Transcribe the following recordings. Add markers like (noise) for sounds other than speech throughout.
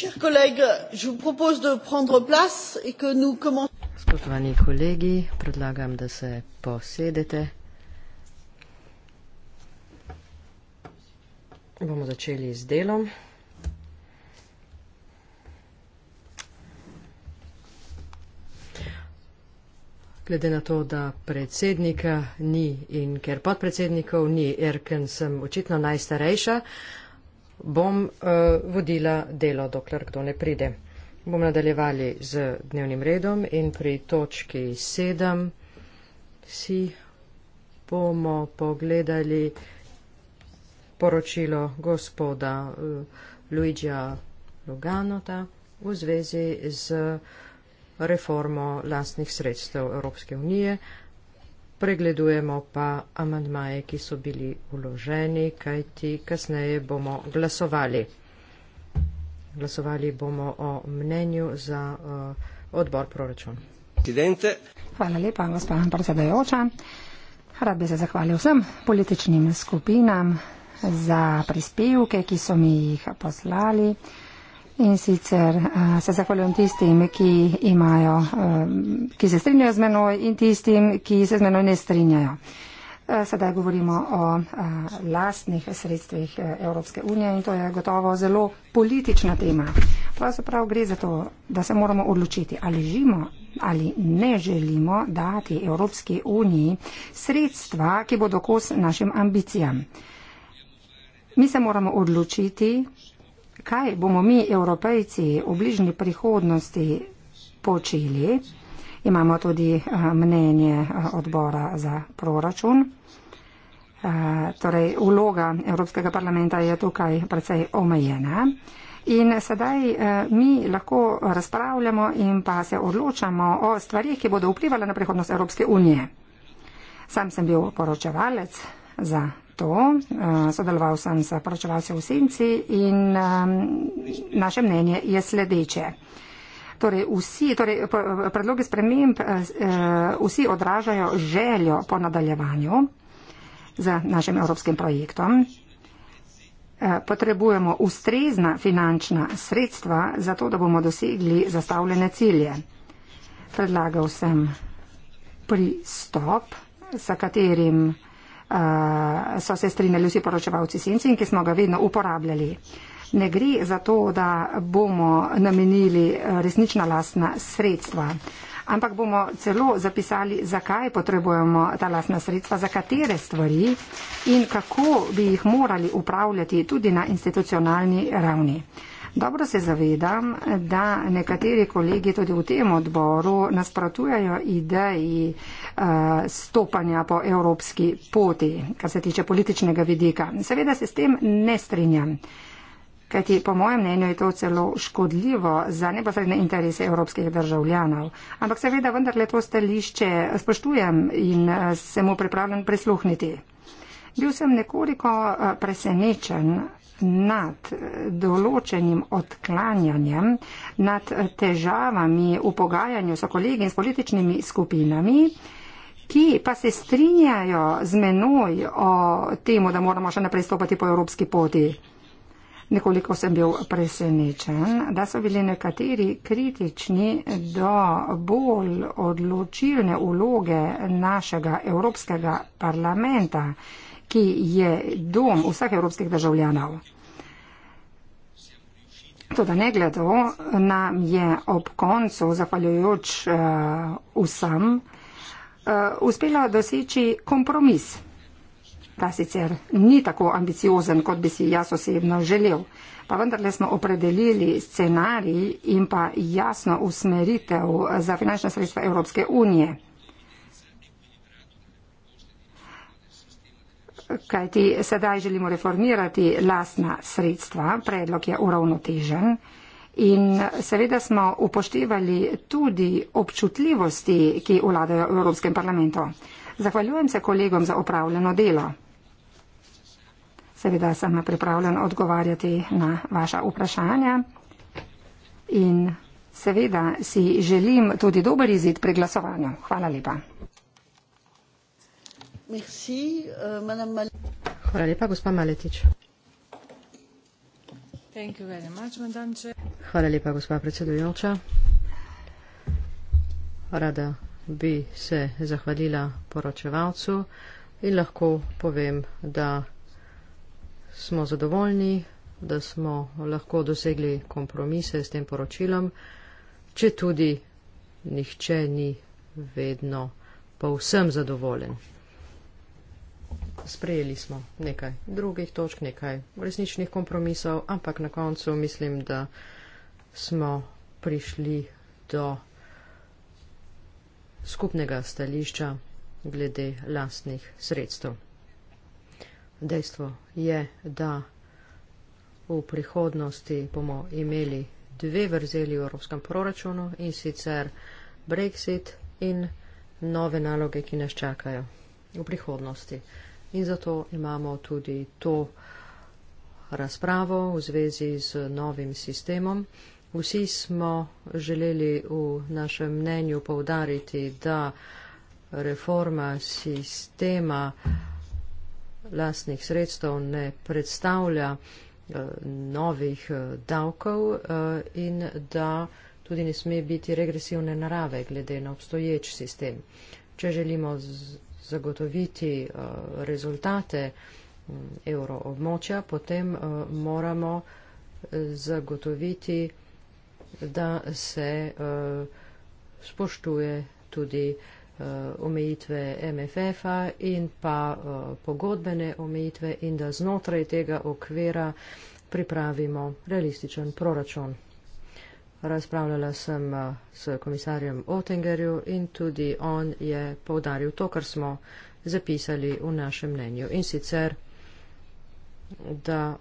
chers collègues je vous propose de prendre place et que nous commencions bomo začeli z delom. Glede na to, da predsednika ni in ker podpredsednikov ni, Erken sem očitno najstarejša, uh, bom uh, vodila delo, dokler kdo ne pride. Bom nadaljevali z dnevnim redom in pri točki 7 si bomo pogledali poročilo gospoda eh, Luigija Luganota v zvezi z reformo lastnih sredstev Evropske unije pregledujemo pa amandmaje, ki so bili uloženi, kajti kasneje bomo glasovali. Glasovali bomo o mnenju za uh, odbor proračun. Hvala lepa, gospa predsedajoča. Rad bi se zahvalil vsem političnim skupinam za prispevke, ki so mi jih poslali. In sicer eh, se zahvaljujem tistim, ki, imajo, eh, ki se strinjajo z menoj in tistim, ki se z menoj ne strinjajo. Eh, sedaj govorimo o lastnih sredstvih Evropske unije in to je gotovo zelo politična tema. Pravzaprav gre za to, da se moramo odločiti, ali živimo ali ne želimo dati Evropske uniji sredstva, ki bodo kos našim ambicijam. Mi se moramo odločiti, kaj bomo mi, evropejci, v bližnji prihodnosti počeli. Imamo tudi eh, mnenje eh, odbora za proračun. Eh, torej, vloga Evropskega parlamenta je tukaj precej omejena. In sedaj mi lahko razpravljamo in pa se odločamo o stvarih, ki bodo vplivali na prihodnost Evropske unije. Sam sem bil poročevalec za to. Eh, sodeloval sem s poročevalci v Senci in naše mnenje je sledeče. Torej, vsi, torej, predlogi sprememb eh, eh, vsi odražajo željo po nadaljevanju z našim evropskim projektom. Potrebujemo ustrezna finančna sredstva, zato da bomo dosegli zastavljene cilje. Predlagal sem pristop, s katerim Eh, so se strinjali vsi poročevalci senci in ki smo ga vedno uporabljali. Ne gre za to, da bomo namenili eh, resnična lastna sredstva, ampak bomo celo zapisali, zakaj potrebujemo ta lastna sredstva, za katere stvari in kako bi jih morali upravljati tudi na institucionalni ravni. Dobro se zavedam, da nekateri kolegi tudi v tem odboru nasprotujajo ideji uh, stopanja po evropski poti, kar se tiče političnega vidika. Seveda se s tem ne strinjam. Kajti po mojem mnenju je to celo škodljivo za neposredne interese evropskih državljanov. Ampak seveda vendar le to stališče spoštujem in eh, se mu pripravljam prisluhniti. Bil sem nekoliko eh, presenečen, nad določenim odklanjanjem, nad težavami v pogajanju s kolegi in s političnimi skupinami, ki pa se strinjajo z menoj o temu, da moramo še naprej stopati po evropski poti. Nekoliko sem bil presenečen, da so bili nekateri kritični do bolj odločilne uloge našega Evropskega parlamenta ki je dom vseh evropskih državljanov. Toda ne gledo, nam je ob koncu, zahvaljujoč uh, vsem, uh, eh, uspela doseči kompromis. Ta sicer ni tako ambiciozen, kot bi si jaz osebno želel, pa vendarle smo opredelili scenarij in pa jasno usmeritev za finančne sredstva Evropske unije. kajti sedaj želimo reformirati lastna sredstva, predlog je uravnotežen in seveda smo upoštevali tudi občutljivosti, ki vladajo v Evropskem parlamentu. Zahvaljujem se kolegom za opravljeno delo. Seveda sem pripravljen odgovarjati na vaša vprašanja in seveda si želim tudi dober izid pri glasovanju. Hvala lepa. Merci, uh, Madame Mal Hvala lepa, gospa Maletič. Thank you very much, Hvala lepa, gospa predsedujoča. Rada bi se zahvalila poročevalcu in lahko povem, da smo zadovoljni, da smo lahko dosegli kompromise s tem poročilom, če tudi nihče ni vedno povsem zadovoljen sprejeli smo nekaj drugih točk, nekaj resničnih kompromisov, ampak na koncu mislim, da smo prišli do skupnega stališča glede lastnih sredstev. Dejstvo je, da v prihodnosti bomo imeli dve vrzeli v evropskem proračunu in sicer Brexit in nove naloge, ki nas čakajo v prihodnosti. In zato imamo tudi to razpravo v zvezi z novim sistemom. Vsi smo želeli v našem mnenju povdariti, da reforma sistema lastnih sredstev ne predstavlja eh, novih eh, davkov eh, in da tudi ne sme biti regresivne narave glede na obstoječ sistem. Če želimo zagotoviti eh, rezultate mm, evroobmočja, potem eh, moramo eh, zagotoviti, da se spoštuje tudi omejitve MFF-a in pa pogodbene omejitve in da znotraj tega okvira pripravimo realističen proračun. Razpravljala sem eh, s komisarjem Otengerju in tudi on je povdaril to, kar smo zapisali v našem mnenju. In sicer, da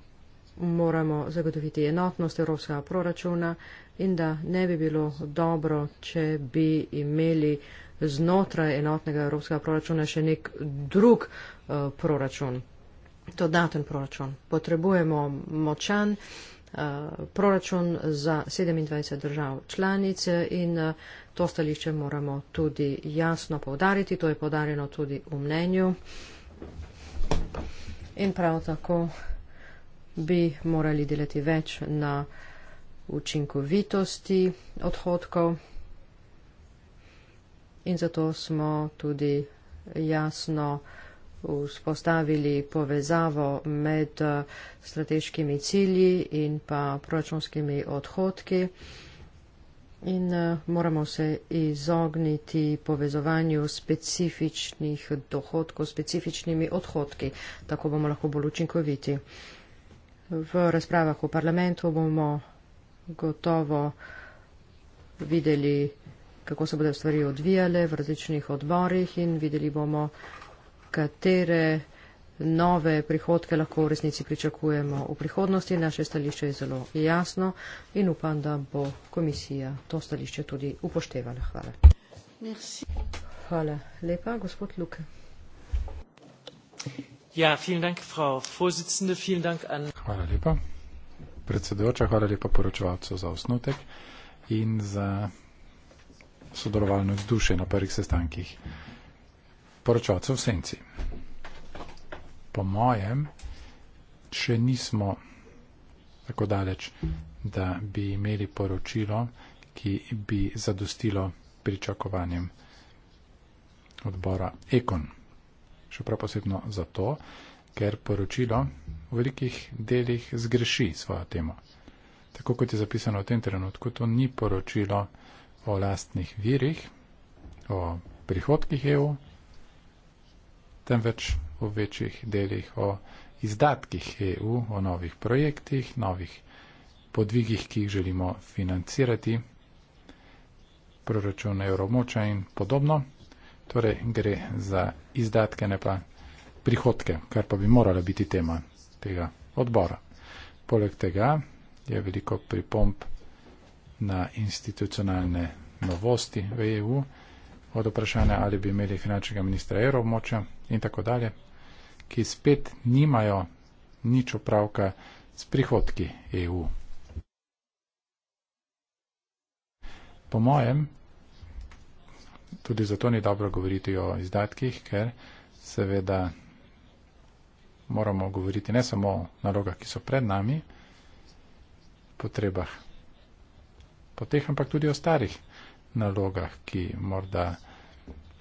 moramo zagotoviti enotnost evropskega proračuna in da ne bi bilo dobro, če bi imeli znotraj enotnega evropskega proračuna še nek drug uh, proračun, dodaten proračun. Potrebujemo močan Eh, proračun za 27 držav članice in eh, to stališče moramo tudi jasno povdariti. To je povdarjeno tudi v mnenju. In prav tako bi morali delati več na učinkovitosti odhodkov. In zato smo tudi jasno uh, vzpostavili povezavo med eh, strateškimi cilji in pa proračunskimi odhodki in eh, moramo se izogniti povezovanju specifičnih dohodkov s specifičnimi odhodki, tako bomo lahko bolj učinkoviti. V razpravah v parlamentu bomo gotovo videli, kako se bodo stvari odvijale v različnih odborih in videli bomo, katere nove prihodke lahko v resnici pričakujemo v prihodnosti. Naše stališče je zelo jasno in upam, da bo komisija to stališče tudi upoštevala. Hvala. Merci. Hvala lepa, gospod Luke. Ja, dank, dank an... Hvala lepa, predsedujoča, hvala lepa poročevalcu za osnutek in za sodelovalno vzdušje na prvih sestankih poročati v senci. Po mojem, še nismo tako daleč, da bi imeli poročilo, ki bi zadostilo pričakovanjem odbora Ekon. Še prav posebno zato, ker poročilo v velikih delih zgreši svojo temo. Tako kot je zapisano v tem trenutku, to ni poročilo o lastnih virih, o prihodkih EU, temveč v večjih delih o izdatkih EU, o novih projektih, novih podvigih, ki jih želimo financirati, proračun evromoča in podobno. Torej gre za izdatke, ne pa prihodke, kar pa bi morala biti tema tega odbora. Poleg tega je veliko pripomp na institucionalne novosti v EU, od vprašanja, ali bi imeli finančnega ministra evromoča, in tako dalje, ki spet nimajo nič upravka s prihodki EU. Po mojem, tudi zato ni dobro govoriti o izdatkih, ker seveda moramo govoriti ne samo o nalogah, ki so pred nami, potrebah po teh, ampak tudi o starih nalogah, ki morda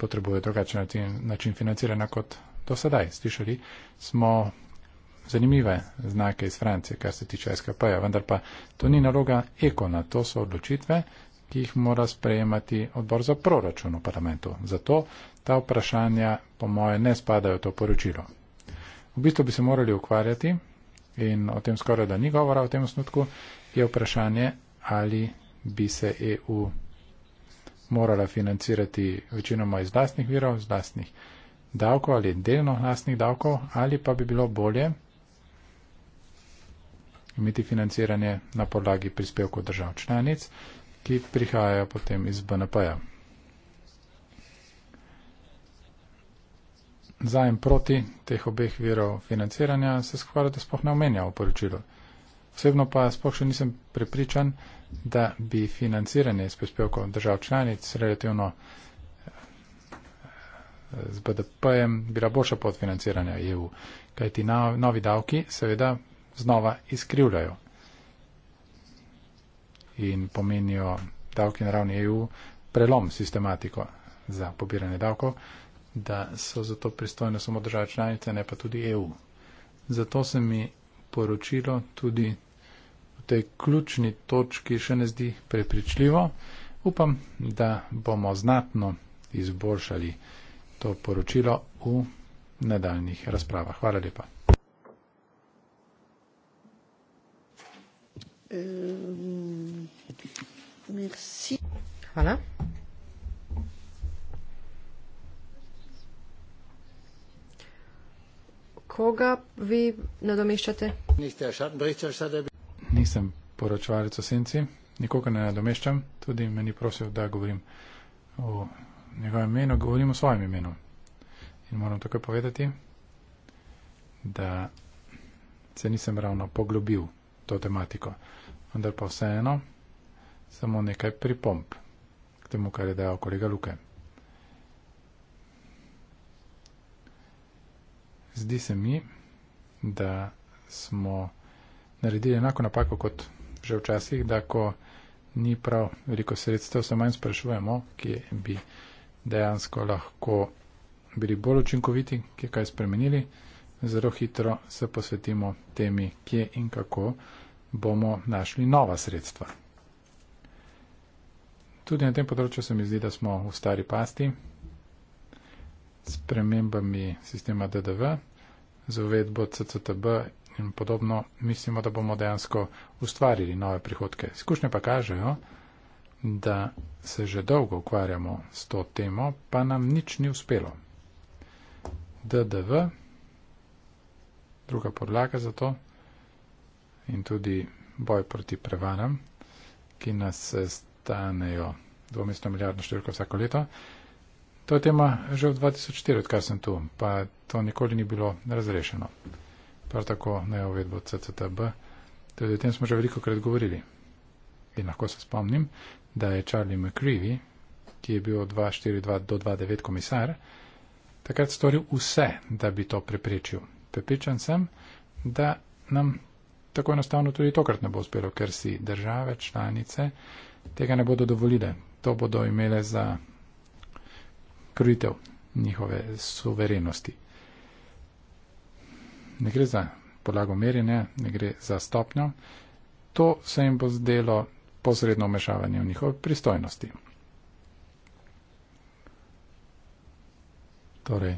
potrebuje drugačen način, način financiranja kot do sedaj. Slišali smo zanimive znake iz Francije, kar se tiče SKP-ja, vendar pa to ni naloga ekona, to so odločitve, ki jih mora sprejemati odbor za proračun v parlamentu. Zato ta vprašanja, po moje, ne spadajo v to poročilo. V bistvu bi se morali ukvarjati, in o tem skoraj da ni govora v tem osnutku, je vprašanje, ali bi se EU morala financirati večinoma iz vlastnih virov, iz vlastnih davkov ali delno vlastnih davkov, ali pa bi bilo bolje imeti financiranje na podlagi prispevkov držav članic, ki prihajajo potem iz BNP-ja. Zajem proti teh obeh virov financiranja se skoraj da spohne omenja v poročilu. Osebno pa sploh še nisem prepričan, da bi financiranje iz prispevkov držav članic relativno eh, z BDP-jem bila boljša pod financiranja EU, kajti novi davki seveda znova izkrivljajo in pomenijo davki na ravni EU prelom sistematiko za pobiranje davkov, da so zato pristojne samo države članice, ne pa tudi EU. Zato se mi poročilo tudi v tej ključni točki še ne zdi prepričljivo. Upam, da bomo znatno izboljšali to poročilo v nadaljnih razpravah. Hvala lepa. Ehm, Hvala. koga vi nadomeščate? Nisem poročevalec o senci, nikoga ne nadomeščam, tudi me ni prosil, da govorim o njegovem imenu, govorim o svojem imenu. In moram tako povedati, da se nisem ravno poglobil to tematiko, vendar pa vseeno samo nekaj pripomp k temu, kar je dejal kolega Luke. zdi se mi, da smo naredili enako napako kot že včasih, da ko ni prav veliko sredstev, se manj sprašujemo, kje bi dejansko lahko bili bolj učinkoviti, kje kaj spremenili. Zelo hitro se posvetimo temi, kje in kako bomo našli nova sredstva. Tudi na tem področju se mi zdi, da smo v stari pasti, spremembami sistema DDV, z uvedbo CCTB in podobno, mislimo, da bomo dejansko ustvarili nove prihodke. Skušnje pa kažejo, da se že dolgo ukvarjamo s to temo, pa nam nič ni uspelo. DDV, druga podlaga za to in tudi boj proti prevaram, ki nas stanejo dvomestno milijardno številko vsako leto. To je tema že od 2004, odkar sem tu, pa to nikoli ni bilo razrešeno. Prav tako na uvedbo CCTB, tudi o tem smo že veliko krat govorili. In lahko se spomnim, da je Charlie McCreevy, ki je bil od 2004 do 2009 komisar, takrat storil vse, da bi to preprečil. Pepičan sem, da nam tako enostavno tudi tokrat ne bo uspelo, ker si države članice tega ne bodo dovolile. To bodo imele za krojitev njihove suverenosti. Ne gre za podlago merjenja, ne gre za stopnjo. To se jim bo zdelo posredno vmešavanje v njihove pristojnosti. Torej,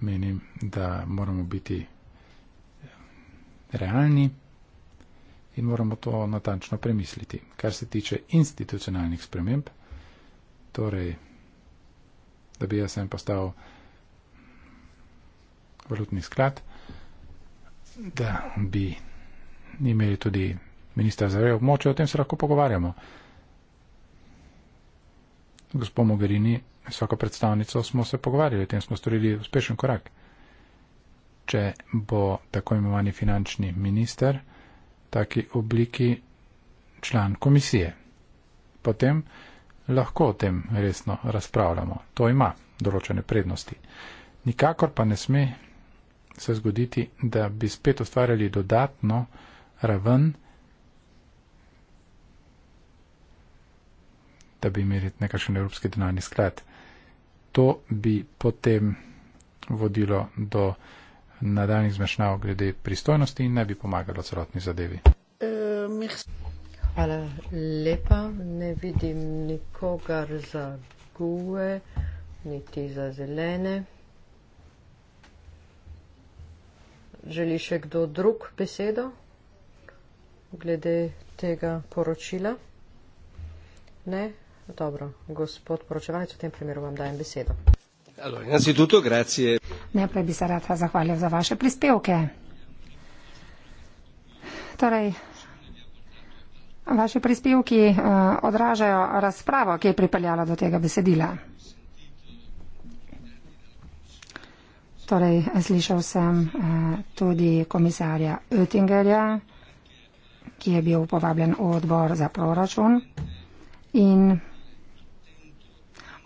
menim, da moramo biti realni in moramo to natančno premisliti. Kar se tiče institucionalnih sprememb, torej da bi jaz en postal valutni sklad, da bi imeli tudi ministra za rejo območje, o tem se lahko pogovarjamo. Gospod Mogherini, vsako predstavnico smo se pogovarjali, o tem smo storili uspešen korak. Če bo tako imenovani finančni minister, taki obliki član komisije. Potem lahko o tem resno razpravljamo. To ima določene prednosti. Nikakor pa ne sme se zgoditi, da bi spet ustvarjali dodatno raven, da bi imeli nekakšen Evropski denarni sklad. To bi potem vodilo do nadaljnih zmešnjav glede pristojnosti in ne bi pomagalo celotni zadevi. E, Hvala lepa. Ne vidim nikogar za gue, niti za zelene. Želi še kdo drug besedo glede tega poročila? Ne? Dobro. Gospod poročevalec, v tem primeru vam dajem besedo. Najprej bi se rada zahvalil za vaše prispevke. Torej, Vaši prispevki eh, odražajo razpravo, ki je pripeljala do tega besedila. Torej, slišal sem eh, tudi komisarja Oettingerja, ki je bil povabljen v odbor za proračun in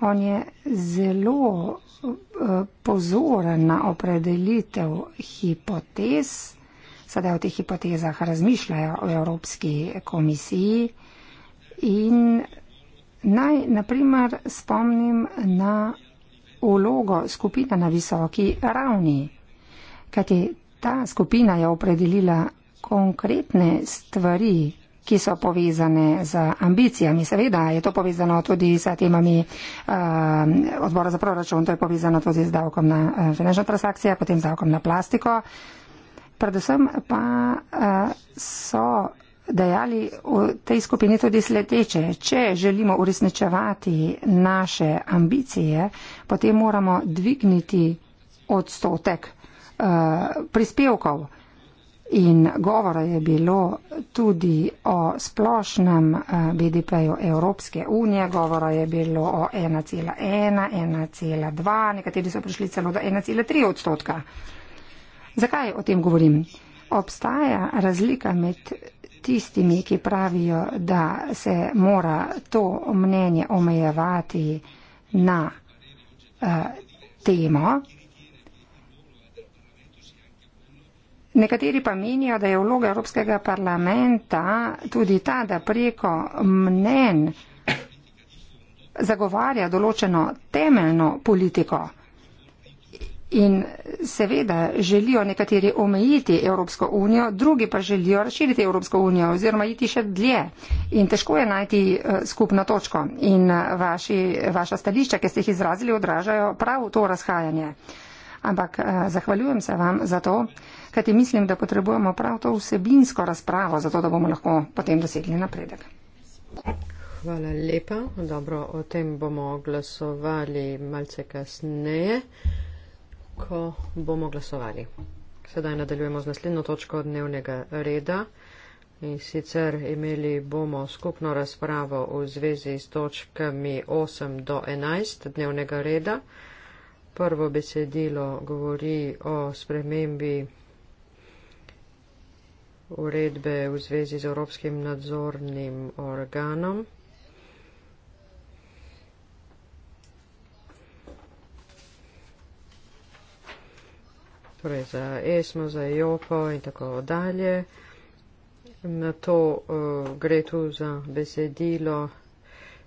on je zelo eh, pozoren na opredelitev hipotez, sedaj o teh hipotezah razmišljajo v Evropski komisiji. In naj naprimer spomnim na ulogo skupina na visoki ravni, kajti ta skupina je opredelila konkretne stvari, ki so povezane z ambicijami. Seveda je to povezano tudi z temami uh, odbora za proračun, to je povezano tudi z davkom na uh, finančno transakcijo, potem z davkom na plastiko. Uh, predvsem pa eh, so dejali v tej skupini tudi sledeče. Če želimo uresničevati naše ambicije, potem moramo dvigniti odstotek eh, prispevkov. In govora je bilo tudi o splošnem eh, BDP-ju Evropske unije, govora je bilo o 1,1, 1,2, nekateri so prišli celo do 1,3 odstotka. Uh, Zakaj o tem govorim? Obstaja razlika med tistimi, ki pravijo, da se mora to mnenje omejevati na uh, temo. Nekateri pa menijo, da je vloga Evropskega parlamenta tudi ta, da preko mnen zagovarja določeno temeljno politiko. In seveda želijo nekateri omejiti Evropsko unijo, drugi pa želijo razširiti Evropsko unijo oziroma iti še dlje. In težko je najti eh, skupno točko. In eh, vaši, vaša stališča, ki ste jih izrazili, odražajo prav to razhajanje. Ampak eh, zahvaljujem se vam za to, kajti mislim, da potrebujemo prav to vsebinsko razpravo, zato da bomo lahko potem dosegli napredek. Hvala lepa. Dobro, o tem bomo glasovali malce kasneje ko bomo glasovali. Sedaj nadaljujemo z naslednjo točko dnevnega reda in sicer imeli bomo skupno razpravo v zvezi s točkami 8 do 11 dnevnega reda. Prvo besedilo govori o spremembi uredbe v zvezi z Evropskim nadzornim organom. torej za Esmo, za Jopo e in tako dalje. Na to uh, gre tu za besedilo,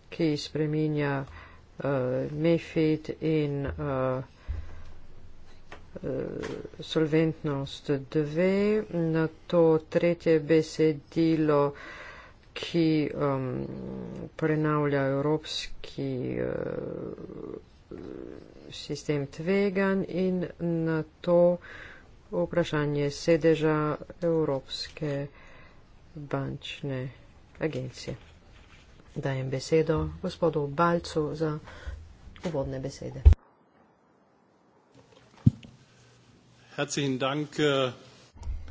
ki spreminja uh, eh, mefit in uh, solventnost 2. Na to tretje besedilo, ki um, prenavlja evropski. Uh, sistem tvegan in na to vprašanje sedeža Evropske bančne agencije. Dajem besedo gospodu Balcu za uvodne besede. Äh,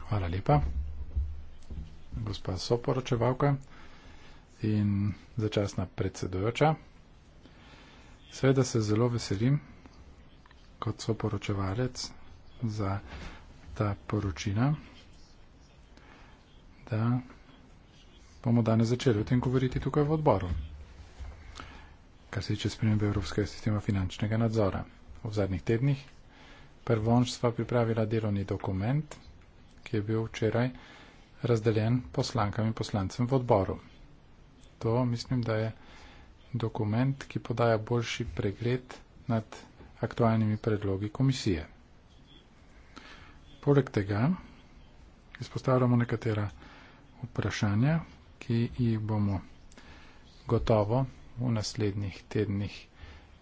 Hvala lepa, gospa soporočevalka in začasna predsedujoča. Seveda se zelo veselim, kot so poročevalec za ta poročina, da bomo danes začeli o tem govoriti tukaj v odboru, kar se tiče spremembe Evropskega sistema finančnega nadzora. V zadnjih tednih prvonč sva pripravila delovni dokument, ki je bil včeraj razdeljen poslankam in poslancem v odboru. To mislim, da je dokument, ki podaja boljši pregled nad aktualnimi predlogi komisije. Poleg tega izpostavljamo nekatera vprašanja, ki jih bomo gotovo v naslednjih tednih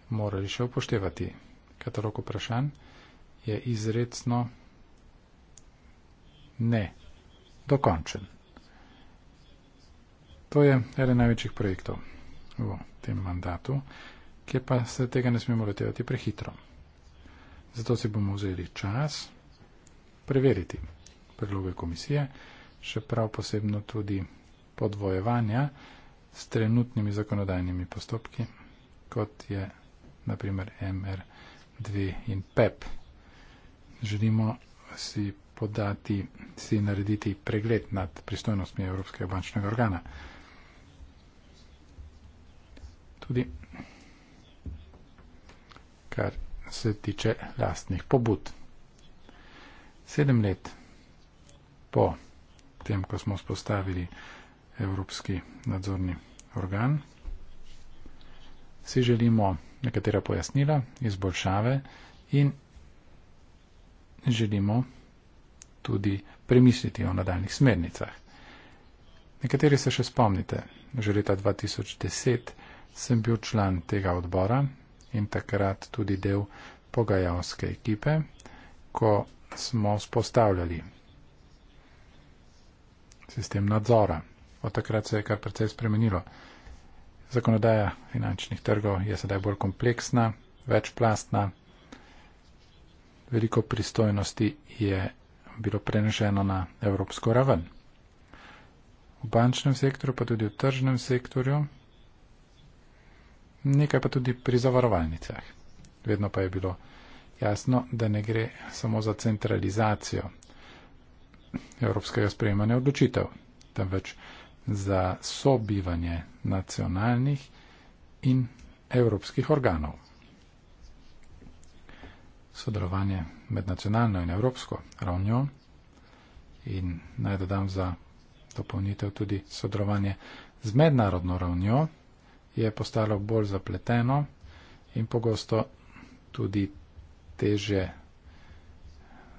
morali še upoštevati. Katalog vprašanj je izredno ne dokončen. To je eden največjih projektov v tem mandatu, kjer pa se tega ne smemo letevati prehitro. Zato si bomo vzeli čas preveriti predloge komisije, še prav posebno tudi podvojevanja s trenutnimi zakonodajnimi postopki, kot je naprimer MR2 in PEP. E Želimo si podati, si narediti pregled nad pristojnostmi Evropskega bančnega organa tudi kar se tiče lastnih pobud. Sedem let po tem, ko smo spostavili Evropski nadzorni organ, si želimo nekatera pojasnila, izboljšave in želimo tudi premisliti o nadaljnih smernicah. Nekateri se še spomnite, že leta 2010 sem bil član tega odbora in takrat tudi del pogajalske ekipe, ko smo spostavljali sistem nadzora. Od takrat se je kar precej spremenilo. Zakonodaja finančnih trgov je sedaj bolj kompleksna, večplastna, veliko pristojnosti je bilo preneženo na evropsko raven. V bančnem sektorju, pa tudi v tržnem sektorju, nekaj pa tudi pri zavarovalnicah. Vedno pa je bilo jasno, da ne gre samo za centralizacijo evropskega sprejemanja odločitev, temveč za sobivanje nacionalnih in evropskih organov. Sodelovanje med nacionalno in evropsko ravnjo in naj dodam za dopolnitev tudi sodelovanje z mednarodno ravnjo je postalo bolj zapleteno in pogosto tudi teže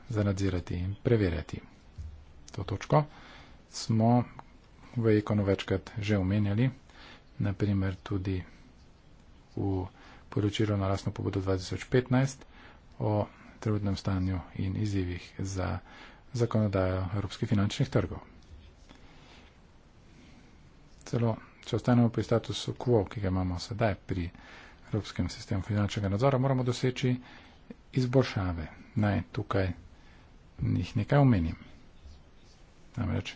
zanadzirati in preverjati. To točko smo v ikonu večkrat že omenjali, naprimer tudi v poročilu na lastno pobudo 2015 o trenutnem stanju in izzivih za zakonodajo evropskih finančnih trgov. Celo Če ostanemo pri statusu quo, ki ga imamo sedaj pri Evropskem sistemu finančnega nadzora, moramo doseči izboljšave. Naj tukaj jih nekaj omenim. Namreč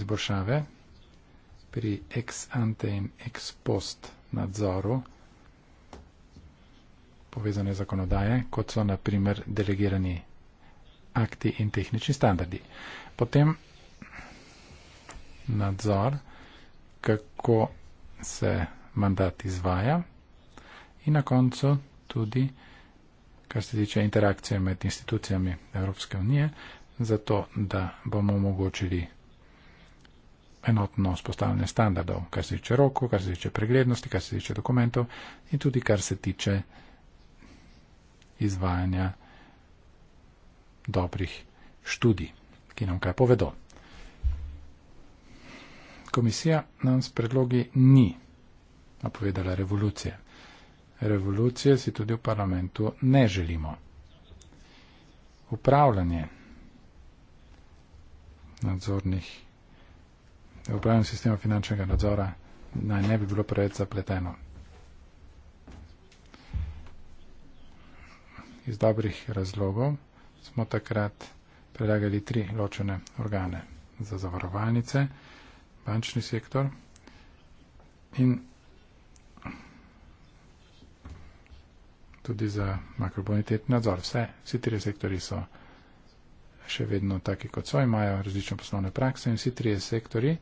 izboljšave pri ex ante in ex post nadzoru povezane zakonodaje, kot so naprimer delegirani akti in tehnični standardi. Potem nadzor kako se mandat izvaja in na koncu tudi, kar se tiče interakcije med institucijami Evropske unije, zato da bomo omogočili enotno spostavljanje standardov, kar se tiče roko, kar se tiče preglednosti, kar se tiče dokumentov in tudi kar se tiče izvajanja dobrih študij, ki nam kaj povedo. Komisija nam s predlogi ni napovedala revolucije. Revolucije si tudi v parlamentu ne želimo. Upravljanje nadzornih, upravljanje sistema finančnega nadzora naj ne bi bilo preveč zapleteno. Iz dobrih razlogov smo takrat predlagali tri ločene organe za zavarovalnice bančni sektor. In tudi za makrobonitetni nadzor. Vse, vsi tri sektori so še vedno taki, kot so, imajo različne poslovne prakse in vsi tri sektori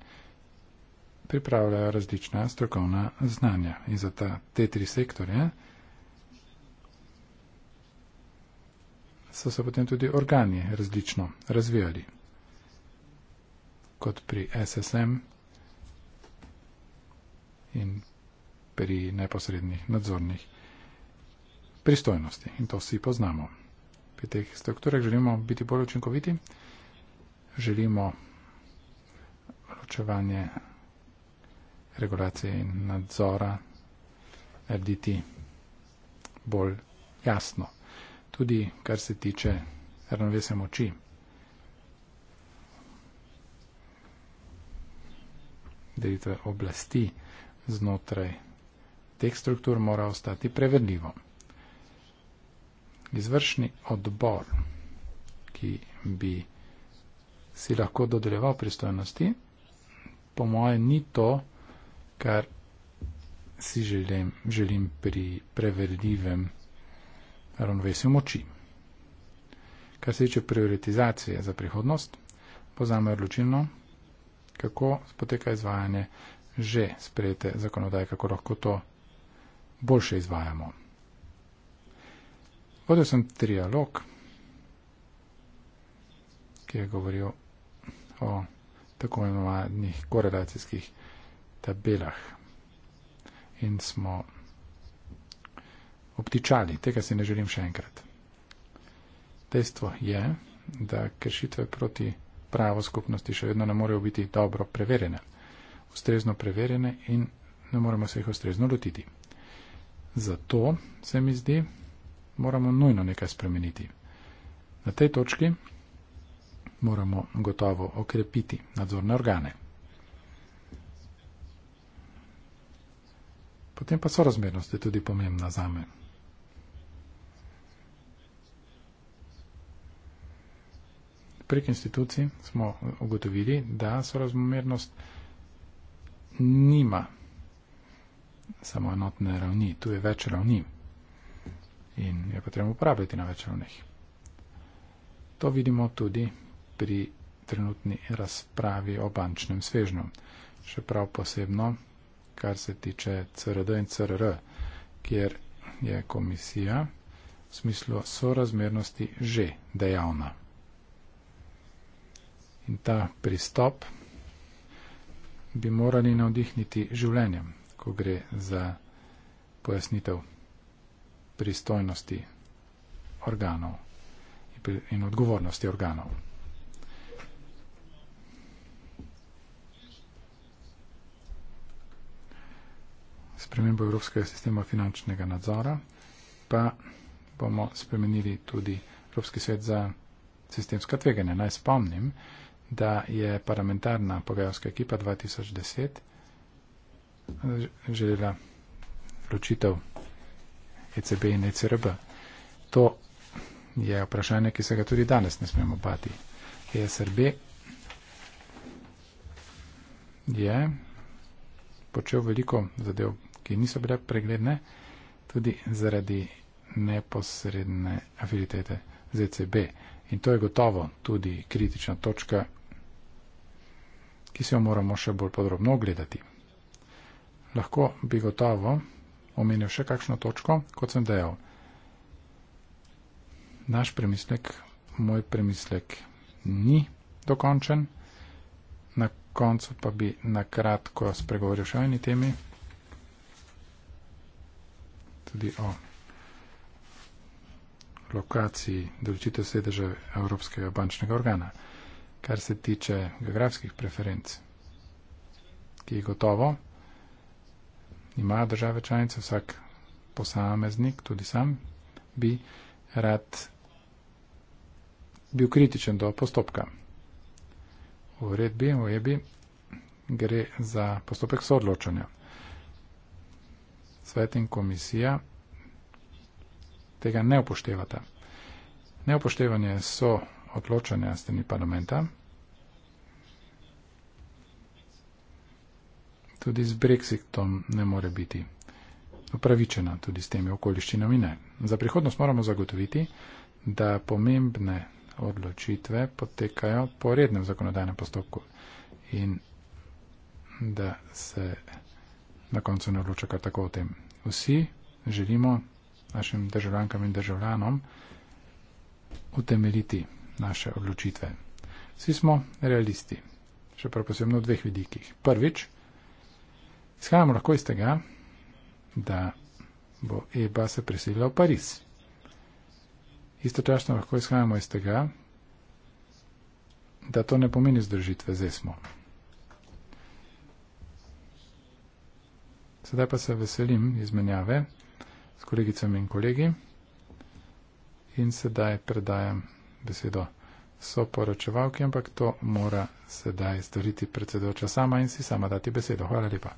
pripravljajo različna strokovna znanja. In za ta, te tri sektorje so se potem tudi organi različno razvijali. Kot pri SSM in pri neposrednih nadzornih pristojnosti. In to vsi poznamo. Pri teh strukturah želimo biti bolj učinkoviti, želimo ločevanje regulacije in nadzora narediti bolj jasno. Tudi kar se tiče ravnovesja moči. delitve oblasti, znotraj teh struktur mora ostati prevedljivo. Izvršni odbor, ki bi si lahko dodeljeval pristojnosti, po moje ni to, kar si želim, želim pri prevedljivem ravnovesju moči. Kar se tiče prioritizacije za prihodnost, pozame odločilno, kako poteka izvajanje že sprejete zakonodaje, kako lahko to boljše izvajamo. Vodil sem trialog, ki je govoril o tako imenovanih korelacijskih tabelah. In smo obtičali, tega si ne želim še enkrat. Dejstvo je, da kršitve proti pravo skupnosti še vedno ne morejo biti dobro preverjene ustrezno preverjene in ne moramo se jih ustrezno lotiti. Zato se mi zdi, moramo nujno nekaj spremeniti. Na tej točki moramo gotovo okrepiti nadzorne organe. Potem pa sorazmernost je tudi pomembna zame. Prek institucij smo ugotovili, da sorazmernost nima samo enotne ravni, tu je več ravni in je potrebno uporabljati na več ravneh. To vidimo tudi pri trenutni razpravi o bančnem svežnju. Še prav posebno, kar se tiče CRD in CRR, kjer je komisija v smislu sorazmernosti že dejavna. In ta pristop bi morali navdihniti življenjem, ko gre za pojasnitev pristojnosti organov in odgovornosti organov. Spremembo Evropskega sistema finančnega nadzora pa bomo spremenili tudi Evropski svet za sistemska tveganja. Naj spomnim, da je parlamentarna pogajalska ekipa 2010 želela ločitev ECB in ECRB. To je vprašanje, ki se ga tudi danes ne smemo bati. ESRB je počel veliko zadev, ki niso bile pregledne, tudi zaradi neposredne afilitete z ECB. In to je gotovo tudi kritična točka ki se jo moramo še bolj podrobno ogledati. Lahko bi gotovo omenil še kakšno točko, kot sem dejal. Naš premislek, moj premislek ni dokončen, na koncu pa bi nakratko spregovoril še o eni temi, tudi o lokaciji določitev sedeža Evropskega bančnega organa kar se tiče geografskih preferenc, ki jih gotovo imajo države članice, vsak posameznik, tudi sam, bi rad bil kritičen do postopka. V uredbi v EBI gre za postopek sodločanja. Svet in komisija tega ne upoštevata. Neupoštevanje so odločanja strani parlamenta. Tudi z Brexitom ne more biti upravičena, tudi s temi okoliščinami ne. Za prihodnost moramo zagotoviti, da pomembne odločitve potekajo po rednem zakonodajnem postopku in da se na koncu ne odloča kar tako o tem. Vsi želimo našim državljankam in državljanom utemeliti naše odločitve. Vsi smo realisti, še prav posebno v dveh vidikih. Prvič, izhajamo lahko iz tega, da bo EBA se preselila v Pariz. Istočasno lahko izhajamo iz tega, da to ne pomeni zdržitve z ESMO. Sedaj pa se veselim izmenjave s kolegicami in kolegi in sedaj predajam besedo soporočevalki, ampak to mora sedaj storiti predsedoča sama in si sama dati besedo. Hvala lepa.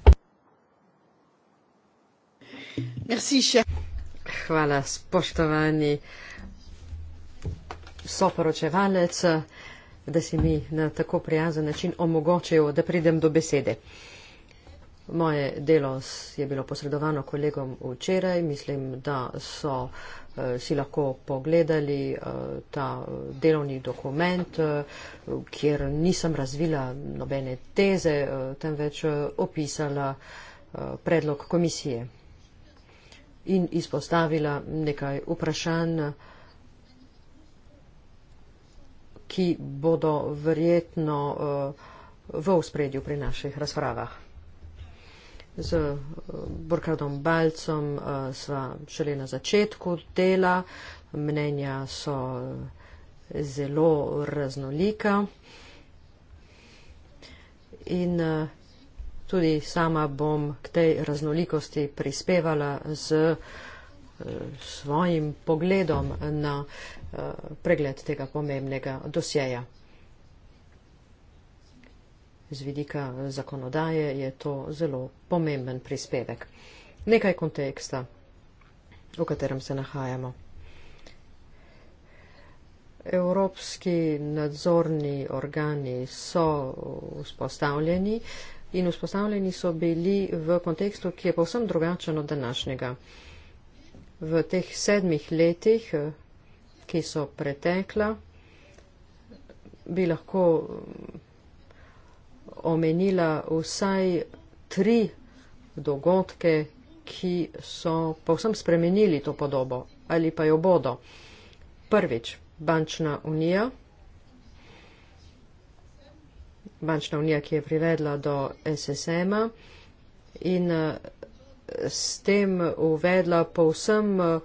Merci, Hvala, spoštovani soporočevalec, da si mi na tako prijazen način omogočil, da pridem do besede. Moje delo je bilo posredovano kolegom včeraj. Mislim, da so eh, si lahko pogledali eh, ta eh, delovni dokument, kjer nisem razvila nobene teze, temveč opisala predlog komisije in izpostavila nekaj vprašanj, ki bodo verjetno v uspredju pri naših razpravah z eh, Borkardom Balcom eh, sva šele na začetku dela, mnenja so eh, zelo raznolika. In tudi sama bom k tej raznolikosti prispevala z svojim pogledom na pregled tega pomembnega dosjeja z vidika eh, zakonodaje je to zelo pomemben prispevek. Nekaj konteksta, v katerem se nahajamo. Evropski nadzorni organi so vzpostavljeni in vzpostavljeni so bili v kontekstu, ki je povsem drugačen od današnjega. V teh sedmih letih, eh, ki so pretekla, bi lahko omenila vsaj tri dogodke, ki so povsem spremenili to podobo ali pa jo bodo. Prvič, bančna unija. Bančna unija, ki je privedla do SSM-a in eh, s tem uvedla povsem eh,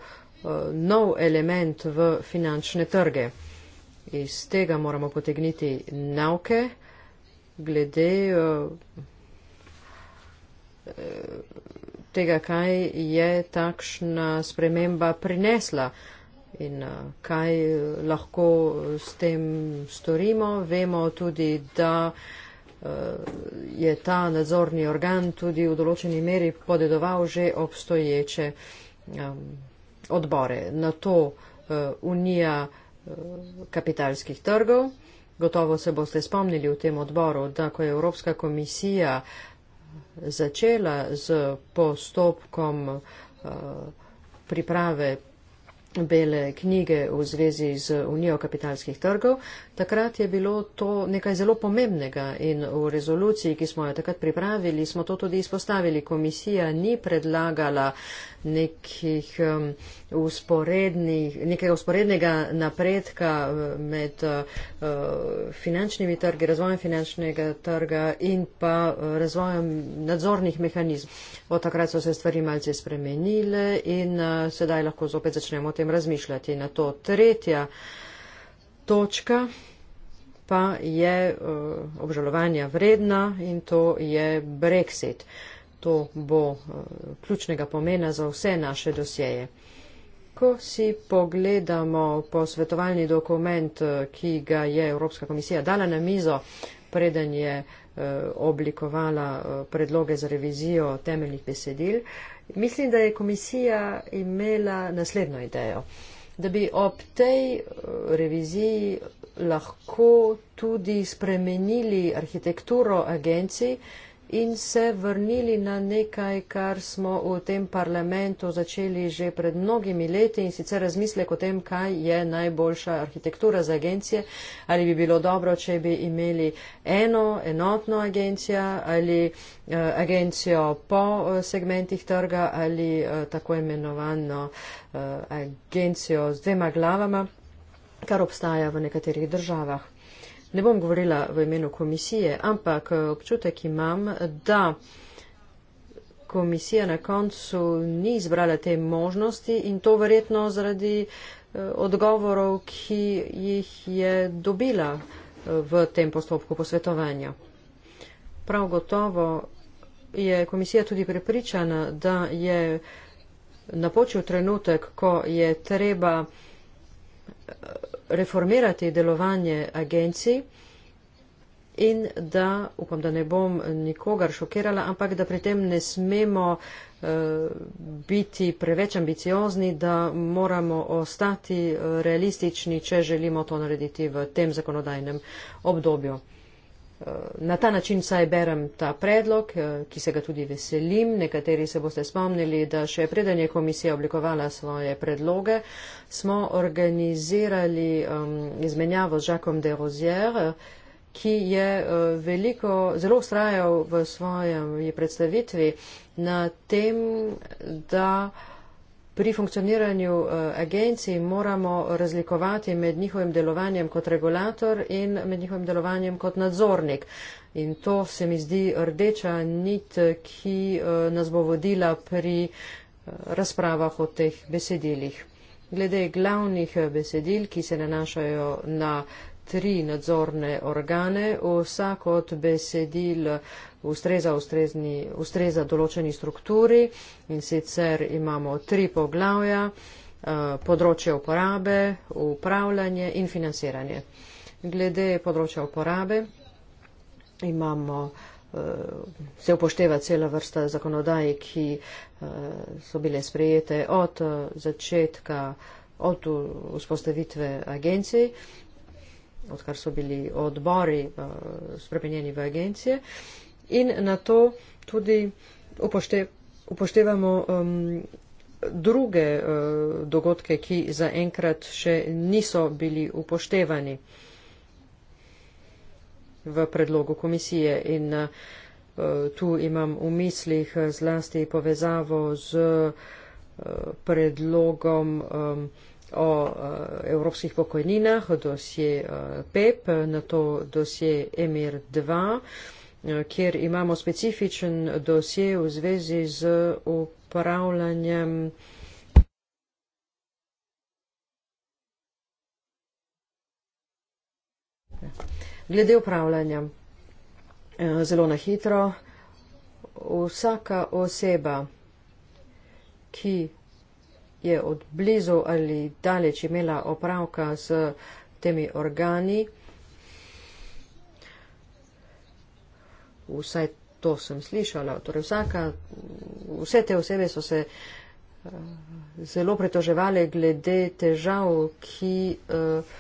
nov element v finančne trge. Iz tega moramo potegniti navke. Okay glede eh, tega, kaj je takšna sprememba prinesla in eh, kaj eh, lahko s tem storimo. Vemo tudi, da je ta nadzorni organ tudi v določeni meri podedoval že obstoječe odbore. Na to Unija kapitalskih trgov. Gotovo se boste spomnili v tem odboru, da ko je Evropska komisija začela z postopkom eh, priprave bele knjige v zvezi z unijo kapitalskih trgov, Takrat je bilo to nekaj zelo pomembnega in v rezoluciji, ki smo jo takrat pripravili, smo to tudi izpostavili. Komisija ni predlagala nekih, um, nekega usporednega napredka uh, med uh, finančnimi trgi, razvojem finančnega trga in pa uh, razvojem nadzornih mehanizm. Od takrat so se stvari malce spremenile in uh, sedaj lahko zopet začnemo o tem razmišljati. Na to tretja točka pa je eh, obžalovanja vredna in to je Brexit. To bo eh, ključnega pomena za vse naše dosjeje. Ko si pogledamo posvetovalni dokument, eh, ki ga je Evropska komisija dala na mizo, preden je oblikovala predloge za revizijo temeljnih besedil, mislim, da je komisija imela naslednjo idejo da bi ob tej eh, reviziji lahko tudi spremenili arhitekturo agencij, in se vrnili na nekaj, kar smo v tem parlamentu začeli že pred mnogimi leti in sicer razmislek o tem, kaj je najboljša arhitektura za agencije, ali bi bilo dobro, če bi imeli eno enotno agencijo ali eh, agencijo po eh, segmentih trga ali eh, tako imenovano eh, agencijo z dvema glavama, kar obstaja v nekaterih državah ne bom govorila v imenu komisije, ampak eh, občutek imam, da komisija na koncu ni izbrala te možnosti in to verjetno zaradi eh, odgovorov, ki jih je dobila eh, v tem postopku posvetovanja. Prav gotovo je komisija tudi prepričana, da je napočil trenutek, ko je treba reformirati delovanje agencij in da, upam, da ne bom nikogar šokirala, ampak da pri tem ne smemo eh, biti preveč ambiciozni, da moramo ostati eh, realistični, če želimo to narediti v tem zakonodajnem obdobju. Eh, na ta način saj berem ta predlog, eh, ki se ga tudi veselim. Nekateri se boste spomnili, da še preden je komisija oblikovala svoje predloge, smo organizirali um, izmenjavo z Žakom de Rozier, ki je uh, veliko, zelo ustrajal v svojem predstavitvi na tem, da uh, pri funkcioniranju eh, agencij moramo razlikovati med njihovim delovanjem kot regulator in med njihovim delovanjem kot nadzornik. In to se mi zdi rdeča nit, ki eh, nas bo vodila pri eh, razpravah o teh besedilih. Glede glavnih besedil, ki se nanašajo na tri nadzorne organe, vsak od besedil ustreza, ustrezni, ustreza določeni strukturi in sicer imamo tri poglavja, eh, področje uporabe, upravljanje in financiranje. Glede področja uporabe imamo eh, se upošteva cela vrsta zakonodaj, ki eh, so bile sprejete od začetka, od vzpostavitve agencij odkar so bili odbori eh, spremenjeni v agencije. In na to tudi upošte, upoštevamo um, druge uh, dogodke, ki zaenkrat še niso bili upoštevani v predlogu komisije. In uh, tu imam v mislih zlasti povezavo z uh, predlogom. Um, o uh, evropskih pokojninah, dosje uh, eh, PEP, na to dosje EMIR 2, uh, eh, kjer imamo specifičen dosje v zvezi z upravljanjem. Glede upravljanja, zelo na hitro, vsaka oseba, ki je od blizu ali daleč imela opravka s temi organi. Vsaj to sem slišala. Torej vsaka, vse te osebe so se eh, zelo pritoževali glede težav, ki uh,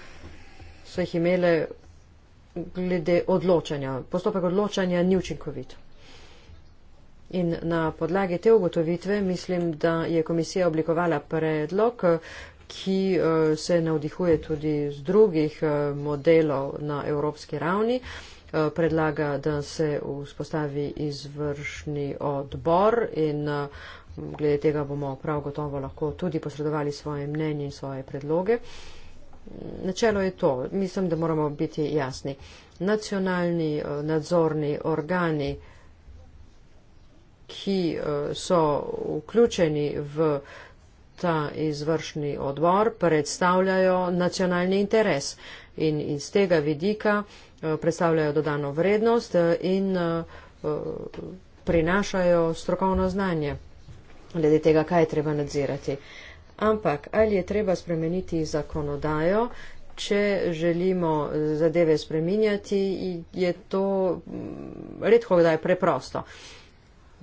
so jih imele glede odločanja. Postopek odločanja ni učinkovit. In na podlagi te ugotovitve mislim, da je komisija oblikovala predlog, ki eh, se navdihuje tudi z drugih eh, modelov na evropski ravni. Eh, predlaga, da se vzpostavi izvršni odbor in glede tega bomo prav gotovo lahko tudi posredovali svoje mnenje in svoje predloge. Načelo je to. Mislim, da moramo biti jasni. Nacionalni nadzorni organi ki eh, so vključeni v ta izvršni odbor, predstavljajo nacionalni interes in iz tega vidika eh, predstavljajo dodano vrednost eh, in prinašajo strokovno znanje glede tega, kaj je treba nadzirati. Ampak ali je treba spremeniti zakonodajo, če želimo zadeve spreminjati, je to mm, redko kdaj preprosto. Uh,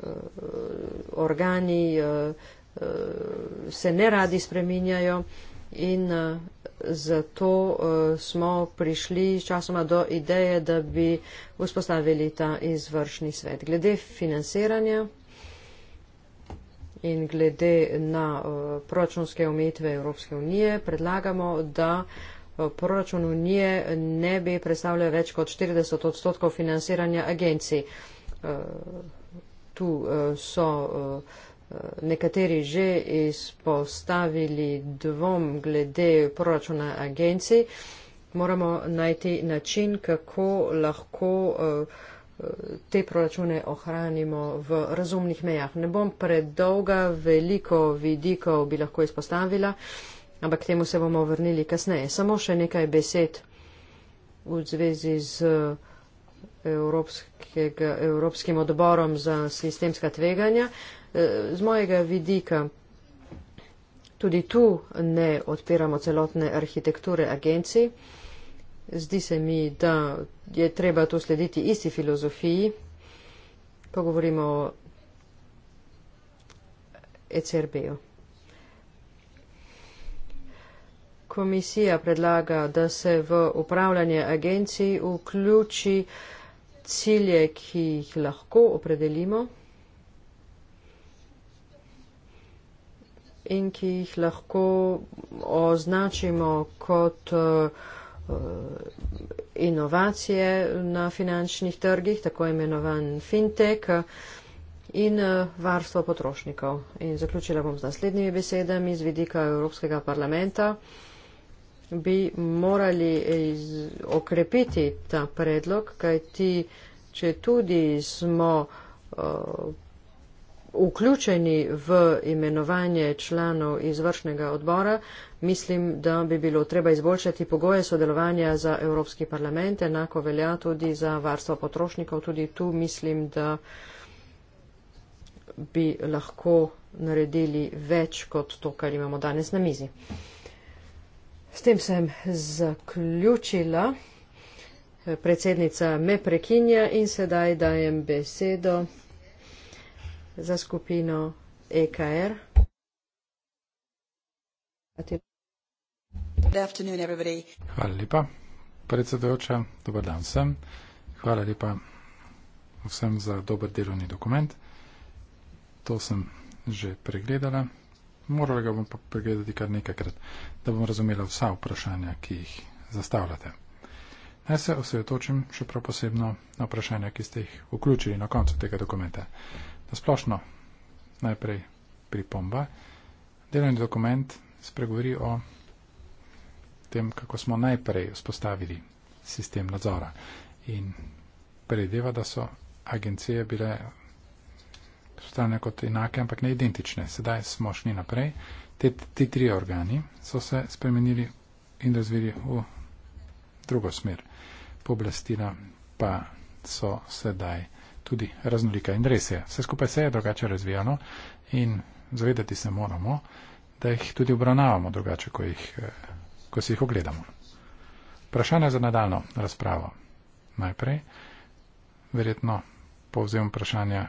uh, organi uh, uh, se ne radi spreminjajo in uh, zato uh, smo prišli časoma do ideje, da bi vzpostavili ta izvršni svet. Glede financiranja in glede na uh, proračunske omejitve Evropske unije predlagamo, da proračun unije ne bi predstavljal več kot 40 odstotkov financiranja agencij. Uh, tu eh, so eh, nekateri že izpostavili dvom glede proračuna agencij, moramo najti način, kako lahko eh, te proračune ohranimo v razumnih mejah. Ne bom predolga, veliko vidikov bi lahko izpostavila, ampak k temu se bomo vrnili kasneje. Samo še nekaj besed v zvezi z. Uh, Evropskega, Evropskim odborom za sistemska tveganja. E, z mojega vidika tudi tu ne odpiramo celotne arhitekture agencij. Zdi se mi, da je treba tu slediti isti filozofiji, ko govorimo o ECRB-ju. Komisija predlaga, da se v upravljanje agencij vključi uh, cilje, ki jih lahko opredelimo in ki jih lahko označimo kot eh, eh, inovacije na finančnih trgih, tako imenovan fintech in eh, varstvo potrošnikov. In zaključila bom z naslednjimi besedami z vidika Evropskega parlamenta bi morali iz, okrepiti ta predlog, kajti če tudi smo uh, vključeni v imenovanje članov izvršnega odbora, mislim, da bi bilo treba izboljšati pogoje sodelovanja za Evropski parlament, enako velja tudi za varstvo potrošnikov. Tudi tu mislim, da bi lahko naredili več kot to, kar imamo danes na mizi. S tem sem zaključila. Predsednica me prekinja in sedaj dajem besedo za skupino EKR. Hvala lepa, predsedujoča. Dobar dan vsem. Hvala lepa vsem za dober delovni dokument. To sem že pregledala morala ga bom pa pregledati kar nekajkrat, da bom razumela vsa vprašanja, ki jih zastavljate. Naj se osredotočim še prav posebno na vprašanja, ki ste jih vključili na koncu tega dokumenta. Na splošno najprej pripomba. Delovni dokument spregovori o tem, kako smo najprej vzpostavili sistem nadzora in predeva, da so agencije bile postane kot enake, ampak ne identične. Sedaj smo šli naprej. Te, ti tri organi so se spremenili in razvili v drugo smer. Poblastila pa so sedaj tudi raznolika in res je. Vse skupaj se je drugače razvijalo in zavedati se moramo, da jih tudi obravnavamo drugače, ko, jih, eh, ko si jih ogledamo. Vprašanje za nadaljno razpravo. Najprej, verjetno povzem vprašanje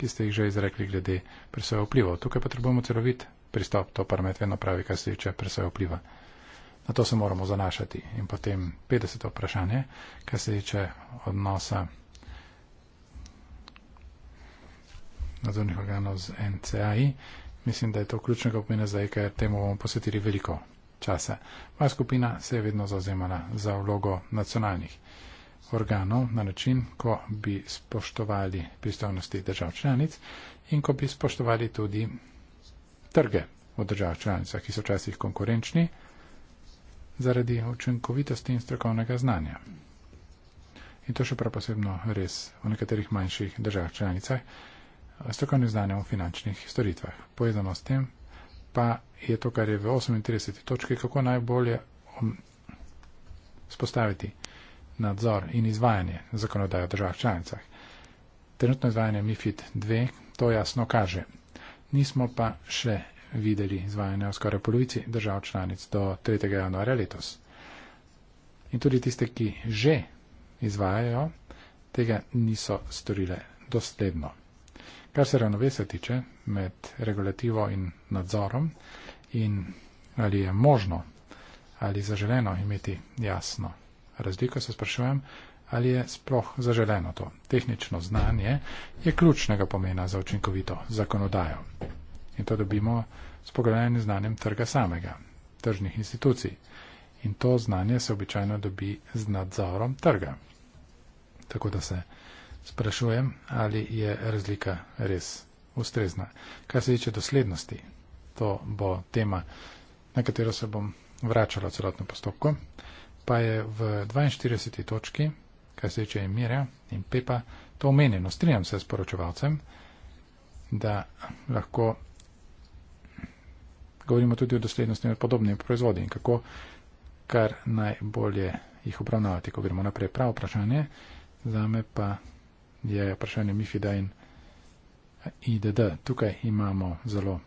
ki ste jih že izrekli glede presoje vplivov. Tukaj potrebujemo celovit pristop, to parmet vedno pravi, kar se tiče presoje vpliva. Na to se moramo zanašati. In potem 50. vprašanje, kar se tiče odnosa nadzornih organov z NCAI. Mislim, da je to ključnega pomena zdaj, ker temu bomo posvetili veliko časa. Moja skupina se je vedno zauzemala za vlogo nacionalnih organov na način, ko bi spoštovali pristojnosti držav članic in ko bi spoštovali tudi trge v držav članicah, ki so včasih konkurenčni zaradi učinkovitosti in strokovnega znanja. In to še prav posebno res v nekaterih manjših držav članicah, strokovnim znanjem v finančnih storitvah. Povezano s tem pa je to, kar je v 38. točki, kako najbolje um, spostaviti nadzor in izvajanje zakonodaje v državah članicah. Trenutno izvajanje MIFID 2 to jasno kaže. Nismo pa še videli izvajanja v skoraj polovici držav članic do 3. januarja letos. In tudi tiste, ki že izvajajo, tega niso storile dosledno. Kar se ravnovesja tiče med regulativo in nadzorom in ali je možno ali zaželeno imeti jasno razliko, se sprašujem, ali je sploh zaželeno to. Tehnično znanje je ključnega pomena za učinkovito zakonodajo. In to dobimo s pogledanjem znanjem trga samega, tržnih institucij. In to znanje se običajno dobi z nadzorom trga. Tako da se sprašujem, ali je razlika res ustrezna. Kar se tiče doslednosti, to bo tema, na katero se bom vračala celotno postopko pa je v 42. točki, kaj se tiče Mirja in Pepa, to omenjeno. Strinjam se s poročevalcem, da lahko govorimo tudi o doslednosti med podobnimi proizvodi in kako kar najbolje jih obravnavati, ko gremo naprej. Pravo vprašanje za me pa je vprašanje Mifida in IDD. Tukaj imamo zelo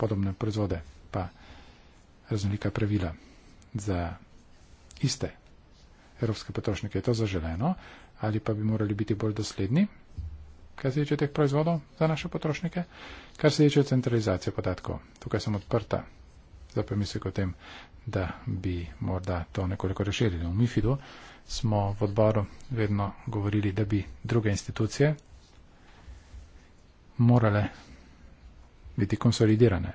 podobne proizvode, pa raznolika pravila za iste evropske potrošnike. Je to zaželeno ali pa bi morali biti bolj dosledni, kar se tiče teh proizvodov za naše potrošnike, kar se tiče centralizacije podatkov. Tukaj sem odprta za premislek o tem, da bi morda to nekoliko rešili. No, v MIFIDu smo v odboru vedno govorili, da bi druge institucije morale biti konsolidirane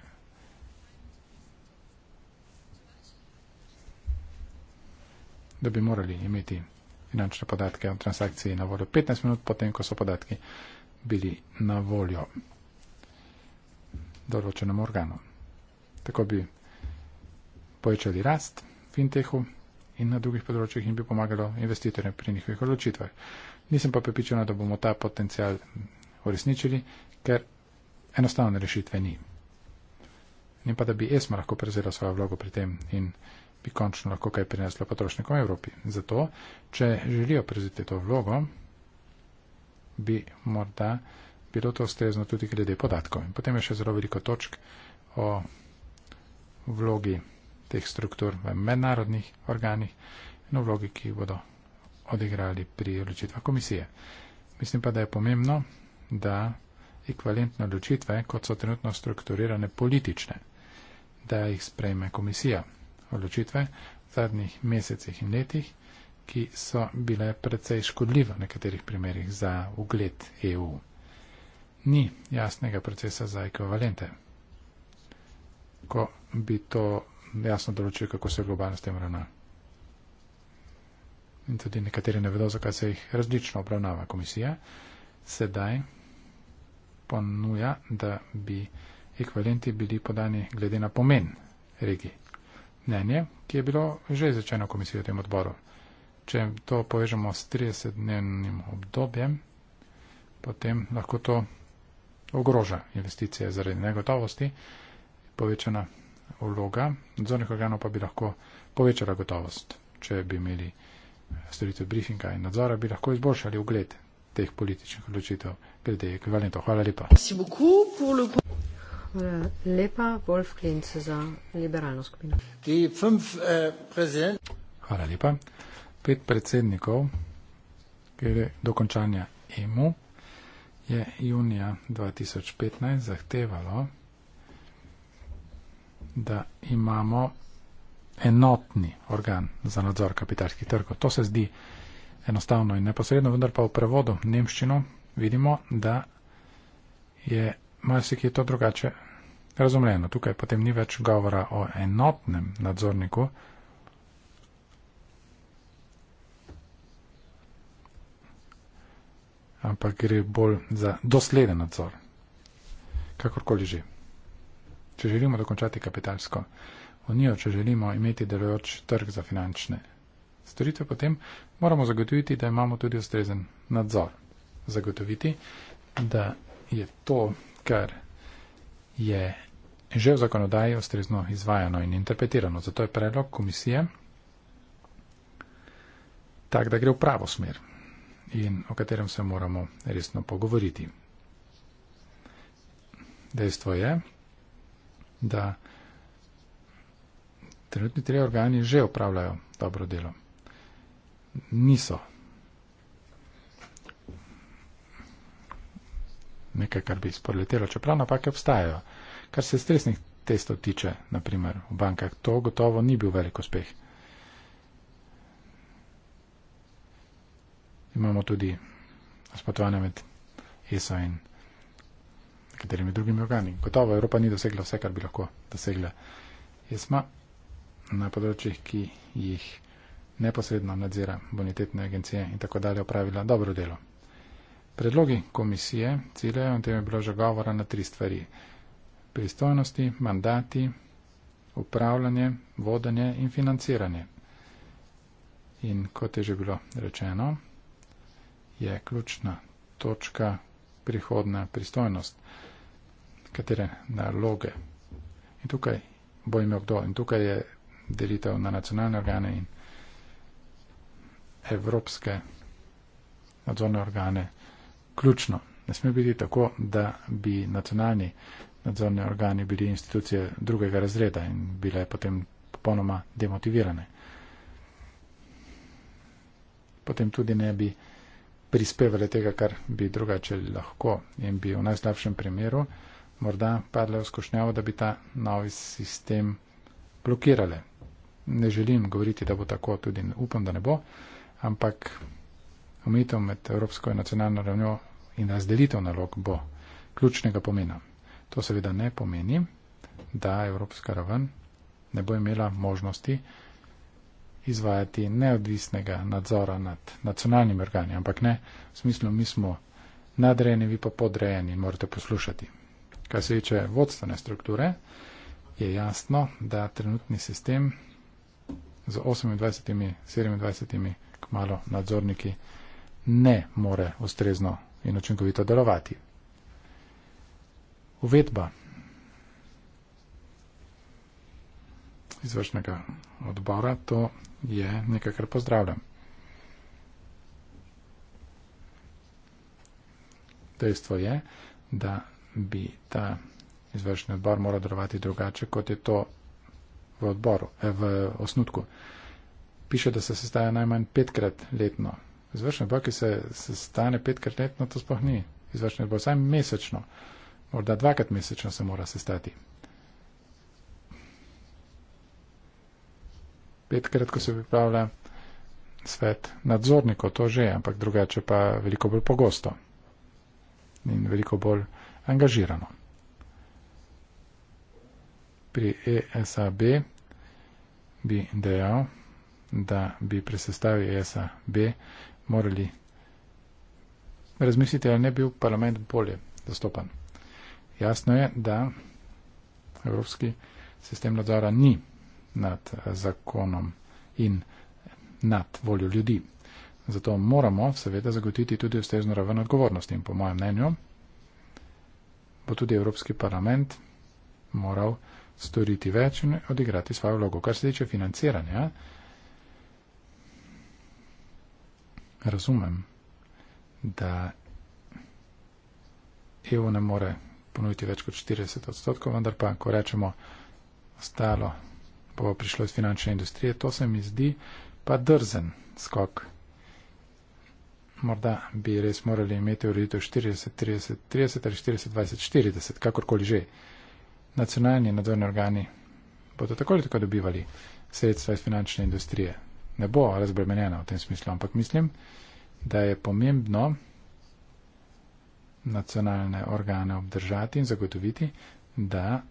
da bi morali imeti finančne podatke o transakciji na voljo 15 minut, potem ko so podatki bili na voljo določenem organu. Tako bi povečali rast fintehu in na drugih področjih in bi pomagalo investitorjem pri njihovih odločitvah. Nisem pa pripričana, da bomo ta potencial uresničili, ker enostavne rešitve ni. Ne pa, da bi ESMA lahko prezela svojo vlogo pri tem in bi končno lahko kaj prineslo potrošnikom Evropi. Zato, če želijo prevzeti to vlogo, bi morda bilo to ustrezno tudi glede podatkov. In potem je še zelo veliko točk o vlogi teh struktur v mednarodnih organih in o vlogi, ki bodo odigrali pri odločitvah komisije. Mislim pa, da je pomembno, da ekvalentne odločitve, kot so trenutno strukturirane politične, da jih sprejme komisija odločitve v zadnjih mesecih in letih, ki so bile precej škodljive v nekaterih primerjih za ugled EU. Ni jasnega procesa za ekvivalente. Ko bi to jasno določil, kako se globalno s tem ravna. In tudi nekateri ne vedo, zakaj se jih različno obravnava komisija. Sedaj ponuja, da bi ekvivalenti bili podani glede na pomen regije mnenje, ki je bilo že izrečeno komisijo v tem odboru. Če to povežemo s 30-dnevnim obdobjem, potem lahko to ogroža investicije zaradi negotovosti, povečana vloga nadzornih organov pa bi lahko povečala gotovost. Če bi imeli storitve briefinga in nadzora, bi lahko izboljšali ugled teh političnih odločitev glede ekvivalentov. Hvala lepa. Hvala lepa, Wolf Klince za liberalno skupino. Fünf, eh, Hvala lepa. Pet predsednikov, glede dokončanja EMU, je junija 2015 zahtevalo, da imamo enotni organ za nadzor kapitalskih trgov. To se zdi enostavno in neposredno, vendar pa v prevodu nemščino vidimo, da je marsikaj to drugače razumljeno. Tukaj potem ni več govora o enotnem nadzorniku. Ampak gre bolj za dosleden nadzor. Kakorkoli že. Če želimo dokončati kapitalsko unijo, če želimo imeti delojoč trg za finančne storitve, potem moramo zagotoviti, da imamo tudi ustrezen nadzor. Zagotoviti, da je to, kar je že v zakonodaji ustrezno izvajano in interpretirano. Zato je predlog komisije tak, da gre v pravo smer in o katerem se moramo resno pogovoriti. Dejstvo je, da trenutni tri organi že upravljajo dobro delo. Niso nekaj, kar bi spoletelo, čeprav napake obstajajo. Kar se stresnih testov tiče, naprimer v bankah, to gotovo ni bil velik uspeh. Imamo tudi razpotovanja med ESO in nekaterimi drugimi organi. Gotovo Evropa ni dosegla vse, kar bi lahko dosegla ESMA na področjih, ki jih neposredno nadzira bonitetne agencije in tako dalje opravila dobro delo. Predlogi komisije ciljajo, in tem je bilo že govora, na tri stvari. Pristojnosti, mandati, upravljanje, vodanje in financiranje. In kot je že bilo rečeno, je ključna točka prihodna pristojnost, katere naloge. In tukaj bo imel kdo. In tukaj je delitev na nacionalne organe in evropske nadzorne organe ključno. Ne sme biti tako, da bi nacionalni nadzorni organi bili institucije drugega razreda in bile potem popolnoma demotivirane. Potem tudi ne bi prispevali tega, kar bi drugače lahko in bi v najslabšem primeru morda padle v skušnjavo, da bi ta novi sistem blokirale. Ne želim govoriti, da bo tako, tudi upam, da ne bo, ampak omejitev med evropsko in nacionalno ravnjo in razdelitev nalog bo ključnega pomena. To seveda ne pomeni, da evropska raven ne bo imela možnosti izvajati neodvisnega nadzora nad nacionalnimi organi, ampak ne, v smislu mi smo nadrejeni, vi pa podrejeni, morate poslušati. Kaj se tiče vodstvene strukture, je jasno, da trenutni sistem z 28-27 kmalo nadzorniki ne more ustrezno in učinkovito delovati. Uvedba izvršnega odbora, to je nekaj, kar pozdravljam. Dejstvo je, da bi ta izvršni odbor moral delovati drugače, kot je to v, odboru, eh, v osnutku. Piše, da se sestaja najmanj petkrat letno. Izvršni odbor, ki se, se stane petkrat letno, to sploh ni. Izvršni odbor, saj mesečno, morda dvakrat mesečno se mora sestati. Petkrat, ko se pripravlja svet nadzornikov, to že, ampak drugače pa veliko bolj pogosto in veliko bolj angažirano. Pri ESAB bi dejal, da bi pri sestavi ESAB morali razmisliti, ali ne bi bil parlament bolje zastopan. Jasno je, da evropski sistem nadzora ni nad eh, zakonom in nad voljo ljudi. Zato moramo seveda zagotiti tudi ustrezno raven odgovornosti in po mojem mnenju bo tudi Evropski parlament moral storiti več in odigrati svojo vlogo. Kar se tiče financiranja, razumem, da EU ne more ponuditi več kot 40 odstotkov, vendar pa, ko rečemo, ostalo bo prišlo iz finančne industrije, to se mi zdi pa drzen skok. Morda bi res morali imeti ureditev 40, 30, 30 ali 40, 20, 40, kakorkoli že. Nacionalni nadzorni organi bodo tako ali tako dobivali sredstva iz finančne industrije ne bo razbremenjena v tem smislu, ampak mislim, da je pomembno nacionalne organe obdržati in zagotoviti, da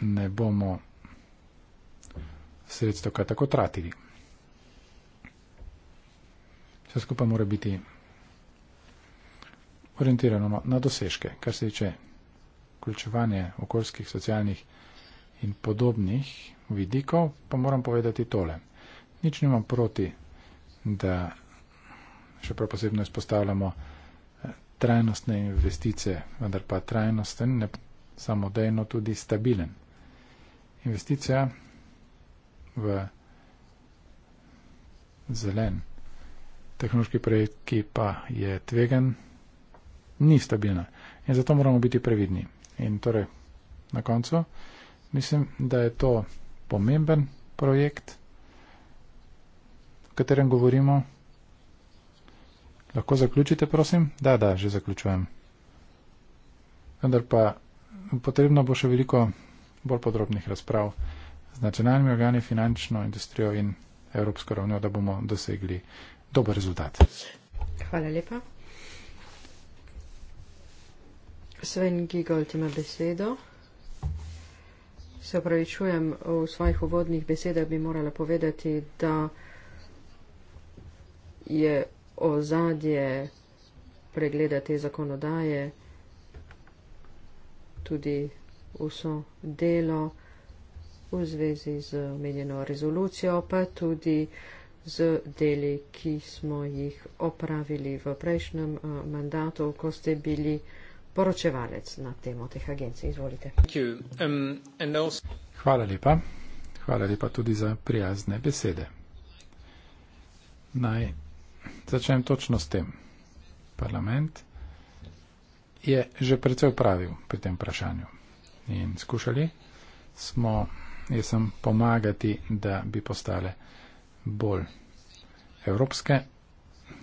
ne bomo sredstvo kaj tako tratili. Vse skupaj mora biti orientirano na dosežke, kar se tiče vključevanje okoljskih, socialnih in podobnih vidikov, pa moram povedati tole. Nič nimam proti, da še prav posebno izpostavljamo eh, trajnostne investicije, vendar pa trajnosten, ne samo dejno, tudi stabilen. Investicija v zelen tehnološki projekt, ki pa je tvegan, ni stabilna. In zato moramo biti previdni. In torej, na koncu, mislim, da je to pomemben projekt, katerem govorimo. Lahko zaključite, prosim? Da, da, že zaključujem. Vendar pa potrebno bo še veliko bolj podrobnih razprav z nacionalnimi organi, finančno industrijo in evropsko ravnjo, da bomo dosegli dober rezultat. Hvala lepa. Sven Gigolt ima besedo. Se opravičujem, v svojih uvodnih besedah bi morala povedati, da je ozadje pregleda te zakonodaje tudi vso delo v zvezi z omenjeno rezolucijo, pa tudi z deli, ki smo jih opravili v prejšnjem eh, mandatu, ko ste bili poročevalec na temo teh agencij. Izvolite. Um, Hvala lepa. Hvala lepa tudi za prijazne besede. Naj začnem točno s tem. Parlament je že precej upravil pri tem vprašanju. In skušali smo, jaz sem pomagati, da bi postale bolj evropske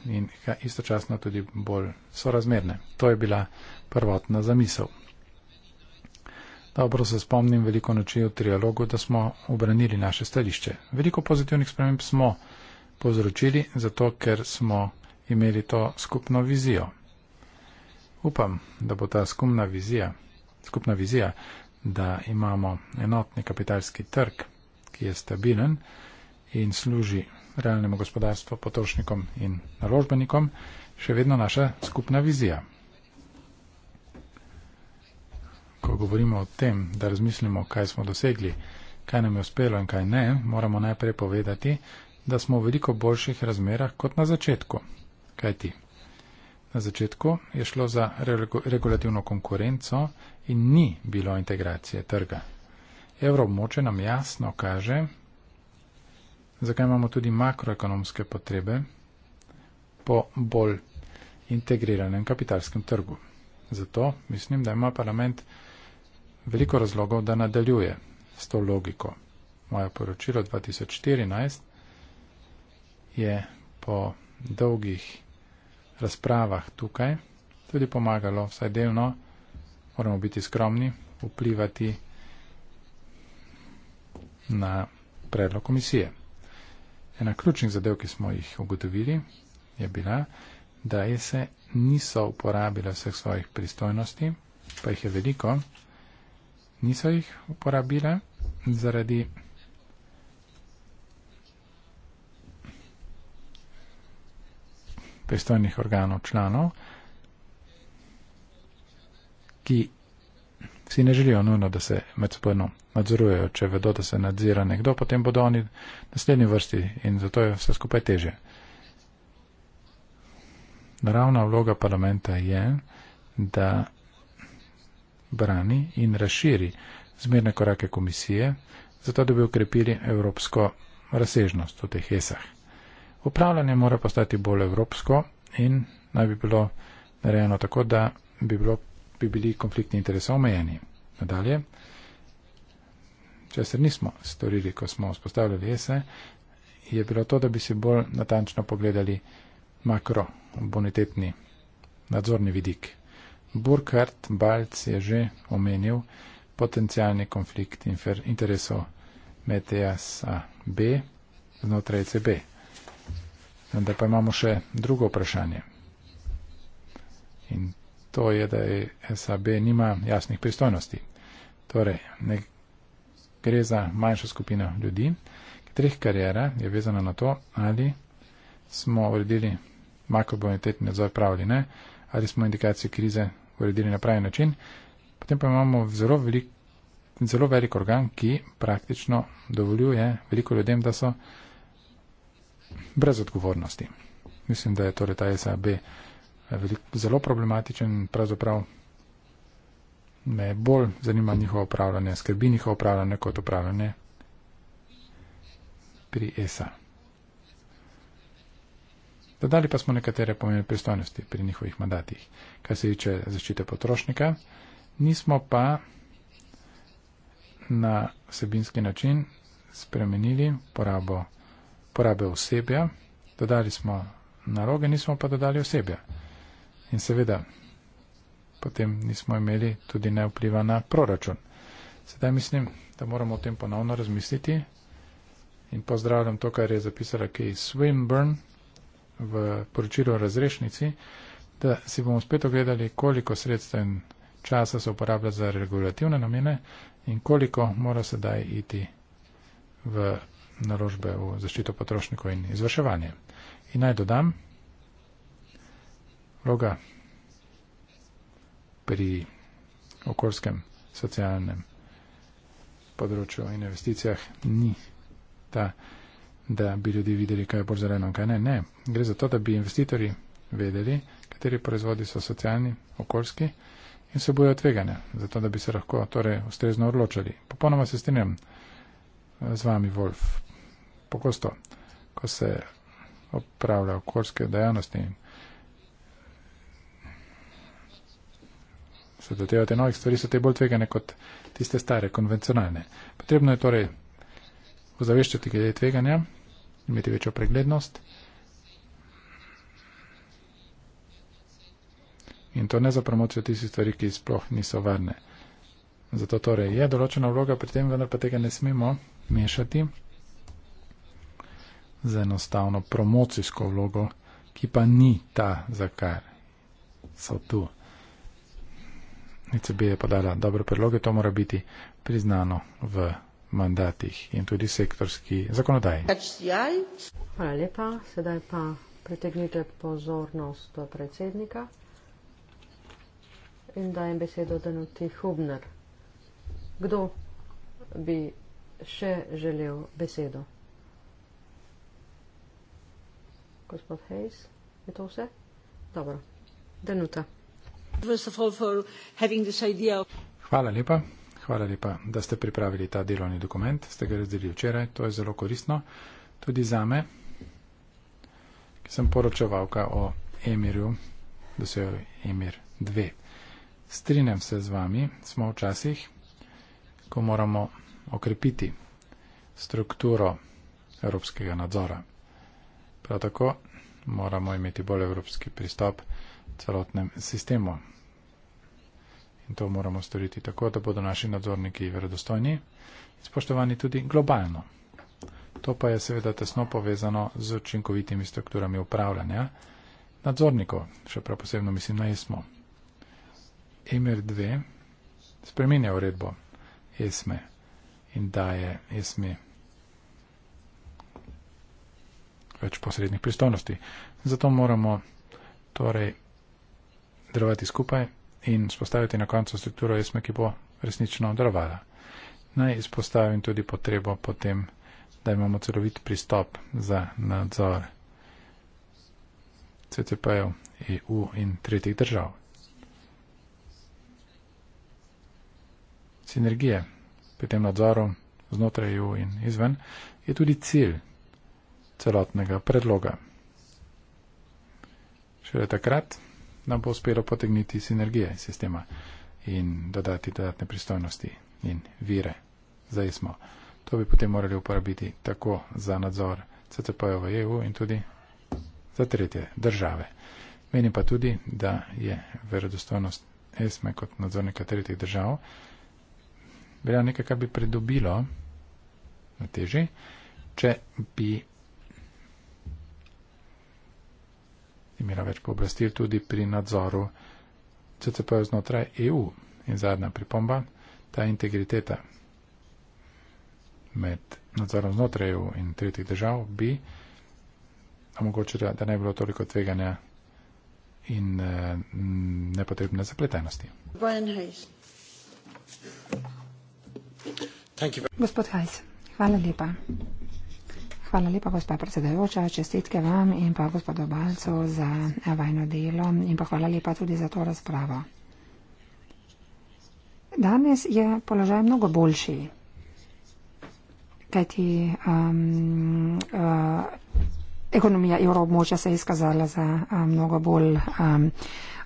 in istočasno tudi bolj sorazmerne. To je bila prvotna zamisel. Dobro se spomnim veliko noči v trialogu, da smo obranili naše stališče. Veliko pozitivnih sprememb smo povzročili, zato ker smo imeli to skupno vizijo. Upam, da bo ta skupna vizija, skupna vizija, da imamo enotni kapitalski trg, ki je stabilen in služi realnemu gospodarstvu, potrošnikom in naložbenikom, še vedno naša skupna vizija. Ko govorimo o tem, da razmislimo, kaj smo dosegli, kaj nam je uspelo in kaj ne, moramo najprej povedati, da smo v veliko boljših razmerah kot na začetku. Kaj ti? Na začetku je šlo za regulativno konkurenco in ni bilo integracije trga. Evroobmoče nam jasno kaže, zakaj imamo tudi makroekonomske potrebe po bolj integriranem kapitalskem trgu. Zato mislim, da ima parlament veliko razlogov, da nadaljuje s to logiko. Moje poročilo 2014 je po dolgih razpravah tukaj tudi pomagalo, vsaj delno, moramo biti skromni, vplivati na predlog komisije. Ena ključnih zadev, ki smo jih ugotovili, je bila, da je se niso uporabile vseh svojih pristojnosti, pa jih je veliko, niso jih uporabile zaradi pristojnih organov članov, ki vsi ne želijo nujno, da se med spodno nadzorujejo. Če vedo, da se nadzira nekdo, potem bodo oni naslednji vrsti in zato je vse skupaj teže. Naravna vloga parlamenta je, da brani in razširi zmerne korake komisije, zato da bi ukrepili evropsko razsežnost v teh esah. Upravljanje mora postati bolj evropsko in naj bi bilo narejeno tako, da bi, bilo, bi bili konfliktni interesi omejeni. Nadalje, če se nismo storili, ko smo vzpostavljali ESE, je bilo to, da bi si bolj natančno pogledali makro bonitetni nadzorni vidik. Burkhardt Balc je že omenil potencijalni konflikt interesov med ESAB znotraj ECB. Vendar pa imamo še drugo vprašanje. In to je, da je SAB nima jasnih pristojnosti. Torej, ne gre za manjšo skupino ljudi, katerih karjera je vezana na to, ali smo uredili makrobonitetni nadzor prav ali ne, ali smo indikacije krize uredili na pravi način. Potem pa imamo zelo velik, zelo velik organ, ki praktično dovoljuje veliko ljudem, da so brez odgovornosti. Mislim, da je torej ta SAB eh, velik, zelo problematičen, pravzaprav me bolj zanima njihovo upravljanje, skrbi njihovo upravljanje kot upravljanje pri ESA. Dodali pa smo nekatere pomembne pristojnosti pri njihovih mandatih, kar se tiče zaščite potrošnika. Nismo pa na sebinski način spremenili porabo uporabe osebja, dodali smo naloge, nismo pa dodali osebja. In seveda, potem nismo imeli tudi ne vpliva na proračun. Sedaj mislim, da moramo o tem ponovno razmisliti in pozdravljam to, kar je zapisala Kay Swinburne v poročilu o razrešnici, da si bomo spet ogledali, koliko sredstev in časa se uporablja za regulativne namene in koliko mora sedaj iti v naložbe v zaščito potrošnikov in izvrševanje. In naj dodam, vloga pri okoljskem socialnem področju in investicijah ni ta, da bi ljudi videli, kaj je bolj zeleno, kaj ne. Ne, gre za to, da bi investitorji vedeli, kateri proizvodi so socialni, okoljski in se bojo tveganja, zato da bi se lahko torej ustrezno odločali. Popolnoma se strinjam eh, z vami, Wolf pogosto, ko se opravlja okoljske dejavnosti in se dotevate novih stvari, so te bolj tvegane kot tiste stare, konvencionalne. Potrebno je torej ozaveščati glede tveganja, imeti večjo preglednost in to ne za promocijo tistih stvari, ki sploh niso varne. Zato torej je določena vloga pri tem, vendar pa tega ne smemo mešati z enostavno promocijsko vlogo, ki pa ni ta, zakaj so tu. ECB je podala dobre predloge, to mora biti priznano v mandatih in tudi sektorski zakonodaji. Hvala lepa, sedaj pa pritegnite pozornost predsednika in dajem besedo Danuti Hubner. Kdo bi še želel besedo? gospod Hayes. Je to vse? Dobro. Denuta. Hvala lepa. Hvala lepa, da ste pripravili ta delovni dokument. Ste ga razdelili včeraj. To je zelo koristno. Tudi za me, ki sem poročevalka o emirju, da se je emir 2. Strinjam se z vami, smo včasih, ko moramo okrepiti strukturo evropskega nadzora. Prav tako moramo imeti bolj evropski pristop celotnem sistemu. In to moramo storiti tako, da bodo naši nadzorniki verodostojni in spoštovani tudi globalno. To pa je seveda tesno povezano z učinkovitimi strukturami upravljanja nadzornikov, še prav posebno mislim na ESMO. EMIR 2 spremenja uredbo ESME in daje ESME več posrednih pristojnosti. Zato moramo torej delovati skupaj in spostaviti na koncu strukturo ESME, ki bo resnično delovala. Naj izpostavim tudi potrebo potem, da imamo celovit pristop za nadzor CCP-jev, EU in tretjih držav. Sinergije pri tem nadzoru znotraj EU in izven je tudi cilj celotnega predloga. Šele takrat nam bo uspelo potegniti sinergije sistema in dodati dodatne pristojnosti in vire za ISMO. To bi potem morali uporabiti tako za nadzor CCP-ov v EU in tudi za tretje države. Menim pa tudi, da je verodostojnost ESME kot nadzornika tretjih držav bila nekaj, kar bi pridobilo na teži, če bi imela več pooblastil tudi pri nadzoru CCP znotraj EU. In zadnja pripomba, ta integriteta med nadzorom znotraj EU in tretjih držav bi omogočila, da ne bi bilo toliko tveganja in eh, nepotrebne zapletenosti. Gospod Hajs, hvala lepa. Hvala lepa, gospa predsedajoča. Čestitke vam in pa gospodu Balcu za eh, vajno delo in pa hvala lepa tudi za to razpravo. Danes je položaj mnogo boljši, kajti um, uh, ekonomija evroobmočja se je izkazala za mnogo bolj um,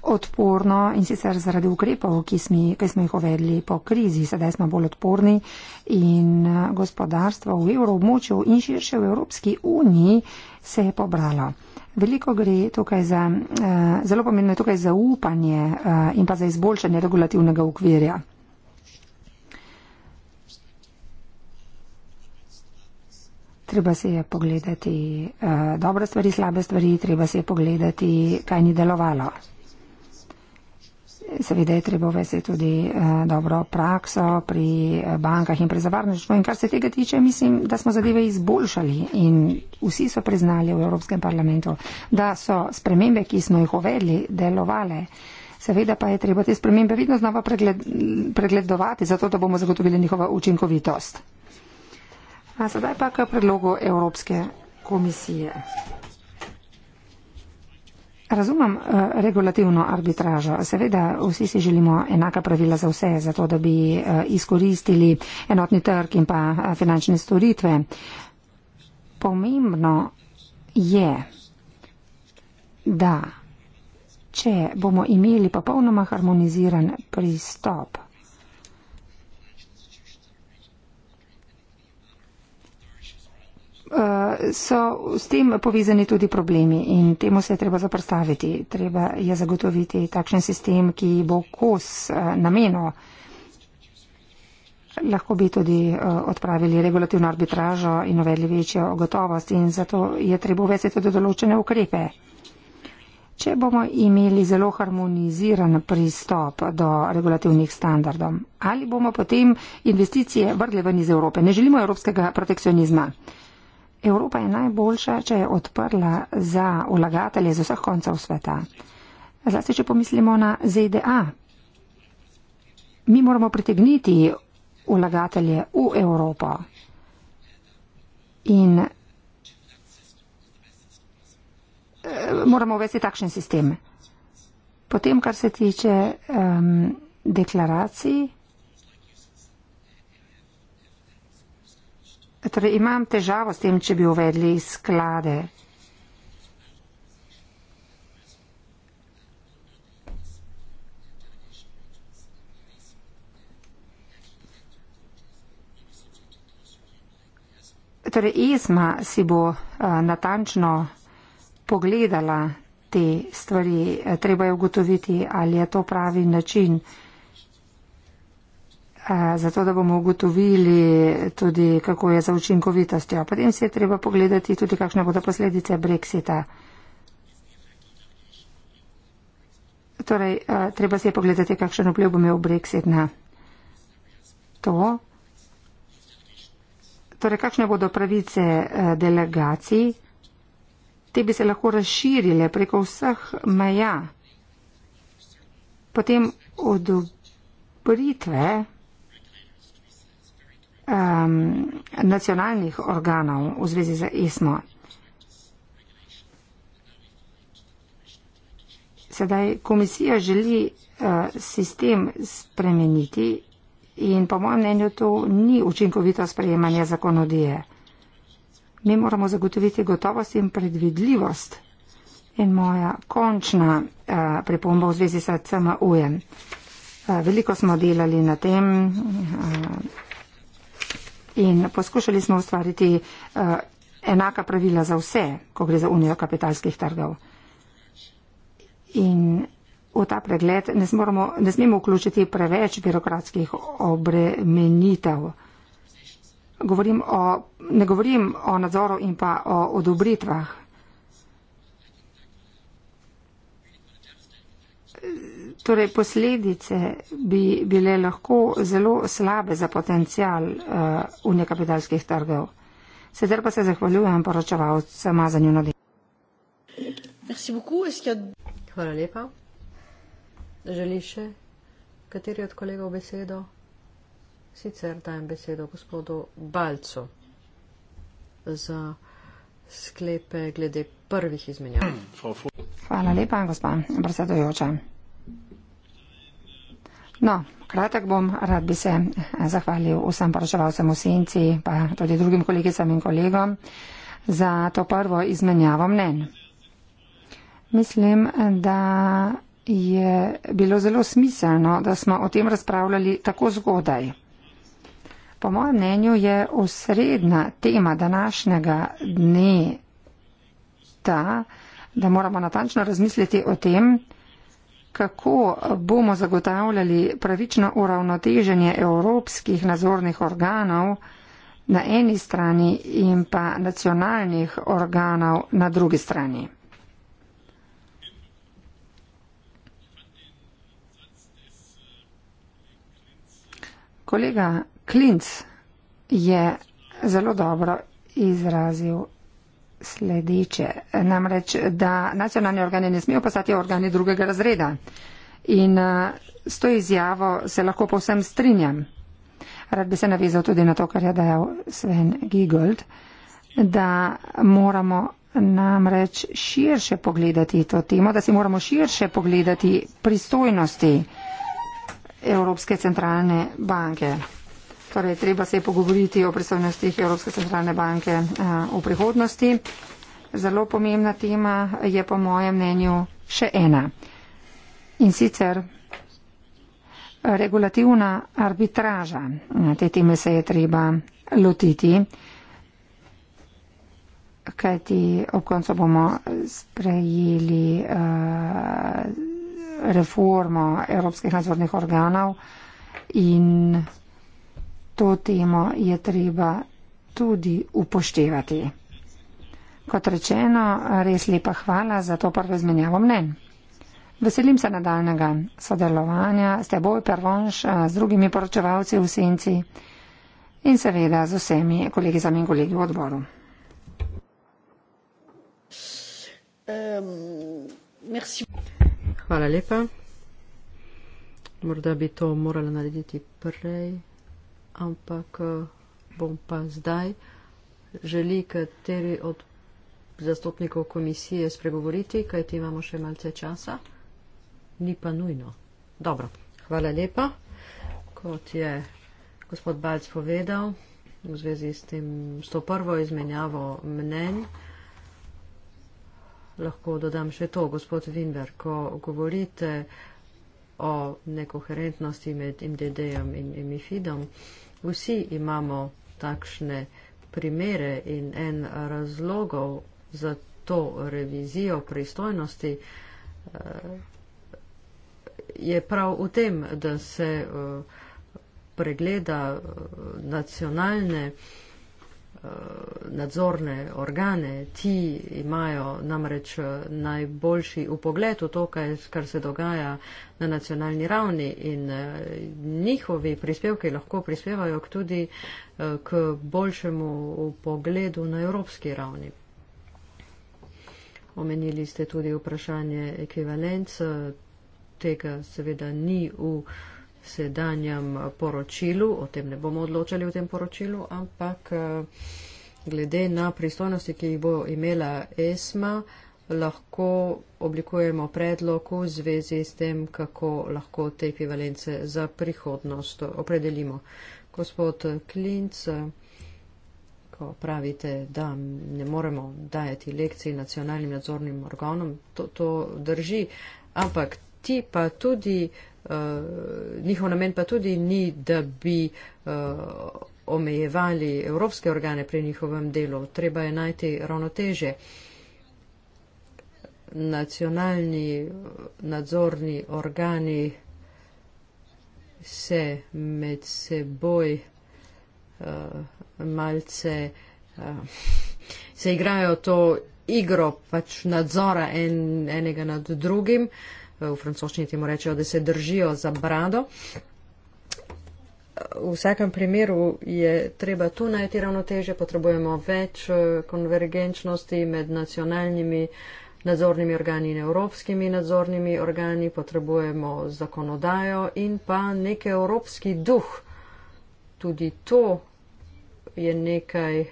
odporno in sicer zaradi ukrepov, ki smo, ki smo jih uvedli po krizi, sedaj smo bolj odporni in gospodarstvo v evroobmočju in širše v Evropski uniji se je pobralo. Veliko gre tukaj za, zelo pomembno je tukaj zaupanje in pa za izboljšanje regulativnega ukvirja. treba se je pogledati uh, dobre stvari, slabe stvari, treba se je pogledati, kaj ni delovalo. Seveda je treba uvesti tudi uh, dobro prakso pri eh, bankah in pri zavarnoštvu. In kar se tega tiče, mislim, da smo zadeve izboljšali in vsi so priznali v Evropskem parlamentu, da so spremembe, ki smo jih uvedli, delovale. Seveda pa je treba te spremembe vedno znova pregled, pregledovati, zato da bomo zagotovili njihova učinkovitost. A sedaj pa k predlogu Evropske komisije. Razumem eh, regulativno arbitražo. Seveda vsi si želimo enaka pravila za vse, zato da bi eh, izkoristili enotni trg in pa eh, finančne storitve. Pomembno je, da če bomo imeli popolnoma harmoniziran pristop Eh, so s tem povezani tudi problemi in temu se je treba zaprstaviti. Treba je zagotoviti takšen sistem, ki bo kos eh, nameno. Lahko bi tudi eh, odpravili regulativno arbitražo in uvedli večjo gotovost in zato je treba uvesti tudi določene ukrepe. Če bomo imeli zelo harmoniziran pristop do regulativnih standardov, ali bomo potem investicije vrgli ven iz Evrope? Ne želimo evropskega protekcionizma. Evropa je najboljša, če je odprla za vlagatelje z vseh koncev sveta. Zlasti, če pomislimo na ZDA. Mi moramo pritegniti vlagatelje v Evropo. In eh, moramo uvesti takšen sistem. Potem, kar se tiče um, deklaracij. Torej, imam težavo s tem, če bi uvedli sklade. Torej, Izma si bo a, eh, natančno pogledala te stvari. Eh, treba je ugotoviti, ali je to pravi način. Eh, zato da bomo ugotovili tudi, kako je za učinkovitostjo. Potem se je treba pogledati tudi, kakšne bodo posledice Brexita. Torej, eh, treba se je pogledati, kakšen vpliv bo imel Brexit na to. Torej, kakšne bodo pravice eh, delegacij? Te bi se lahko razširile preko vseh meja. Potem odobritve. Od um, nacionalnih organov v zvezi z ESMO. Sedaj komisija želi uh, sistem spremeniti in po mojem mnenju to ni učinkovito sprejemanje zakonodije. Mi moramo zagotoviti gotovost in predvidljivost. In moja končna uh, pripomba v zvezi s CMU-jem. Uh, veliko smo delali na tem. Uh, in poskušali smo ustvariti uh, enaka pravila za vse, ko gre za unijo kapitalskih trgov. In v ta pregled ne, smoramo, ne smemo vključiti preveč birokratskih obremenitev. Govorim o, ne govorim o nadzoru in pa o odobritvah Torej, posledice bi bile lahko zelo slabe za potencial uh, eh, unikapitalskih trgov. Sedaj pa se zahvaljujem poročevalcema za njeno delo. Hvala lepa. Želiš še kateri od kolegov besedo? Sicer dajem besedo gospodu Balcu za sklepe glede prvih izmenjav. Hvala lepa, gospa predsedojoča. No, kratek bom, rad bi se eh, zahvalil vsem poročevalcem v Senci, pa tudi drugim kolegicam in kolegom za to prvo izmenjavo mnen. Mislim, da je bilo zelo smiselno, da smo o tem razpravljali tako zgodaj. Po mojem mnenju je osredna tema današnjega dne ta, da moramo natančno razmisliti o tem, kako bomo zagotavljali pravično uravnoteženje evropskih nazornih organov na eni strani in pa nacionalnih organov na drugi strani. Kolega Klinc je zelo dobro izrazil sledeče. Namreč, da nacionalni organi ne smejo postati organi drugega razreda. In eh, s to izjavo se lahko povsem strinjam. Rad bi se navezal tudi na to, kar je dejal Sven Giegold, da moramo namreč širše pogledati to temo, da si moramo širše pogledati pristojnosti Evropske centralne banke. Torej, treba se je pogovoriti o predstavnostih Evropske centralne banke eh, v prihodnosti. Zelo pomembna tema je po mojem mnenju še ena. In sicer regulativna arbitraža. Te teme se je treba lotiti. Kaj ti ob koncu bomo sprejeli uh, reformo evropskih nadzornih organov in to temo je treba tudi upoštevati. Kot rečeno, res lepa hvala za to prvo izmenjavo mnen. Veselim se nadaljnega sodelovanja s teboj, Pervonš, z drugimi poročevalci v Senci in seveda z vsemi kolegi za in kolegi v odboru. Hvala lepa. Morda bi to morala narediti prej ampak eh, bom pa zdaj želi kateri od zastopnikov komisije spregovoriti, kajti imamo še malce časa. Ni pa nujno. Dobro, hvala lepa. Kot je gospod Balc povedal v zvezi s tem, s to prvo izmenjavo mnen, lahko dodam še to, gospod Vinder, ko govorite, o nekoherentnosti med MDD-om in MIFID-om. Vsi imamo takšne primere in en razlogov za to revizijo pristojnosti eh, je prav v tem, da se eh, pregleda eh, nacionalne uh, Eh, nadzorne organe, ti imajo namreč eh, najboljši upogled v to, kaj, kar se dogaja na nacionalni ravni in eh, njihovi prispevki lahko prispevajo tudi k boljšemu upogledu na evropski ravni. Omenili ste tudi vprašanje ekvivalenca, tega seveda ni v sedanjem poročilu, o tem ne bomo odločali v tem poročilu, ampak eh, glede na pristojnosti, ki jih bo imela ESMA, lahko oblikujemo predlog v zvezi s tem, kako lahko te ekvivalence za prihodnost opredelimo. Gospod Klinc, ko pravite, da ne moremo dajati lekcij nacionalnim nadzornim organom, to, to drži, ampak ti pa tudi uh, Eh, njihov namen pa tudi ni, da bi uh, omejevali evropske organe pri njihovem delu. Treba je najti ravnoteže. Nacionalni eh, nadzorni organi se med seboj uh, malce uh, se igrajo to igro pač nadzora en, enega nad drugim. Uh, v francoščini temu rečejo, da se držijo za brado. V vsakem primeru je treba tu najti ravnoteže, potrebujemo več eh, konvergenčnosti med nacionalnimi nadzornimi organi in evropskimi nadzornimi organi, potrebujemo zakonodajo in pa nek evropski duh. Tudi to je nekaj,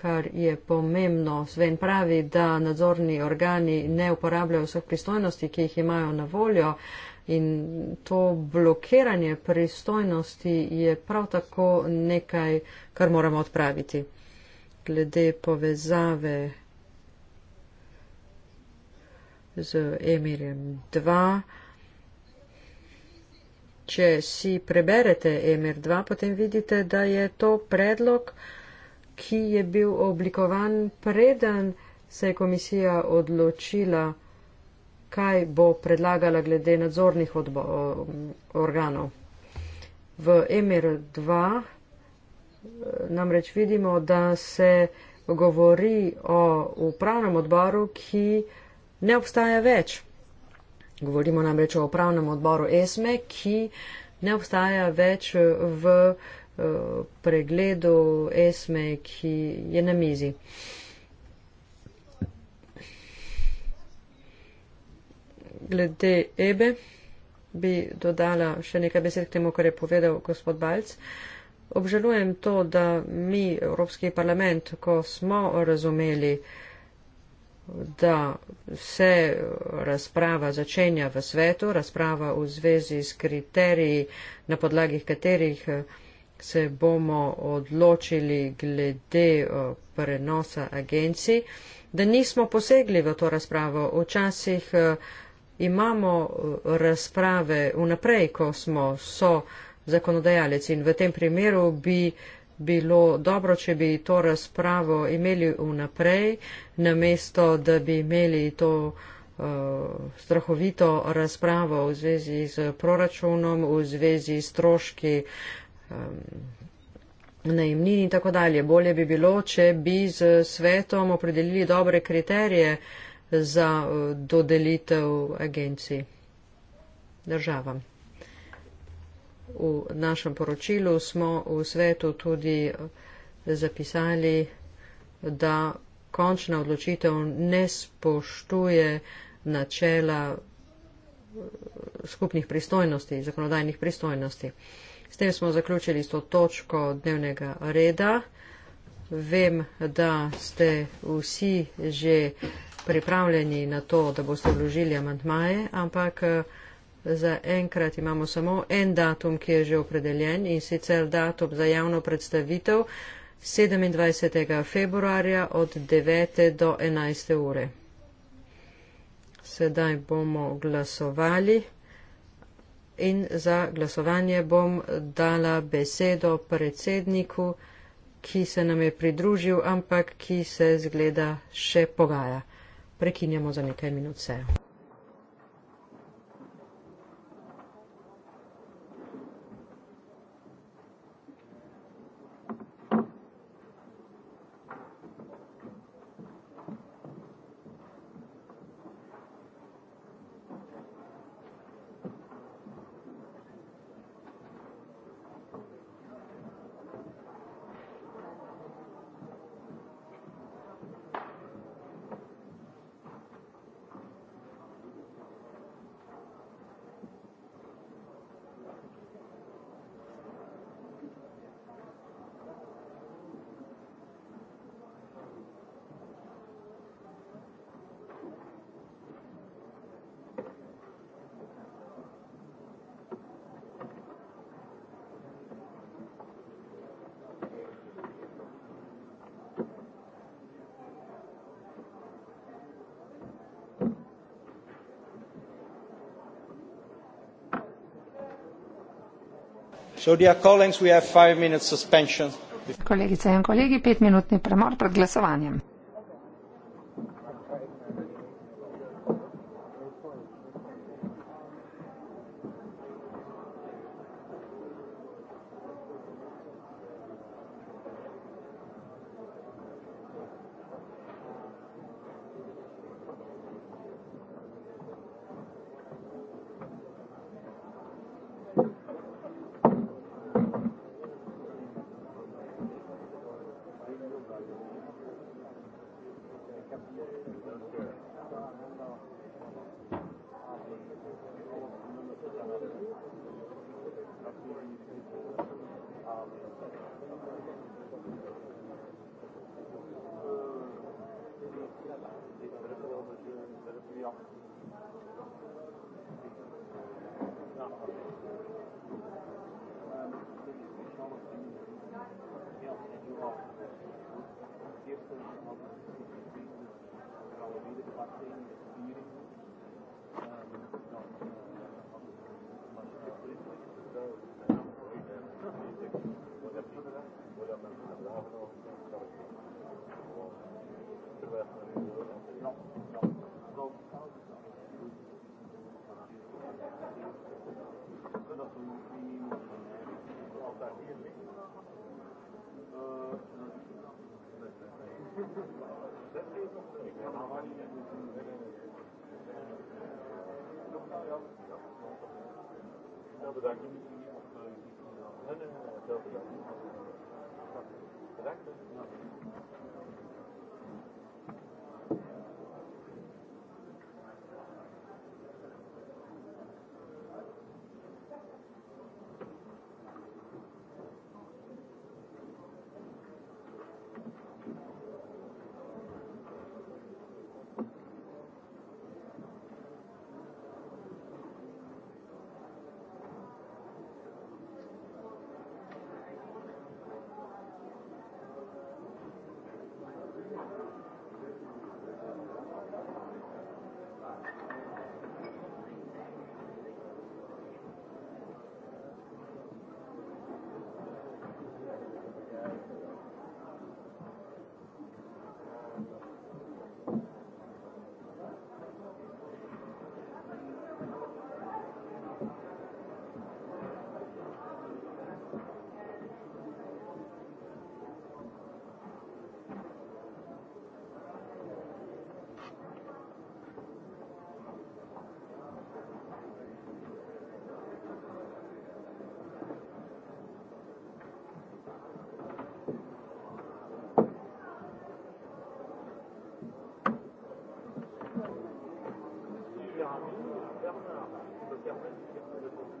kar je pomembno. Sven pravi, da nadzorni organi ne uporabljajo vseh pristojnosti, ki jih imajo na voljo in to blokiranje pristojnosti je prav tako nekaj, kar moramo odpraviti. Glede povezave z Emirjem 2. Če si preberete Emir 2, potem vidite, da je to predlog, ki je bil oblikovan preden se je komisija odločila, kaj bo predlagala glede nadzornih odbo, organov. V Emir 2 eh, namreč vidimo, da se govori o upravnem odboru, ki ne obstaja več. Govorimo namreč o upravnem odboru ESME, ki ne obstaja več v pregledu esme, ki je na mizi. Glede Ebe bi dodala še nekaj besed k temu, kar je povedal gospod Balc. Obžalujem to, da mi, Evropski parlament, ko smo razumeli, da se razprava začenja v svetu, razprava v zvezi s kriteriji, na podlagih katerih se bomo odločili glede prenosa agencij, da nismo posegli v to razpravo. Včasih imamo razprave vnaprej, ko smo so zakonodajalec in v tem primeru bi bilo dobro, če bi to razpravo imeli vnaprej, namesto da bi imeli to uh, strahovito razpravo v zvezi z proračunom, v zvezi s stroški uh, um, najemnini in tako dalje. Bolje bi bilo, če bi z svetom opredelili dobre kriterije za eh, dodelitev agencij državam. V našem poročilu smo v svetu tudi eh, zapisali, da končna odločitev ne spoštuje načela eh, skupnih pristojnosti, zakonodajnih pristojnosti. Uh, S tem smo zaključili to točko dnevnega reda. Vem, da ste vsi že pripravljeni na to, da boste vložili amantmaje, ampak eh, za enkrat imamo samo en datum, ki je že opredeljen in sicer datum za javno predstavitev 27. februarja od 9. do 11. ure. Sedaj bomo glasovali. In za glasovanje bom dala besedo predsedniku, ki se nam je pridružil, ampak ki se zgleda še pogaja. Prekinjamo za nekaj minut sejo. kolegice in kolegi petminutni premor pred glasovanjem.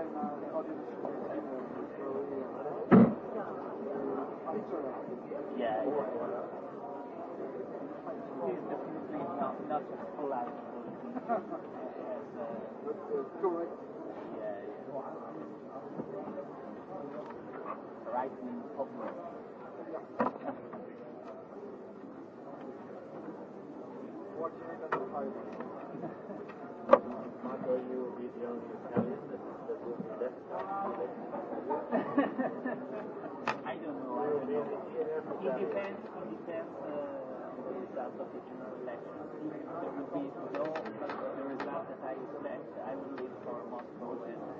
Yeah, yeah. Right in the public. Watching it at the time. Michael, you will be the only one. I don't know. I don't know. It depends. It depends uh, on the result of the general election. If there will be no result that I expect, I will leave for Moscow and. Uh,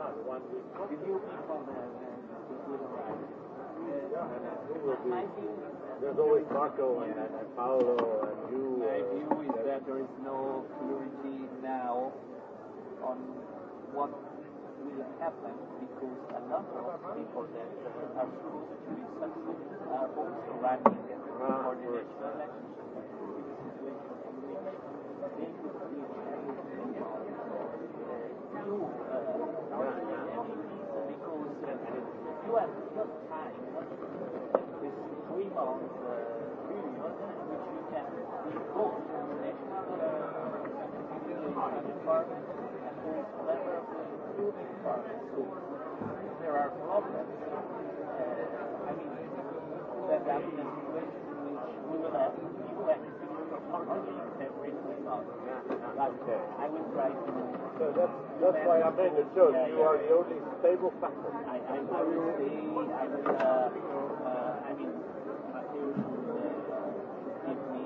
Did you eat from the food on there's always Marco and, and Paolo and you. Uh, My view is that there is no clarity now on what will happen because a number of people that are supposed to be successful are also running the ah, coordination elections. situation in which they could be changed. Uh, went just time. This three months uh, period, which you can book from the National Security Department and who is clever of the school department. So if there are problems, uh, I mean, that that is a situation in which we will have people at the Security Department every three months. Like, uh, I will try to so that's, that's why I made the joke. Yeah, you yeah, are yeah. the only stable factor. I, I, I would see, I would, uh, uh, I mean, Matthew would uh, give me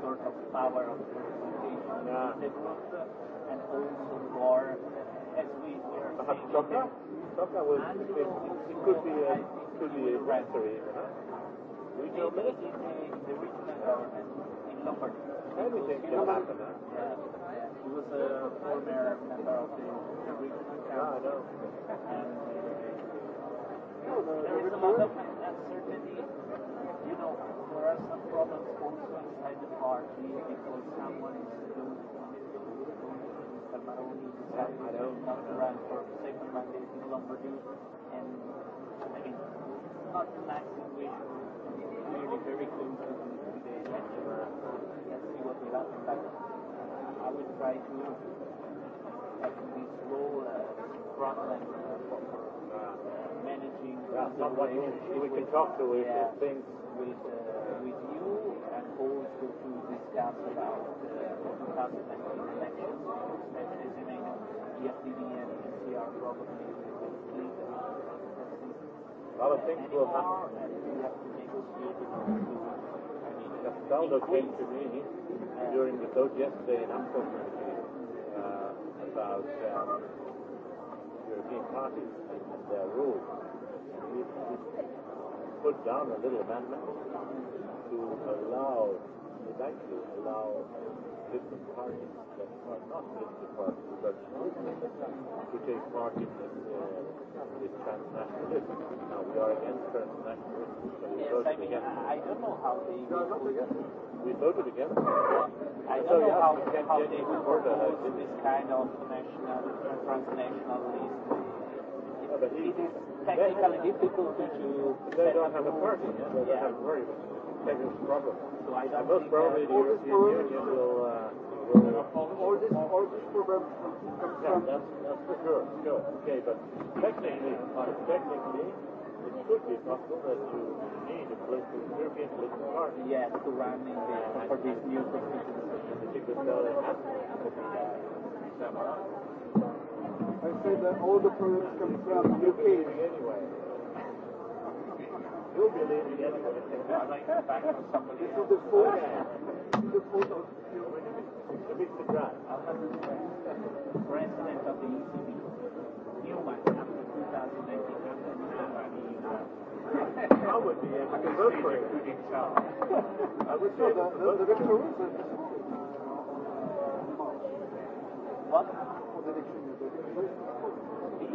sort of power of representation. Yeah. Uh, and also war, uh, as we were uh, Chaka? Chaka was, it, it, it could be a, uh, could be a factory, you know? Regional military? The regional government in Lombardy. Anything can happen, huh? Yeah was a four merit member of the regional council. And uh, no, there is a lot of uncertainty. You know, there are some problems also inside the party because someone is doing Mr. Maroni decided to not run for second mandate in Lombardy. And I mean, it's not the nice situation. We're really very close to the lecturer. Let's see what will happen. I would try to be slow front line managing that's not what you we can talk to with yeah, things with uh, with you and also to discuss about uh, the uh, 2019 elections and as you know EFDB and NCR probably will split the uh, well, I think we'll have to negotiate in order to a scout came to me during the talk yesterday in Amsterdam uh, about um, European parties and their rules. And he, he put down a little amendment to allow, to allow. Uh, We voted again. I don't so, know yeah, how, how they can vote uh, this kind of national, transnational list. It, yeah, it is technically difficult to do. They don't have a party, yeah. they don't yeah. have a party take a struggle. So I don't most probably the European Union will. Uh, will uh, or this, or this problem comes yeah, from. That's, that's for sure. Sure. Okay, but technically, but technically, it could be possible that you need a political, European political party. Yes, to run in the, uh, for this new position. If you could tell it has to be that. I say that all the problems come from UK anyway will be there together, but I think I'll make it back for somebody else. the fourth. the fourth of your winner. Mr. Grant. I'll have to say, President of the ECB. Newman, after 2019, I would be able to vote for it. I would say that the, the victor was at the school. What? What did it show you?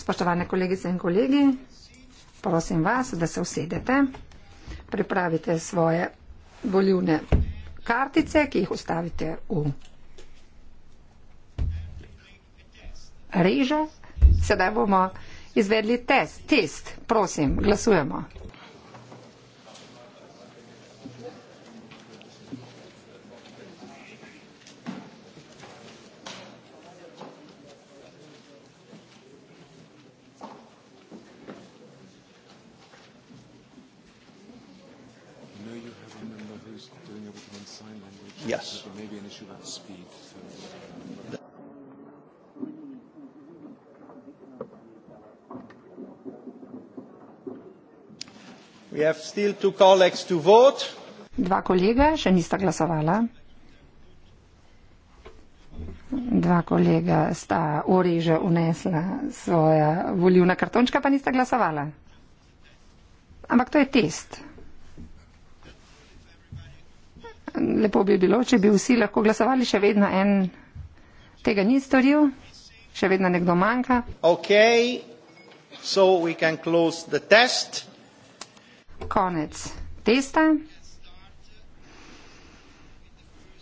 Spoštovane kolegice in kolegi, prosim vas, da se usedete, pripravite svoje volivne kartice, ki jih ustavite v reže. Sedaj bomo izvedli test. Test, prosim, glasujemo. they should have speed. We have still two colleagues to vote. Dva kolega še nista glasovala. Dva kolega sta oreže unesla svoja volivna kartončka, pa nista glasovala. Ampak to je test. lepo bi bilo, če bi vsi lahko glasovali, še vedno en tega ni storil, še vedno nekdo manjka. Okay. Konec testa.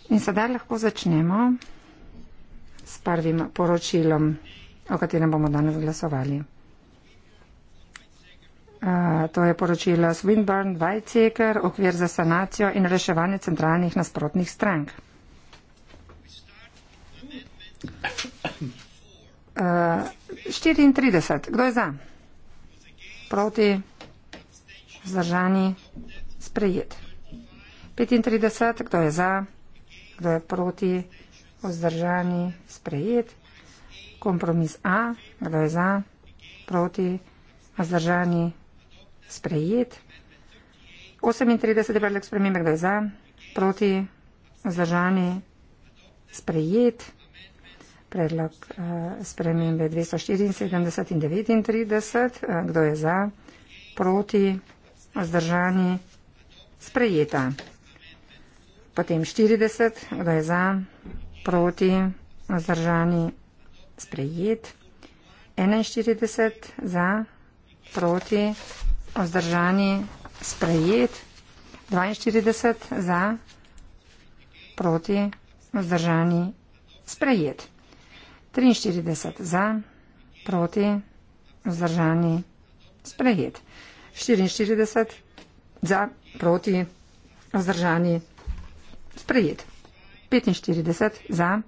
In sedaj lahko začnemo s prvim poročilom, o katerem bomo danes glasovali to je poročilo Swinburne, Weizsäcker, okvir za sanacijo in reševanje centralnih nasprotnih strank. Uh, 34. Kdo je za? Proti? Zdržani? Sprejet. 35. Kdo je za? Kdo je proti? Vzdržani? Sprejet. Kompromis A. Kdo je za? Proti? Vzdržani? Sprejet sprejet. 38 je predlog spremembe, kdo je za, proti, vzdržani, sprejet. Predlog uh, spremembe 274 in 39, uh, eh, kdo je za, proti, vzdržani, sprejeta. Potem 40, kdo je za, proti, vzdržani, sprejet. 41 za, proti, vzdržani vzdržani, sprejet, 42 za, proti, vzdržani, sprejet, 43 za, proti, vzdržani, sprejet, 44 za, proti, vzdržani, sprejet, 45 za,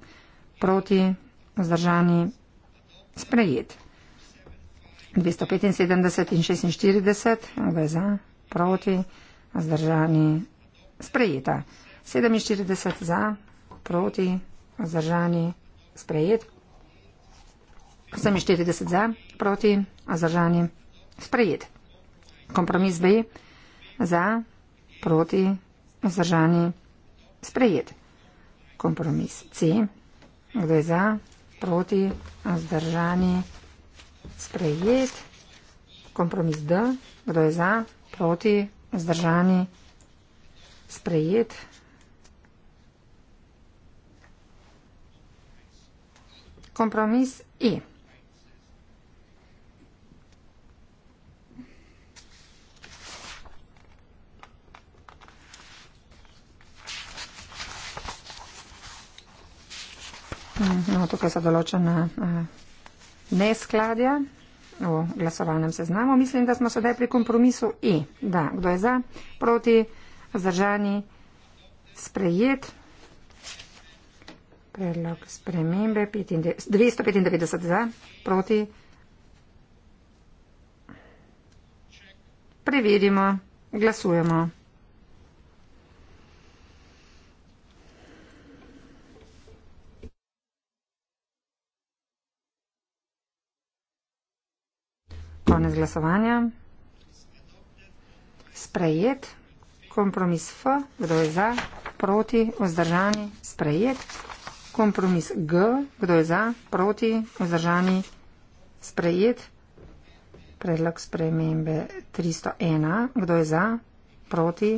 proti, vzdržani, sprejet. 275 in 46, obveza proti, vzdržani, sprejeta. 47 za, proti, vzdržani, sprejet. 47 za, proti, vzdržani, sprejet. Kompromis B, za, proti, vzdržani, sprejet. Kompromis C, kdo je za, proti, vzdržani, sprejet sprejet, kompromis D, kdo je za, proti, zdržani, sprejet. Kompromis E. Mhm, no, tukaj so določene eh, neskladja v glasovalnem seznamu. Mislim, da smo sedaj pri kompromisu E. Da, kdo je za, proti, zdržani, sprejet. Predlog spremembe 295 za, proti. Preverimo, glasujemo. Konec glasovanja. Sprejet. Kompromis F. Kdo je za? Proti. Ozdržani. Sprejet. Kompromis G. Kdo je za? Proti. Ozdržani. Sprejet. Predlog spremembe 301. Kdo je za? Proti.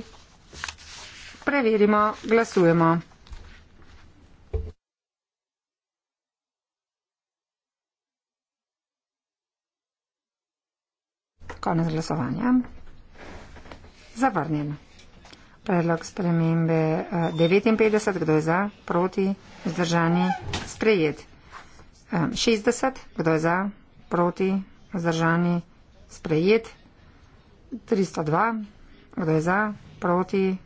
Preverimo. Glasujemo. Konec glasovanja. Zavrnjen. Predlog spremembe 59, eh, kdo je za, proti, vzdržani, sprejet. 60, eh, kdo je za, proti, vzdržani, sprejet. 302, kdo je za, proti.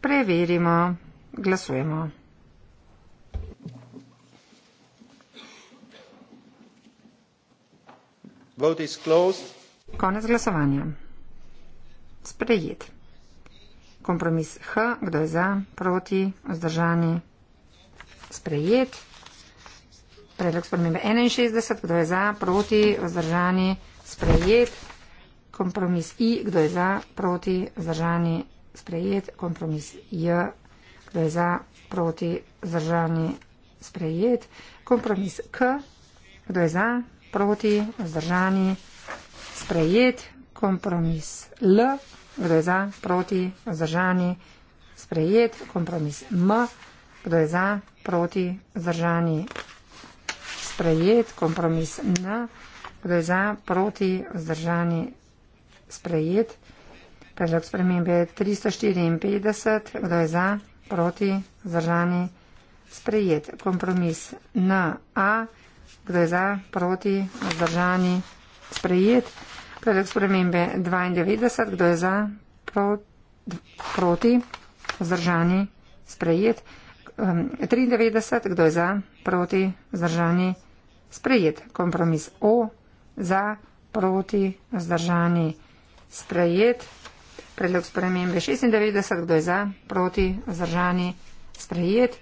Preverimo, glasujemo. Konec glasovanja. Sprejet. Kompromis H, kdo je za, proti, vzdržani. Sprejet. Predlog spremembe 61, kdo je za, proti, vzdržani. Sprejet. Kompromis I, kdo je za, proti, vzdržani. Sprejet. Kompromis J, kdo je za, proti, vzdržani. Sprejet. Kompromis K, kdo je za, proti, vzdržani, sprejet, kompromis L, kdo je za, proti, vzdržani, sprejet, kompromis M, kdo je za, proti, vzdržani, sprejet, kompromis N, kdo je za, proti, vzdržani, sprejet, predlog spremembe 354, kdo je za, proti, vzdržani, sprejet, kompromis N, A, kdo je za, proti, vzdržani, sprejet. Predlog spremembe 92, kdo je za, pro, proti, vzdržani, sprejet. 93, um, kdo je za, proti, vzdržani, sprejet. Kompromis O, za, proti, vzdržani, sprejet. Predlog spremembe 96, kdo je za, proti, vzdržani, sprejet.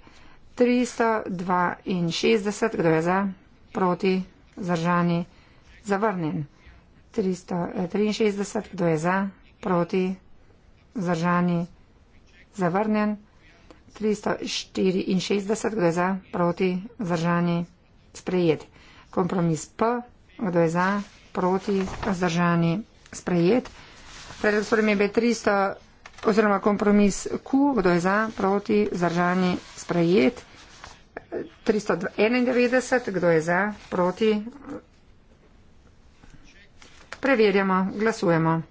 362, kdo je za, proti zdržani zavrnjen. 363, eh, kdo je za, proti zdržani zavrnjen. 364, kdo je za, proti zdržani sprejet. Kompromis P, kdo je za, proti zdržani sprejet. Predlog spremembe 300 oziroma kompromis Q, kdo je za, proti zdržani sprejet. 391, kdo je za, proti. Preverjamo, glasujemo.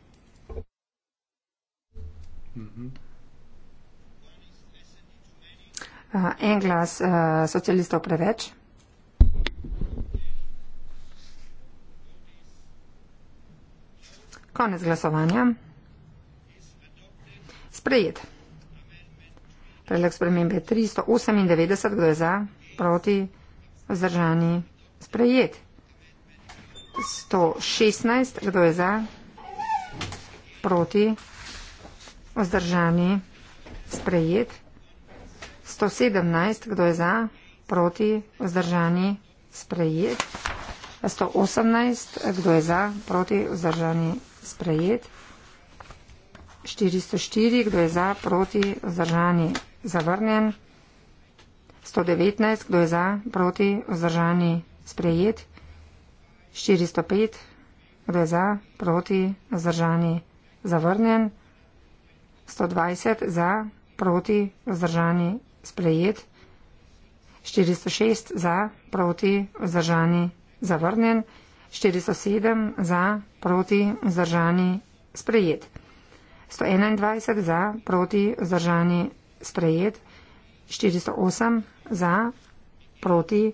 Uh, en glas uh, socialistov preveč. Konec glasovanja. Sprejet. Predlog spremembe 398, kdo je za, proti, vzdržani, sprejet. 116, kdo je za, proti, vzdržani, sprejet. 117, kdo je za, proti, vzdržani, sprejet. 118, kdo je za, proti, vzdržani, sprejet. 404, kdo je za, proti, vzdržani, sprejet zavrnjen. 119, kdo je za, proti, vzdržani, sprejet. 405, kdo je za, proti, vzdržani, zavrnjen. 120 za, proti, vzdržani, sprejet. 406 za, proti, vzdržani, zavrnjen. 407 za, proti, vzdržani, sprejet. 121 za, proti, vzdržani, sprejet 408 za, proti.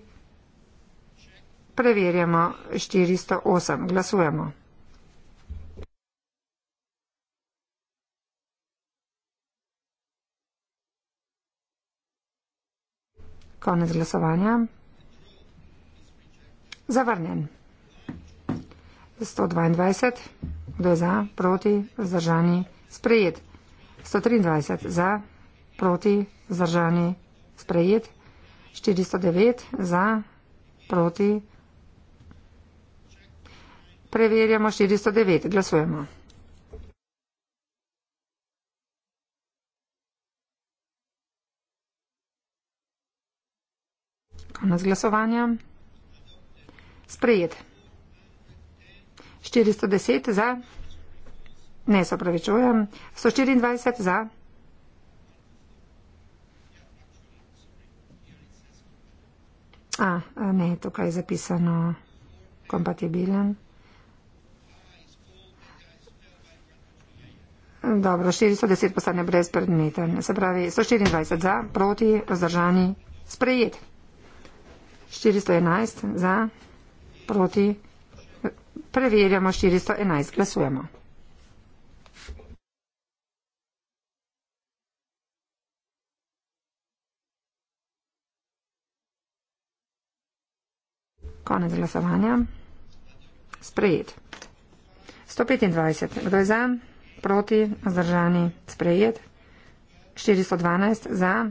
Preverjamo 408. Glasujemo. Konec glasovanja. Zavrnjen. 122. Kdo je za? Proti? Zdržani? Sprejet. 123. Za? proti, zdržani, sprejet, 409 za, proti. Preverjamo 409, glasujemo. Konec glasovanja. Sprejet. 410 za. Ne, se opravičujem. 124 za. A, a ne, tukaj je zapisano kompatibilen. Dobro, 410 postane brez predmeta. Se pravi, 124 za, proti, vzdržani, sprejet. 411 za, proti, preverjamo 411, glasujemo. Konec glasovanja. Sprejet. 125. Kdo je za? Proti? Zdržani? Sprejet. 412 za,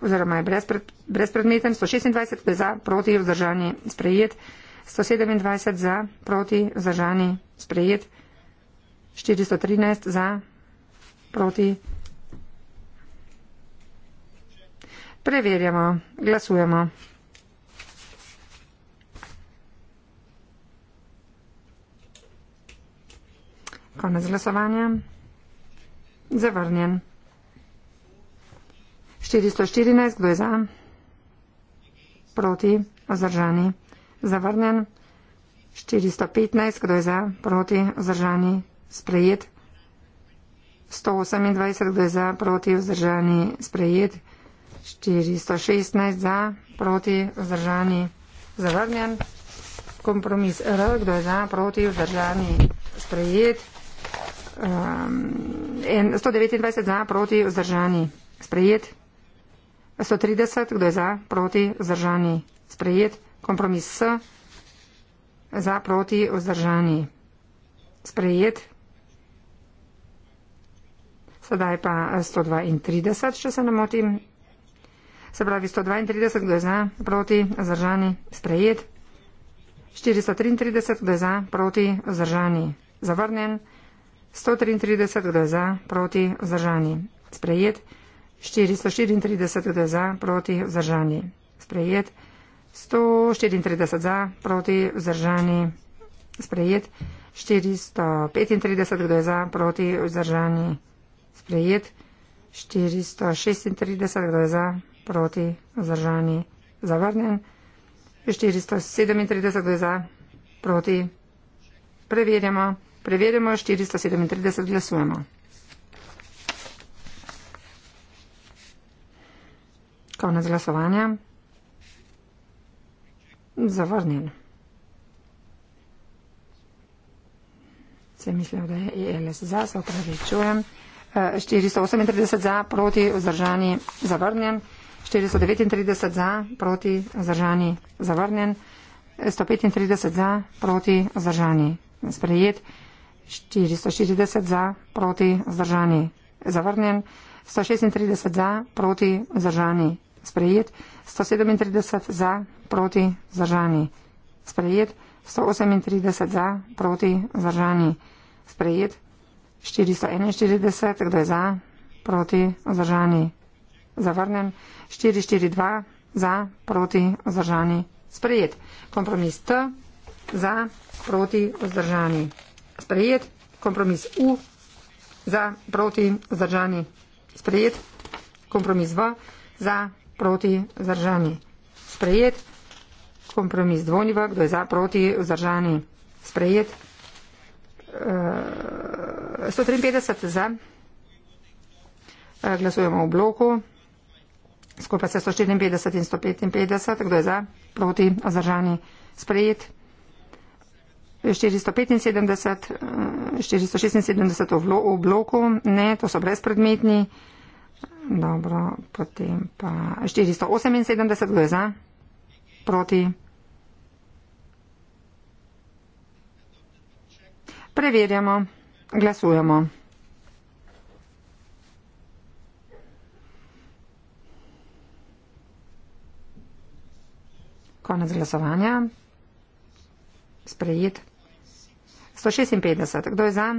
oziroma je brez, pred, brez predmeten. 126 za, proti? Zdržani? Sprejet. 127 za, proti? Zdržani? Sprejet. 413 za, proti? Preverjamo. Glasujemo. Koniec glasovanja. Zavrnjen. 414, kdo je za? Proti, ozdržani. Zavrnjen. 415, kdo je za? Proti, ozdržani. Sprejet. 128, kdo je za, proti, vzdržani, sprejet. 416 za, proti, vzdržani, zavrnjen. Kompromis R, kdo je za, proti, vzdržani, sprejet. Um, 129 za, proti, vzdržani, sprejet. 130, kdo je za, proti, vzdržani, sprejet. Kompromis S, za, proti, vzdržani, sprejet. Sedaj pa 132, če se ne motim. Se pravi 132, kdo je za, proti, vzdržani, sprejet. 433, kdo je za, proti, vzdržani, zavrnen. 133 kdo je za, proti vzdržani. Sprejet. 434 kdo je za, proti vzdržani. Sprejet. 134 za, proti vzdržani. Sprejet. 435 kdo je za, proti vzdržani. Sprejet. 436 kdo je za, proti vzdržani. Zavrnjen. 437 kdo je za, proti. Preverjamo. Preverjamo 437 glasujemo. Konec glasovanja. Zavrnjen. Se je mislil, da je ELS za, se upravičujem. 438 eh, za, proti, vzdržani, zavrnjen. 439 za, proti, vzdržani, zavrnjen. 135 za, proti, vzdržani, sprejet. 440 za, proti zdržani zavrnjen, 136 za, proti zdržani sprejet, 137 za, proti zdržani sprejet, 138 za, proti zdržani sprejet, 441, kdo je za, proti zdržani zavrnjen, 442 za, proti zdržani sprejet. Kompromis T za, proti zdržani sprejet, kompromis U za proti zdržani, sprejet, kompromis V za proti zdržani, sprejet, kompromis dvojni V, kdo je za proti zdržani, sprejet, uh, eh, 153 za, uh, glasujemo v bloku, skupaj se 154 in 155, kdo je za proti zdržani, sprejet. 475, 476 v bloku, ne, to so brezpredmetni. Dobro, potem pa 478, kdo je za? Proti. Preverjamo, glasujemo. Konec glasovanja. Sprejet 156. Kdo je za?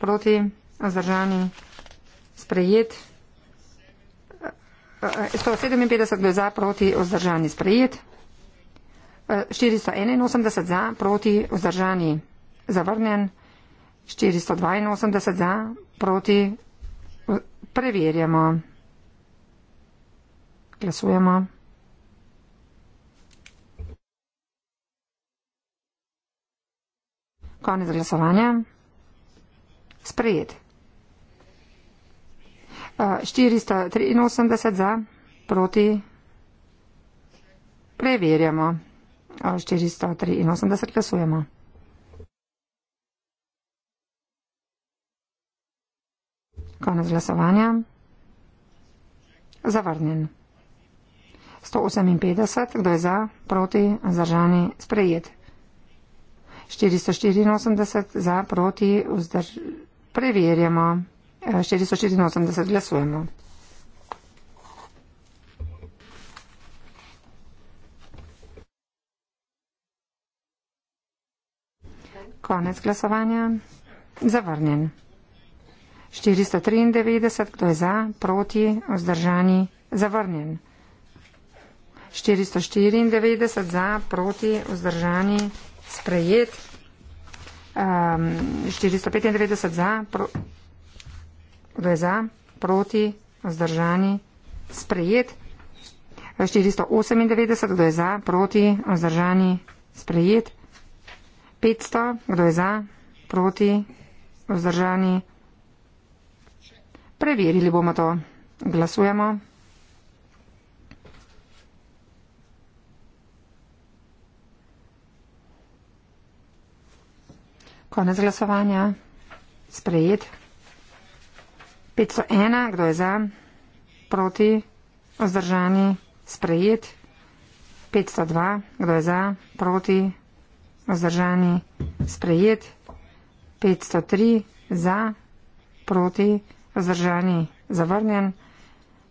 Proti? Ozdržani? Sprejet? 157. Eh, eh, Kdo je za? Proti? Ozdržani? Sprejet? 481 eh, za, proti, vzdržani, zavrnjen, 482 za, proti, preverjamo, glasujemo. Konec glasovanja. Sprejet. 483 eh, za, proti. Preverjamo. 483 eh, glasujemo. Konec glasovanja. Zavrnjen. 158, kdo je za, proti, zdržani, sprejet. 484 za, proti, vzdrž... preverjamo. 484 eh, glasujemo. Konec glasovanja. Zavrnjen. 493, kdo je za, proti, vzdržani, zavrnjen. 494 za, proti, vzdržani, sprejet. Um, 495 za, pro, za, proti, vzdržani, sprejet. 498, kdo je za, proti, vzdržani, sprejet. 500, kdo je za, proti, vzdržani. Preverili bomo to. Glasujemo. Konec glasovanja. Sprejet. 501. Kdo je za? Proti. Vzdržani. Sprejet. 502. Kdo je za? Proti. Vzdržani. Sprejet. 503. Za. Proti. Vzdržani. Zavrnjen.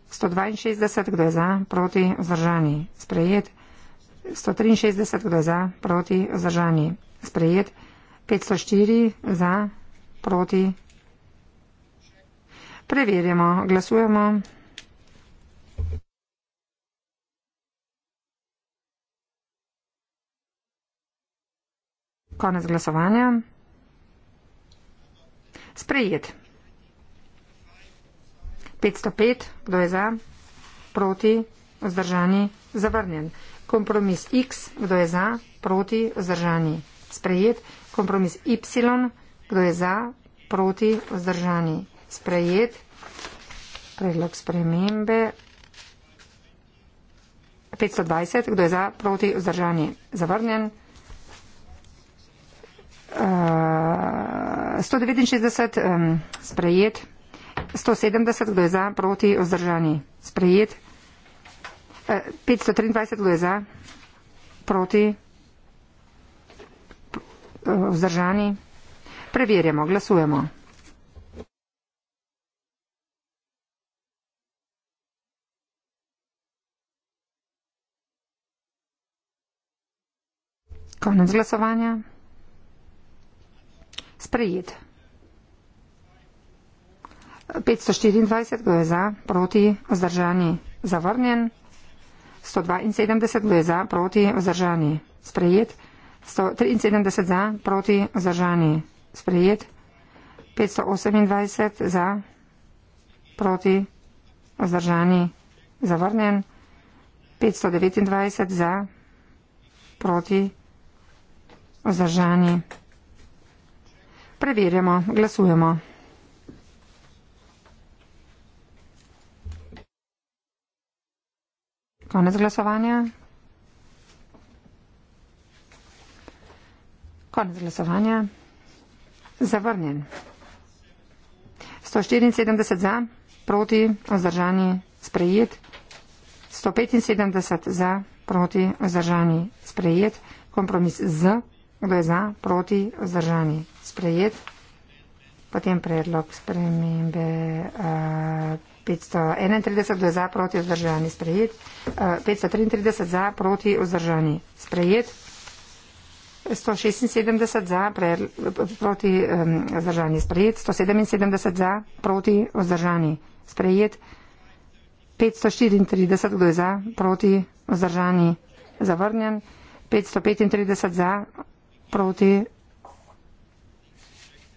162. Kdo je za? Proti. Vzdržani. Sprejet. 163. Kdo je za? Proti. Vzdržani. Sprejet. 504 za, proti. Preverjamo, glasujemo. Konec glasovanja. Sprejet. 505, kdo je za, proti, vzdržani, zavrnjen. Kompromis X, kdo je za, proti, vzdržani, sprejet kompromis Y, kdo je za, proti, vzdržani, sprejet, predlog spremembe 520, kdo je za, proti, vzdržani, zavrnjen. Uh, 169 um, sprejet, 170 kdo je za, proti, vzdržani, sprejet, uh, eh, 523 kdo je za, proti, vzdržani. Preverjamo, glasujemo. Konec glasovanja. Sprejet. 524 kdo je za, proti, vzdržani, zavrnjen. 172 kdo je za, proti, vzdržani, sprejet. 173 za, proti, vzdržani, sprejet. 528 za, proti, vzdržani, zavrnjen. 529 za, proti, vzdržani. Preverjamo, glasujemo. Konec glasovanja. Konec glasovanja. Zavrnjen. 174 za, proti, vzdržani, sprejet. 175 za, proti, vzdržani, sprejet. Kompromis z, kdo je za, proti, vzdržani, sprejet. Potem predlog spremembe uh, eh, 531, kdo je za, proti, vzdržani, sprejet. Uh, eh, 533 za, proti, vzdržani, sprejet. 176 za, pre, proti vzdržani um, sprejet, 177 za, proti vzdržani sprejet, 534 kdo je za, proti vzdržani zavrnjen, 535 za, proti,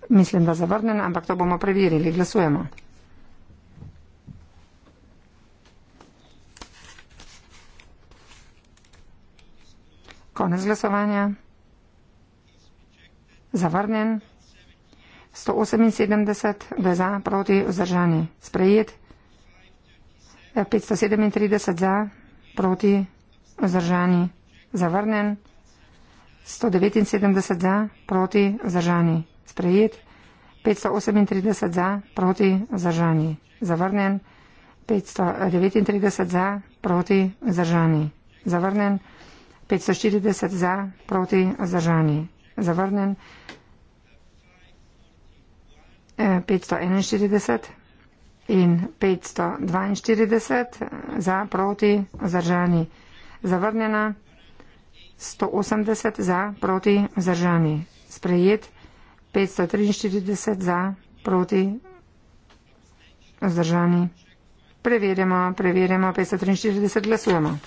mislim, da zavrnjen, ampak to bomo preverili, glasujemo. Konec glasovanja zavrnjen, 178 v za proti vzdržani, sprejet, 537 za proti vzdržani, zavrnjen, 179 za proti vzdržani, sprejet. 538 za proti zažani. Zavrnen. 539 za proti zažani. Zavrnen. 540 za proti zažani zavrnjen. 541 e, in 542 za proti vzdržani. Zavrnjena 180 za proti vzdržani. Sprejet 543 za proti vzdržani. Preverjamo, preverjamo 543, glasujemo.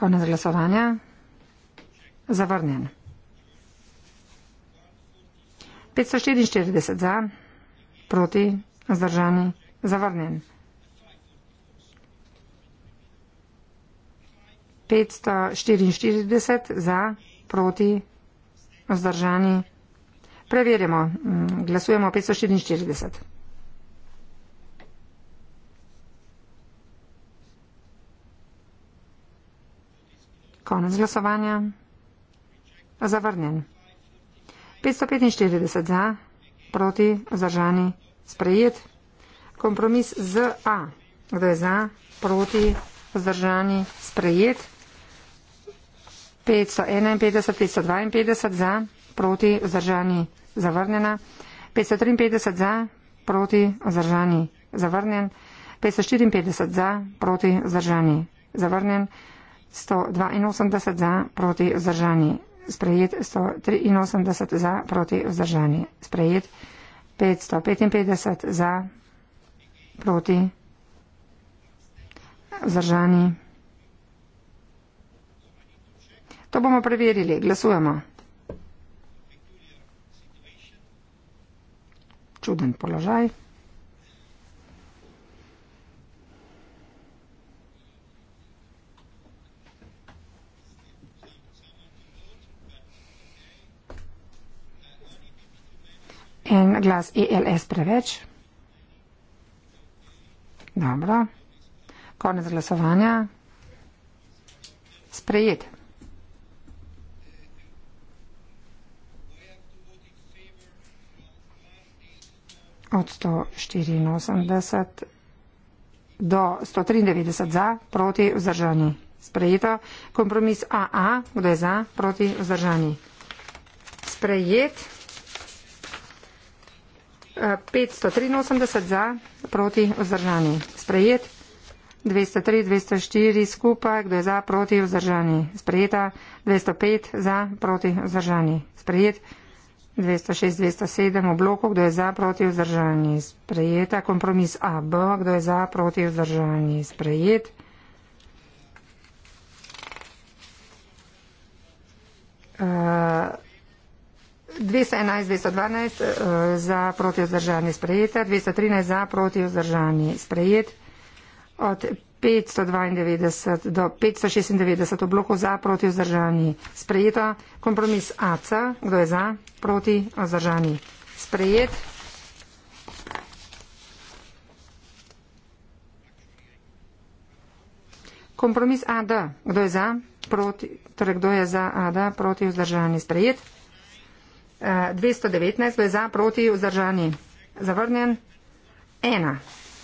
Konec glasovanja. Zavrnjen. 544 za, proti, zdržani, zavrnjen. 544 za, proti, zdržani. Preverjamo. Mm, glasujemo 544. Konec glasovanja. Zavrnjen. 545 za, proti, vzdržani, sprejet. Kompromis z A. Kdo je za, proti, vzdržani, sprejet. 551, 552 za, proti, vzdržani, zavrnjena. 553 za, proti, vzdržani, zavrnjen. 554 za, proti, vzdržani, zavrnjen. 182 za, proti vzdržani. Sprejet 183 za, proti vzdržani. Sprejet 555 za, proti vzdržani. To bomo preverili. Glasujemo. Čuden položaj. En glas ELS preveč. Dobro. Konec glasovanja. Sprejet. Od 184 do 193 za, proti vzdržani. Sprejeto. Kompromis AA, kdo je za, proti vzdržani. Sprejet. 583 za, proti vzdržani. Sprejet. 203, 204 skupaj, kdo je za, proti vzdržani. Sprejeta. 205 za, proti vzdržani. Sprejet. 206, 207 v bloku, kdo je za, proti vzdržani. Sprejeta. Kompromis AB, kdo je za, proti vzdržani. Sprejet. Uh, 211, 212 uh, za proti vzdržani sprejeta, 213 za proti vzdržani sprejet, od 592 do 596 oblokov za proti vzdržani sprejeta, kompromis AC, kdo je za proti vzdržani sprejet. Kompromis AD, kdo je za, proti, torej kdo je za AD, proti vzdržani sprejet. 219 za proti vzdržani. Zavrnjen. 1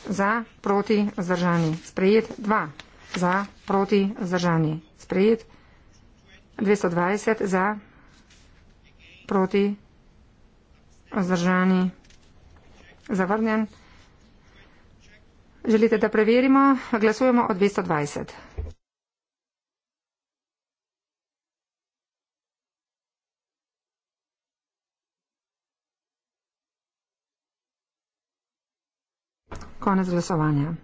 za proti vzdržani. Sprejet. 2 za proti vzdržani. Sprejet. 220 za proti vzdržani. Zavrnjen. Želite, da preverimo? Glasujemo o 220. Konec glasovanja.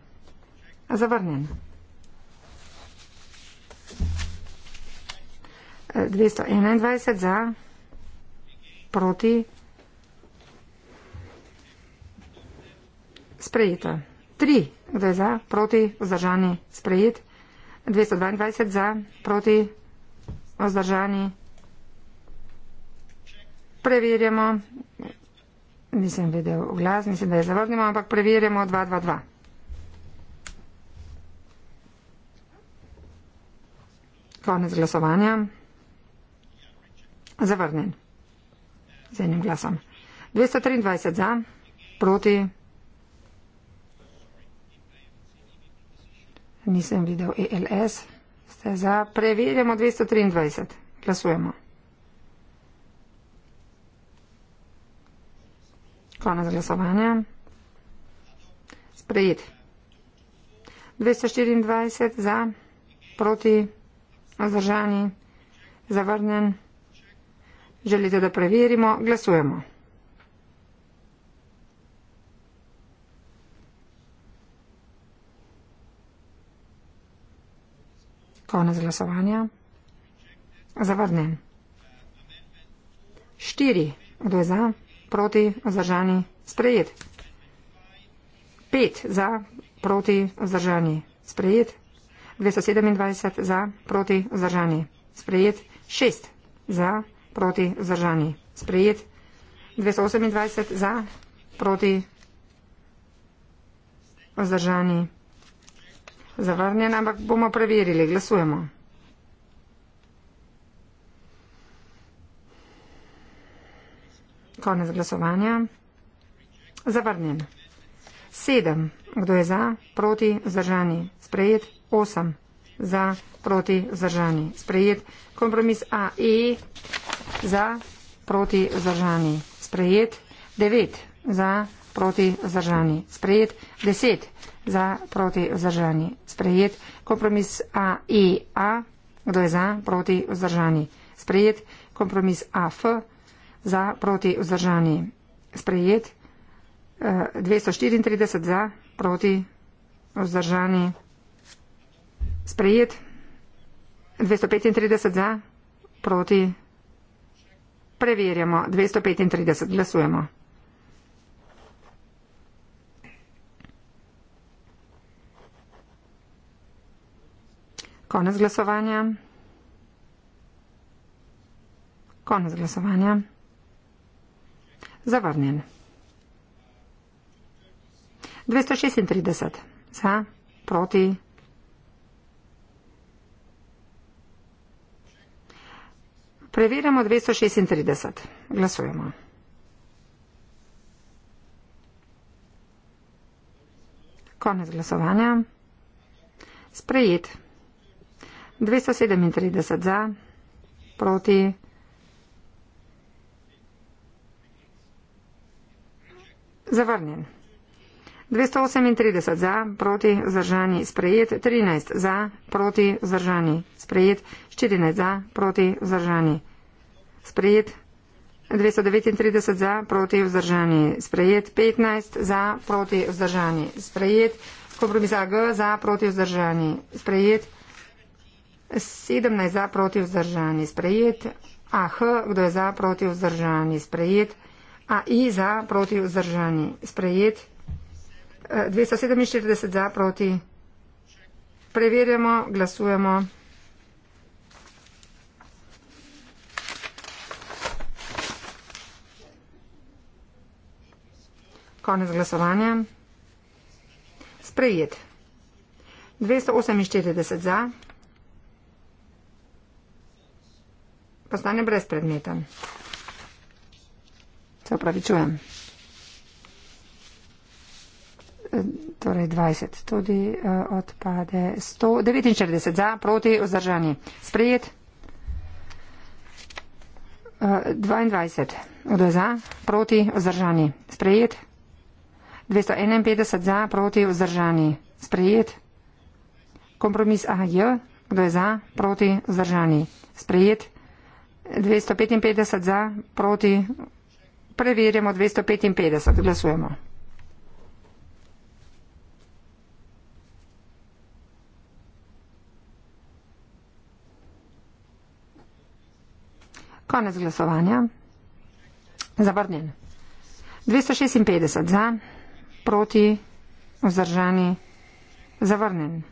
Zavrnjen. 221 za, proti. Sprejeto. 3, kdo je za, proti, vzdržani, sprejet. 222 za, proti, vzdržani. Preverjamo nisem videl v glas, mislim, da je zavrnimo, ampak preverjamo 2-2-2. Konec glasovanja. Zavrnjen. Z enim glasom. 223 za, proti. Nisem videl ELS. Ste za? Preverjamo 223. Glasujemo. Konec glasovanja. Sprejet. 224 za, proti, vzdržani, zavrnjen. Želite, da preverimo? Glasujemo. Konec glasovanja. Zavrnjen. 4. Kdo je za? proti, vzdržani, sprejet. Pet za, proti, vzdržani, sprejet. 227 za, proti, vzdržani, sprejet. Šest za, proti, vzdržani, sprejet. 228 za, proti, vzdržani, zavrnjen, ampak bomo preverili, glasujemo. Konec glasovanja. Zavrnjen. Sedem. Kdo je za? Proti? Zdržani? Sprejet. Osem. Za? Proti? Zdržani? Sprejet. Kompromis AE. Za? Proti? Zdržani? Sprejet. Devet. Za? Proti? Zdržani? Sprejet. Deset. Za? Proti? Zdržani? Sprejet. Kompromis AEA. E Kdo je za? Proti? Zdržani? Sprejet. Kompromis AF za proti vzdržani. Sprejet 234 eh, za proti vzdržani. Sprejet 235 za proti. Preverjamo 235. Glasujemo. Konec glasovanja. Konec glasovanja. Zavrnjen. 236 za, proti. 236. Preverjamo 236. Glasujemo. Konec glasovanja. Sprejet. 237 za, proti. Zavrnjen. 238 za, proti zdržani sprejet, 13 za, proti zdržani sprejet, 14 za, proti zdržani sprejet, 239 za, proti vzdržani sprejet, 15 za, proti vzdržani sprejet, kompromisa G za, proti vzdržani sprejet, 17 za, proti vzdržani sprejet, AH, kdo je za, proti vzdržani sprejet, a i za proti vzdržani. Sprejet 247 e, za proti. Preverjamo, glasujemo. Konec glasovanja. Sprejet. 248 za. Postane brezpredmeten. Se pravi, čujem. Torej 20 tudi uh, odpade. 149 za, proti, vzdržani. Sprejet. Uh, eh, 22 od za, proti, vzdržani. Sprejet. 251 za, proti, vzdržani. Sprejet. Kompromis AJ, kdo je za, proti, vzdržani. Sprejet. 255 za, proti, vzdržani. Preverjamo 255. Glasujemo. Konec glasovanja. Zavrnjen. 256 za, proti, vzdržani, zavrnjen.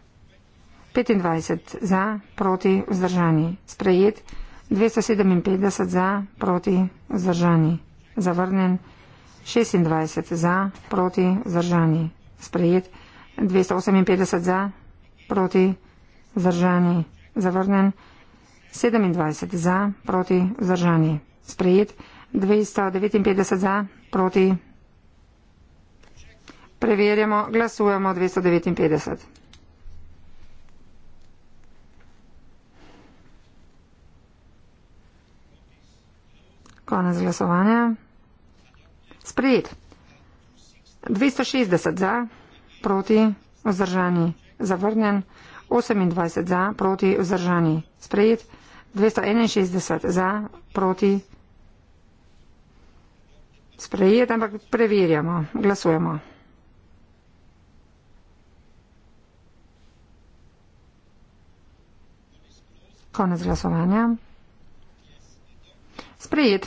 25 za, proti, vzdržani, sprejet. 257 za, proti, vzdržani zavrnjen, 26 za, proti, zdržani, sprejet, 258 za, proti, zdržani, zavrnjen, 27 za, proti, zdržani, sprejet, 259 za, proti. Preverjamo, glasujemo 259. Konec glasovanja. Sprejet. 260 za, proti, vzdržani, zavrnjen. 28 za, proti, vzdržani. Sprejet. 261 za, proti. Sprejet, ampak preverjamo, glasujemo. Konec glasovanja. Sprejet.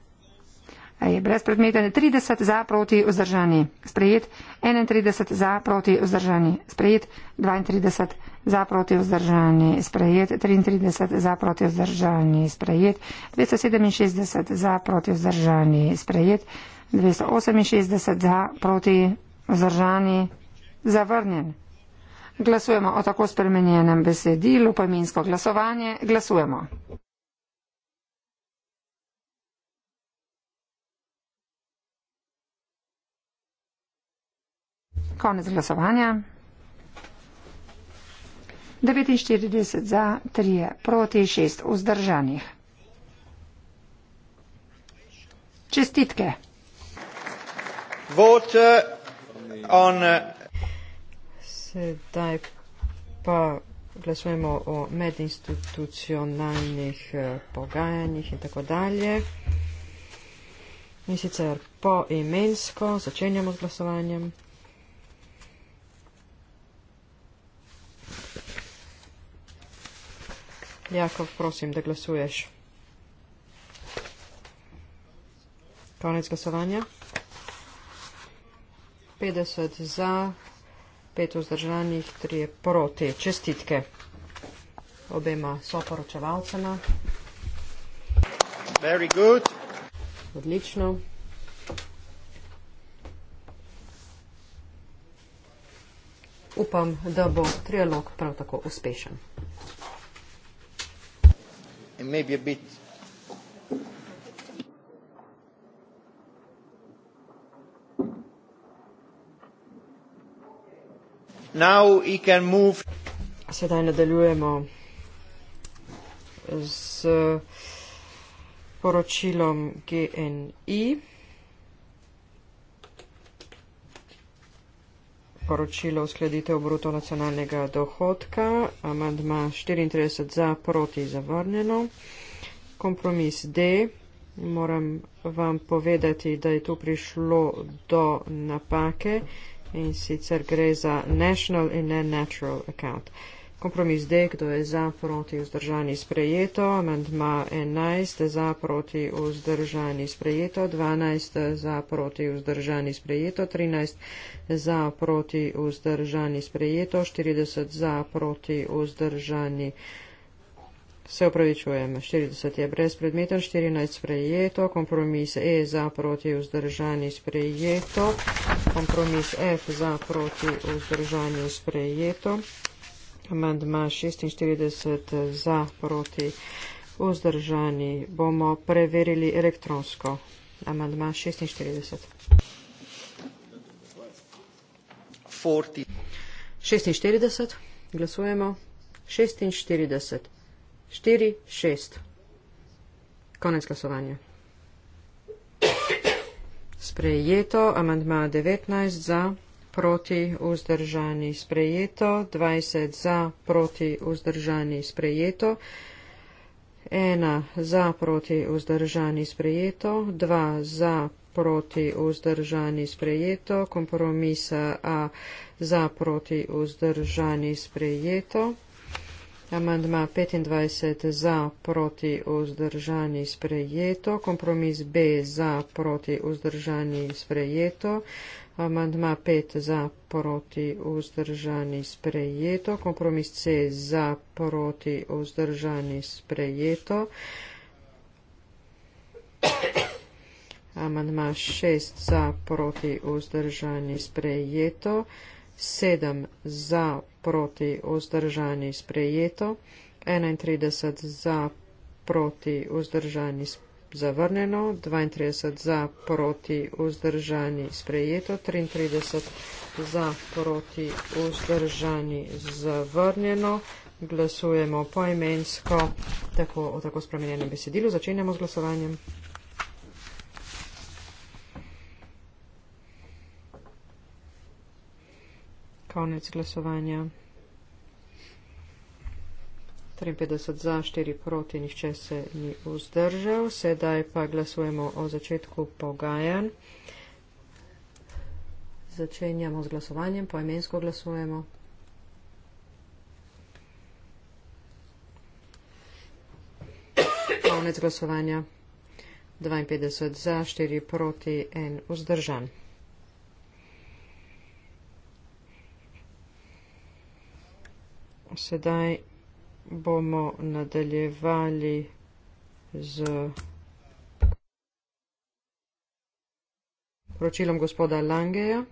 je brezpredmeten 30 za proti vzdržani sprejet, 31 za proti vzdržani sprejet, 32 za proti vzdržani sprejet, 33 za proti vzdržani sprejet, 267 za proti vzdržani sprejet, 268 za proti vzdržani zavrnjen. Glasujemo o tako spremenjenem besedilu, pojminsko glasovanje, glasujemo. Konec glasovanja. 49 za, 3 proti, 6 vzdržanih. Čestitke. Vote uh, on. Uh, Sedaj pa glasujemo o medinstitucionalnih uh, pogajanjih in tako dalje. In sicer poimensko začenjamo z glasovanjem. Jakov, prosim, da glasuješ. Konec glasovanja. 50 za, 5 vzdržanih, 3 proti. Čestitke obema soporočevalcema. Odlično. Upam, da bo trialog prav tako uspešen and maybe a bit Now he can move. Sedaj nadaljujemo z poročilom GNI. poročilo uskladitev bruto nacionalnega dohodka, amandma 34 za, proti zavrnjeno. Kompromis D. Moram vam povedati, da je tu prišlo do napake in sicer gre za national in ne natural account. Uh, Kompromis D, kdo je za, proti, vzdržani, sprejeto. Amendma 11, za, proti, vzdržani, sprejeto. 12, za, proti, vzdržani, sprejeto. 13, za, proti, vzdržani, sprejeto. 40, za, proti, vzdržani. Se upravičujem, 40 je brezpredmeten, 14 sprejeto, kompromis E za proti vzdržani sprejeto, kompromis F za proti vzdržani sprejeto, amandma 46 za proti vzdržani bomo preverili elektronsko. Amandma 46. 46. Glasujemo. 46. 4, 6. Konec glasovanja. Sprejeto. Amandma 19 za proti vzdržani sprejeto, 20 za proti vzdržani sprejeto, 1 za proti vzdržani sprejeto, 2 za proti vzdržani sprejeto, kompromisa A za proti vzdržani sprejeto, amandma 25 za proti vzdržani sprejeto, kompromis B za proti vzdržani sprejeto, amandma 5 za proti vzdržani sprejeto, kompromis C za proti vzdržani sprejeto, amandma 6 za proti vzdržani sprejeto, 7 za proti vzdržani sprejeto, 31 za proti vzdržani sprejeto zavrnjeno, 32 za proti vzdržani sprejeto, 33 za proti vzdržani zavrnjeno. Glasujemo poimensko, tako o tako spremenjenem besedilu. Začenjamo z glasovanjem. Konec glasovanja. 53 za, 4 proti, nihče se ni vzdržal. Sedaj pa glasujemo o začetku pogajanj. Začenjamo z glasovanjem, poimensko glasujemo. Konec glasovanja. 52 za, 4 proti, 1 vzdržan. Sedaj bomo nadaljevali z poročilom gospoda Langeja.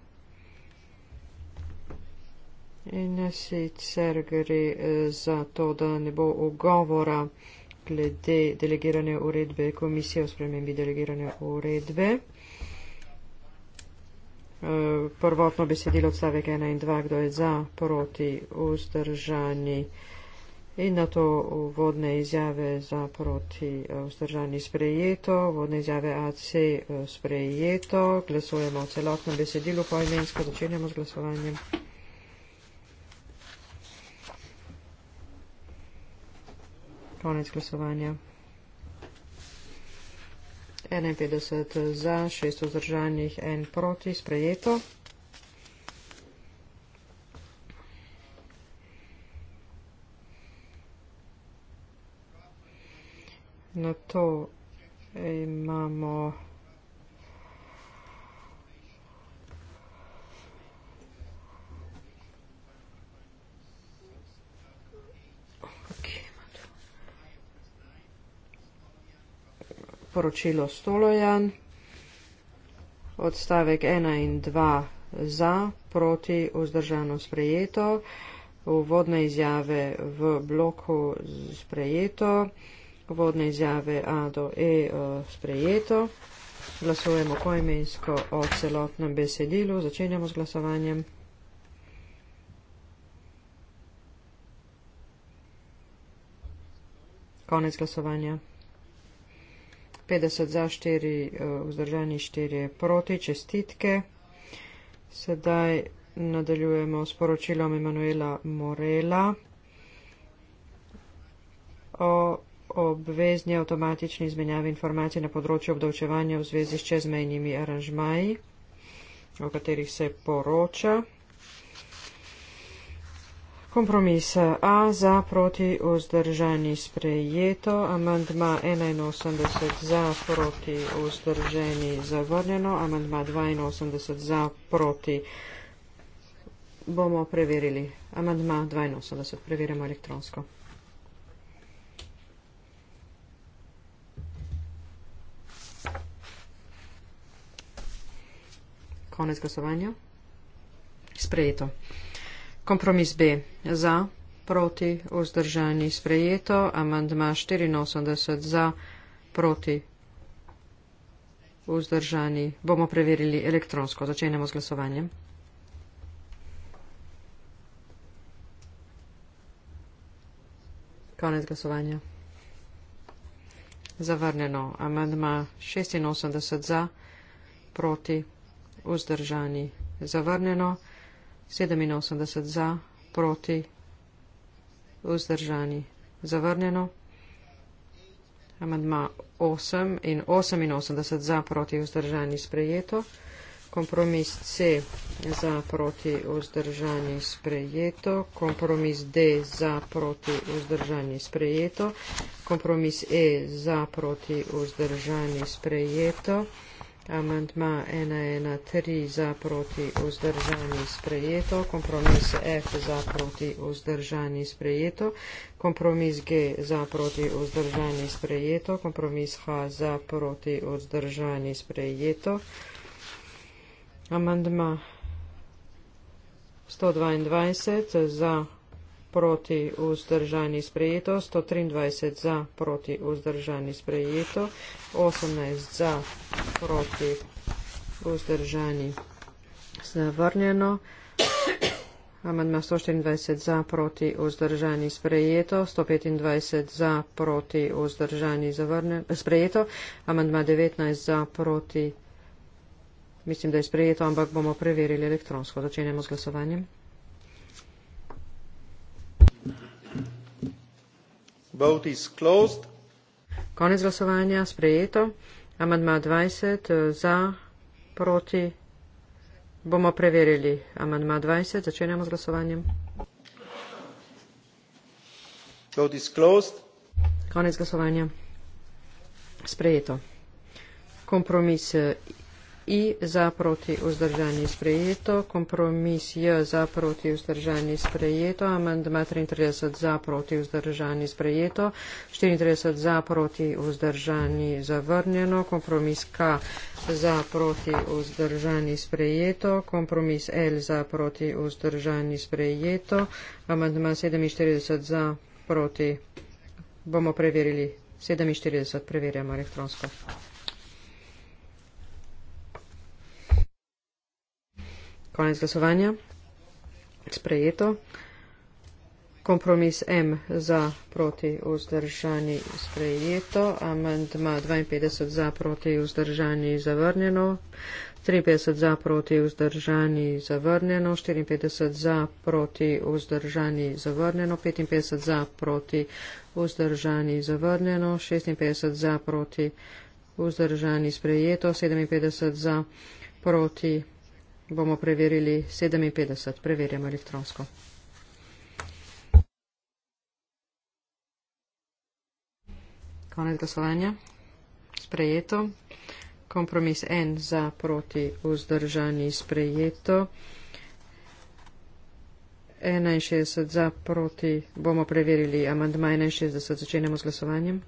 In sicer gre eh, za to, da ne bo ugovora glede delegirane uredbe komisije o spremembi delegirane uredbe. Eh, prvotno besedilo odstavek 1 in 2, kdo je za, proti, vzdržani. In na to vodne izjave za proti eh, vzdržani sprejeto, vodne izjave AC eh, sprejeto, glasujemo o celotnem besedilu po imensko, začenjamo z glasovanjem. Konec glasovanja. 51 za, 6 vzdržanih, 1 proti, sprejeto. na to eh, imamo poročilo Stolojan, odstavek 1 in 2 za, proti, vzdržano sprejeto, uvodne izjave v bloku sprejeto uvodne izjave A do E eh, sprejeto. Glasujemo poimensko o celotnem besedilu. Začenjamo z glasovanjem. Konec glasovanja. 50 za, 4 eh, vzdržani, 4 proti. Čestitke. Sedaj nadaljujemo s poročilom Emanuela Morela o obvezni avtomatični izmenjavi informacij na področju obdavčevanja v zvezi s čezmejnimi aranžmaji, o katerih se poroča. Kompromis A za proti vzdržani sprejeto, amandma 81 za proti vzdržani zavrnjeno, amandma 82 za proti bomo preverili. Amandma 82 preverjamo elektronsko. konec glasovanja. Sprejeto. Kompromis B. Za, proti, vzdržani, sprejeto. Amandma 84 za, proti, vzdržani. Bomo preverili elektronsko. Začenjamo z glasovanjem. Konec glasovanja. Zavrneno. Amandma 86 za, proti, vzdržani vzdržani, zavrnjeno, 87 za, proti, vzdržani, zavrnjeno, amadma 8 in 88 za, proti, vzdržani, sprejeto, kompromis C za, proti, vzdržani, sprejeto, kompromis D za, proti, vzdržani, sprejeto, kompromis E za, proti, vzdržani, sprejeto, kompromis E za, proti, vzdržani, sprejeto, Amantma 113 za proti vzdržani sprejeto, kompromis F za proti vzdržani sprejeto, kompromis G za proti vzdržani sprejeto, kompromis H za proti vzdržani sprejeto. Amantma 122 za proti vzdržani sprejeto, 123 za proti vzdržani sprejeto, 18 za proti vzdržani zavrnjeno, amandma 124 za proti vzdržani sprejeto, 125 za proti vzdržani zavrnjeno, sprejeto, amandma 19 za proti. Mislim, da je sprejeto, ampak bomo preverili elektronsko. Začenjamo z glasovanjem. Vote is closed. Konec glasovanja sprejeto. Amadma 20 eh, za, proti. Bomo preverili amadma 20. Začenjamo z glasovanjem. Vote is closed. Konec glasovanja sprejeto. Kompromis eh, I za proti vzdržani sprejeto, kompromis J za proti vzdržani sprejeto, amandma 33 za proti vzdržani sprejeto, 34 za proti vzdržani zavrnjeno, kompromis K za proti vzdržani sprejeto, kompromis L za proti vzdržani sprejeto, amandma 47 za proti. Bomo preverili. 47 preverjamo elektronsko. konec glasovanja. Sprejeto. Kompromis M za proti vzdržani sprejeto. Amendma 52 za proti vzdržani zavrnjeno. 53 za proti vzdržani zavrnjeno. 54 za proti vzdržani zavrnjeno. 55 za proti vzdržani zavrnjeno. 56 za proti vzdržani sprejeto. 57 za proti vzdržani sprejeto bomo preverili 57, preverjamo elektronsko. Konec glasovanja. Sprejeto. Kompromis 1 za proti vzdržani sprejeto. 61 za proti bomo preverili amandma 61. Začenjamo z glasovanjem.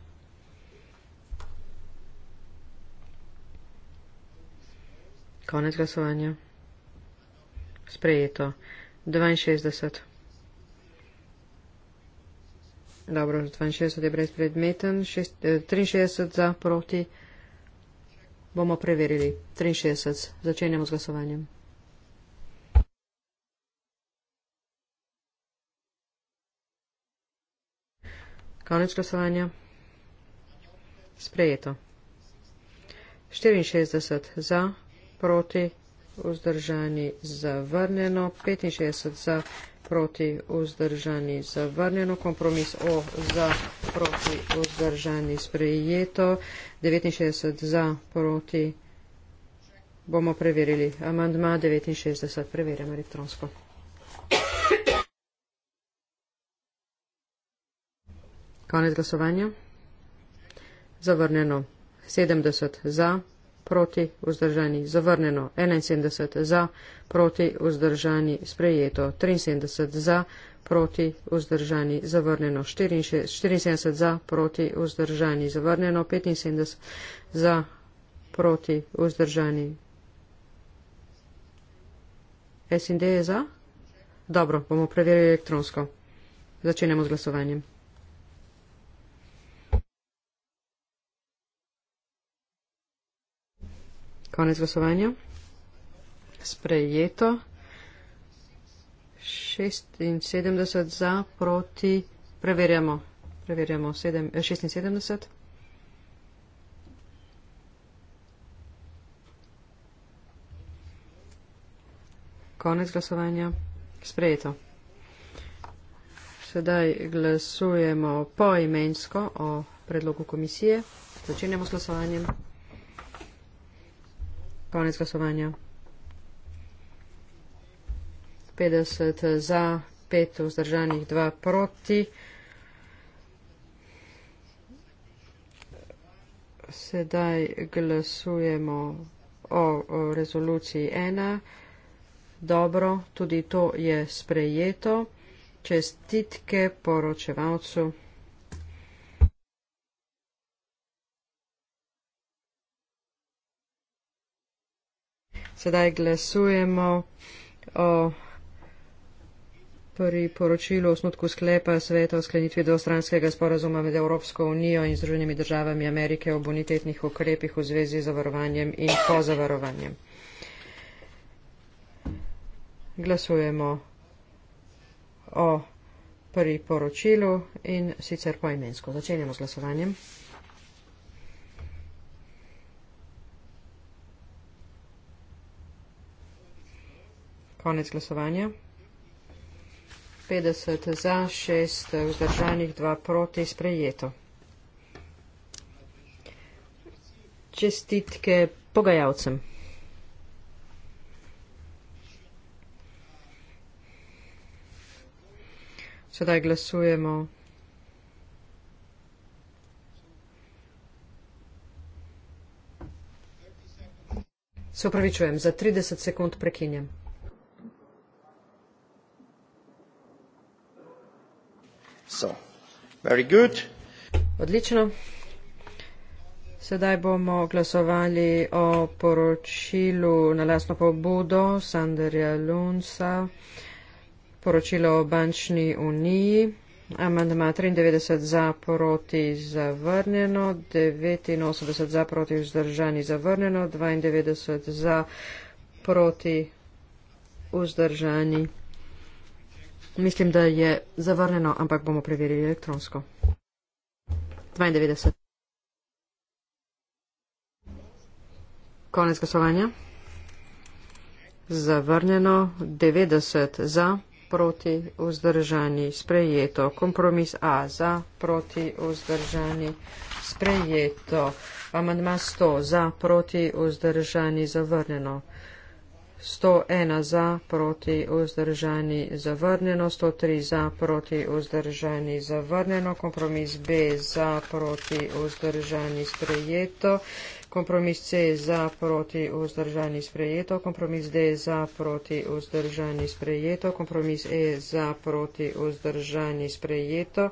Konec glasovanja. Sprejeto. 62. Dobro, 62 je brezpredmeten. 63 eh, za proti. Bomo preverili. 63. Začenjamo z glasovanjem. Konec glasovanja. Sprejeto. 64 za proti vzdržani zavrnjeno, 65 za proti vzdržani zavrnjeno, kompromis O za proti vzdržani sprejeto, 69 za proti bomo preverili. Amandma 69 preverjamo elektronsko. Konec glasovanja. Zavrnjeno. 70 za, proti vzdržani, zavrnjeno 71 za, proti vzdržani, sprejeto 73 za, proti vzdržani, zavrnjeno 74 za, proti vzdržani, zavrnjeno 75 za, proti vzdržani. SND je za? Dobro, bomo preverili elektronsko. Začenjamo z glasovanjem. Konec glasovanja. Sprejeto. 76 za, proti. Preverjamo. Preverjamo 7, 76. Eh, Konec glasovanja. Sprejeto. Sedaj glasujemo poimensko o predlogu komisije. Začenjamo s glasovanjem. Konec glasovanja. 50 za, 5 vzdržanih, 2 proti. Sedaj glasujemo o, o rezoluciji 1. Dobro, tudi to je sprejeto. Čestitke poročevalcu. Sedaj glasujemo o prvi torej, poročilu o snutku sklepa sveta o sklenitvi dvostranskega sporazuma med Evropsko unijo in Združenimi državami Amerike o bonitetnih ukrepih v zvezi z zavarovanjem in pozavarovanjem. Glasujemo o prvi torej, poročilu in sicer poimensko. Začenjamo z glasovanjem. Konec glasovanja. 50 za, 6 vzdržanih, 2 proti, sprejeto. Čestitke pogajalcem. Sedaj glasujemo. Se upravičujem, za 30 sekund prekinjem. Odlično. Sedaj bomo glasovali o poročilu na lasno pobudo Sanderja Lunsa, poročilo o bančni uniji, amandma 93 za proti zavrnjeno, 89 za proti vzdržani zavrnjeno, 92 za proti vzdržani zavrnjeno. Mislim, da je zavrnjeno, ampak bomo preverili elektronsko. 92. Konec glasovanja. Zavrnjeno 90 za, proti vzdržani sprejeto. Kompromis A za, proti vzdržani sprejeto. Amandma 100 za, proti vzdržani zavrnjeno. 101 za, proti vzdržani zavrnjeno, 103 za, proti vzdržani zavrnjeno, kompromis B za, proti vzdržani sprejeto, kompromis C za, proti vzdržani sprejeto, kompromis D za, proti vzdržani sprejeto, kompromis E za, proti vzdržani sprejeto.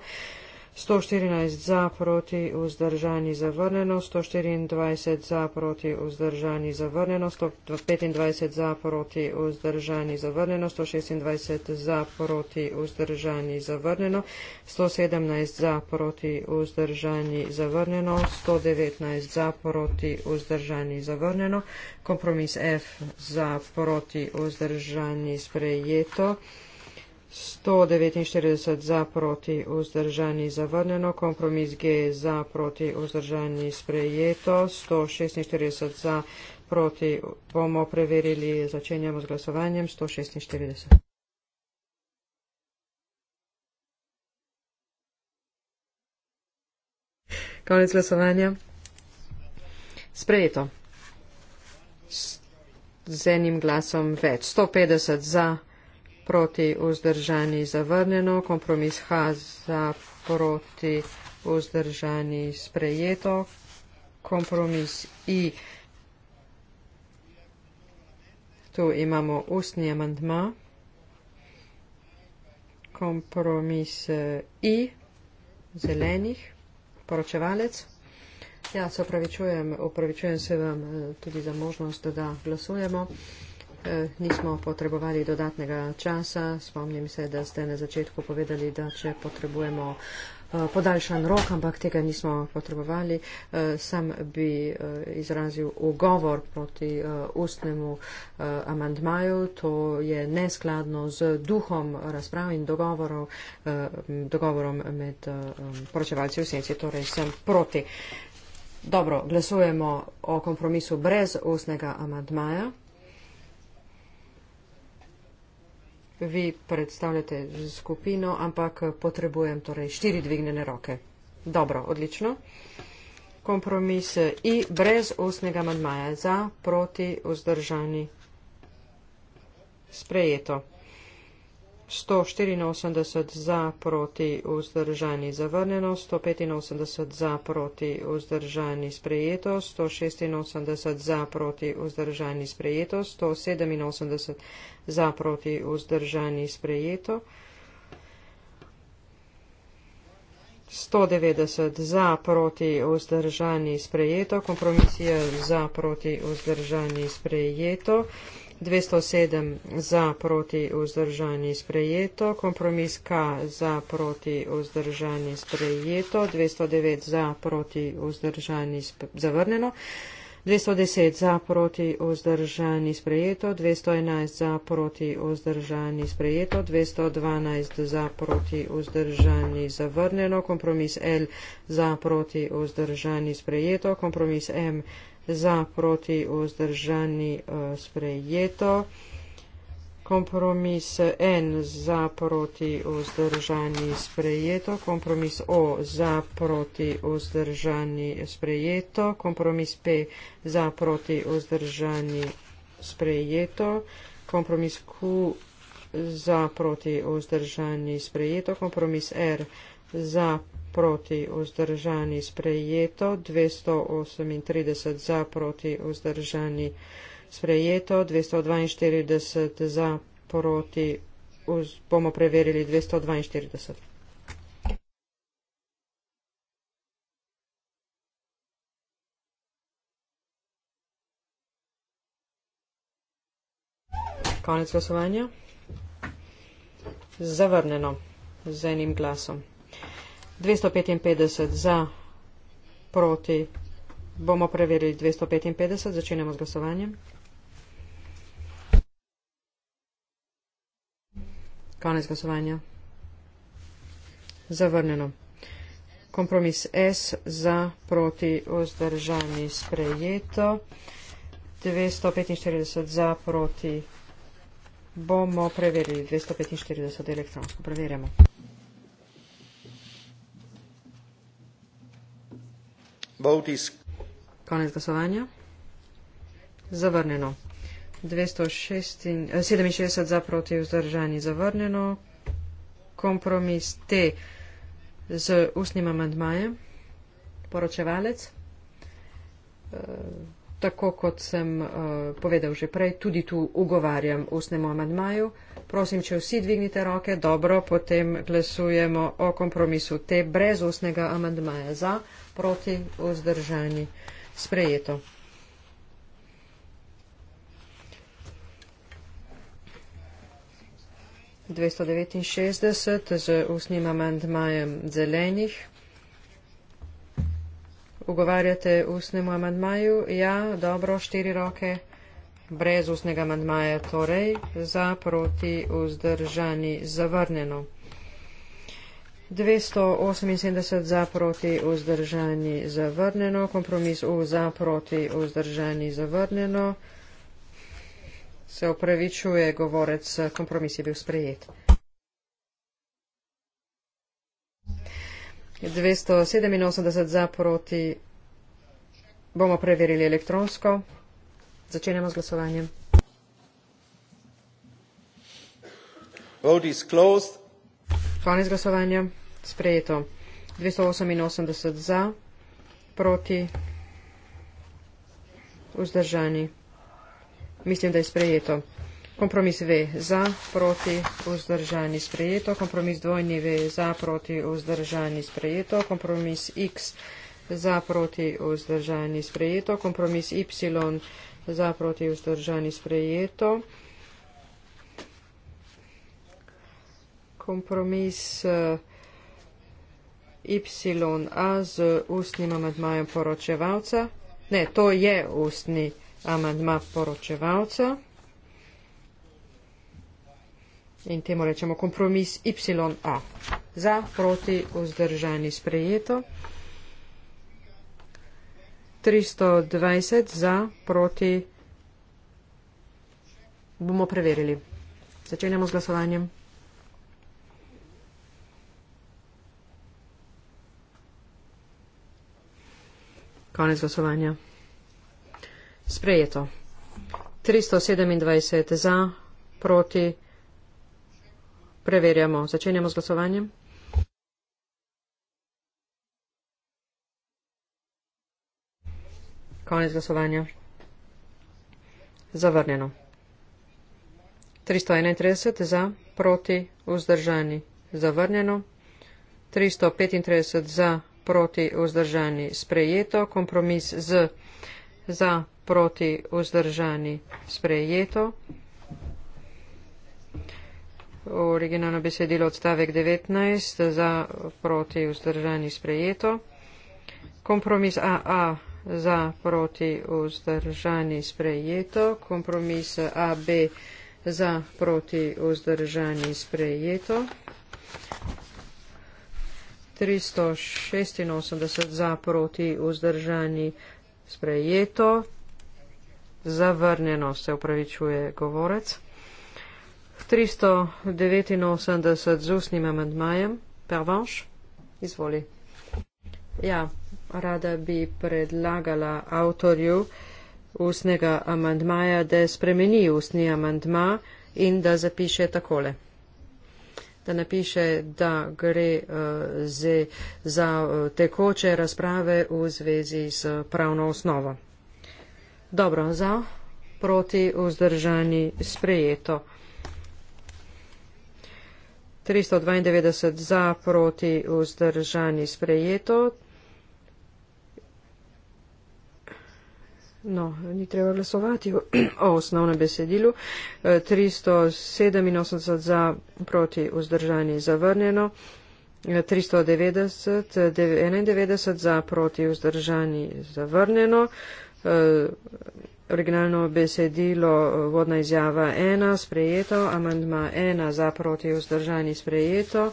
114 za proti vzdržani zavrnjeno, 124 za proti vzdržani zavrnjeno, 125 za proti vzdržani zavrnjeno, 126 za proti vzdržani zavrnjeno, 117 za proti vzdržani zavrnjeno, 119 za proti vzdržani zavrnjeno, kompromis F za proti vzdržani sprejeto. 149 za proti vzdržani zavrnjeno, kompromis G za proti vzdržani sprejeto, 146 za proti bomo preverili, začenjamo z glasovanjem, 146. Konec glasovanja. Sprejeto. Z enim glasom več. 150 za proti vzdržani zavrnjeno, kompromis Haza proti vzdržani sprejeto, kompromis I. Tu imamo ustni amandma. Kompromis eh, I zelenih, poročevalec. Ja, se opravičujem, opravičujem se vam eh, tudi za možnost, da glasujemo. E, nismo potrebovali dodatnega časa. Spomnim se, da ste na začetku povedali, da če potrebujemo e, podaljšan rok, ampak tega nismo potrebovali. E, sam bi izrazil ugovor proti ustnemu amandmaju. To je neskladno z duhom razprav in dogovorov, dogovorom med poročevalci v senci, torej sem proti. Dobro, glasujemo o kompromisu brez ustnega amandmaja. vi predstavljate skupino, ampak potrebujem torej štiri dvignjene roke. Dobro, odlično. Kompromis i brez ustnega mandmaja za, proti, vzdržani. Sprejeto. 184 za proti vzdržani zavrnjeno, 185 za proti vzdržani sprejeto, 186 za proti vzdržani sprejeto, 187 za proti vzdržani sprejeto. 190 za proti vzdržani sprejeto, kompromisija za proti vzdržani sprejeto, 207 za proti vzdržani sprejeto, kompromis K za proti vzdržani sprejeto, 209 za proti vzdržani zavrnjeno, 210 za proti vzdržani sprejeto, 211 za proti vzdržani sprejeto, 212 za proti vzdržani zavrnjeno, kompromis L za proti vzdržani sprejeto, kompromis M za proti vzdržani eh, sprejeto, kompromis N za proti vzdržani sprejeto, kompromis O za proti vzdržani sprejeto, kompromis P za proti vzdržani sprejeto, kompromis Q za proti vzdržani sprejeto, kompromis R za proti proti vzdržani sprejeto, 238 za proti vzdržani sprejeto, 242 za proti vz, bomo preverili 242. Konec glasovanja. Zavrnjeno z enim glasom. 255 za, proti bomo preverili 255, začenjamo z glasovanjem. Konec glasovanja. Zavrnjeno. Kompromis S za, proti, vzdržani, sprejeto. 245 za, proti, bomo preverili 245 elektronsko. Preverjamo. Konec glasovanja. Zavrnjeno. 267 eh, za proti vzdržani zavrnjeno. Kompromis T z usnim amandmajem. Poročevalec. Eh, tako kot sem eh, povedal že prej, tudi tu ugovarjam usnemu amandmaju. Prosim, če vsi dvignite roke, dobro, potem glasujemo o kompromisu T brez usnega amandmaja za proti vzdržanji sprejeto. dvesto devetinšestdeset z ustnim amandmajem zelenih. Ugovarjate ustnemu amandmaju? Ja, dobro, štiri roke, brez ustnega amandmaja, torej za proti vzdržani zavrnjeno. 278 za proti vzdržani zavrnjeno, kompromis U za proti vzdržani zavrnjeno. Se upravičuje govorec, kompromis je bil sprejet. 287 za proti bomo preverili elektronsko. Začenjamo z glasovanjem. Vote is closed. Konec glasovanja sprejeto. 288 za, proti, vzdržani. Mislim, da je sprejeto. Kompromis V za, proti, vzdržani sprejeto. Kompromis dvojni V za, proti, vzdržani sprejeto. Kompromis X za, proti, vzdržani sprejeto. Kompromis Y za, proti, vzdržani sprejeto. Kompromis uh, YA z ustnim amadmajem poročevalca. Ne, to je ustni amadma poročevalca. In temu rečemo kompromis YA. Za, proti, vzdržani, sprejeto. 320 za, proti. Bomo preverili. Začenjamo z glasovanjem. Konec glasovanja. Sprejeto. 327 za, proti. Preverjamo. Začenjamo z glasovanjem. Konec glasovanja. Zavrnjeno. 331 za, proti, vzdržani. Zavrnjeno. 335 za, proti vzdržani sprejeto, kompromis z za proti vzdržani sprejeto. Originalno besedilo odstavek 19 za proti vzdržani sprejeto. Kompromis AA za proti vzdržani sprejeto. Kompromis AB za proti vzdržani sprejeto. 386 za proti vzdržani sprejeto, zavrnjeno se upravičuje govorec. 389 z usnim amendmajem, pervanš, izvoli. Ja, rada bi predlagala avtorju usnega amendmaja, da spremeni usni amendma in da zapiše takole da napiše, da gre uh, eh, zdaj za uh, tekoče razprave v zvezi s pravno osnovo. Dobro, za, proti, vzdržani, sprejeto. 392 za, proti, vzdržani, sprejeto. No, ni treba glasovati o (clears throat) osnovnem besedilu. 387 e, za proti vzdržani zavrnjeno, 390, e, 91 za proti vzdržani zavrnjeno, e, originalno besedilo vodna izjava 1 sprejeto, amandma 1 za proti vzdržani sprejeto,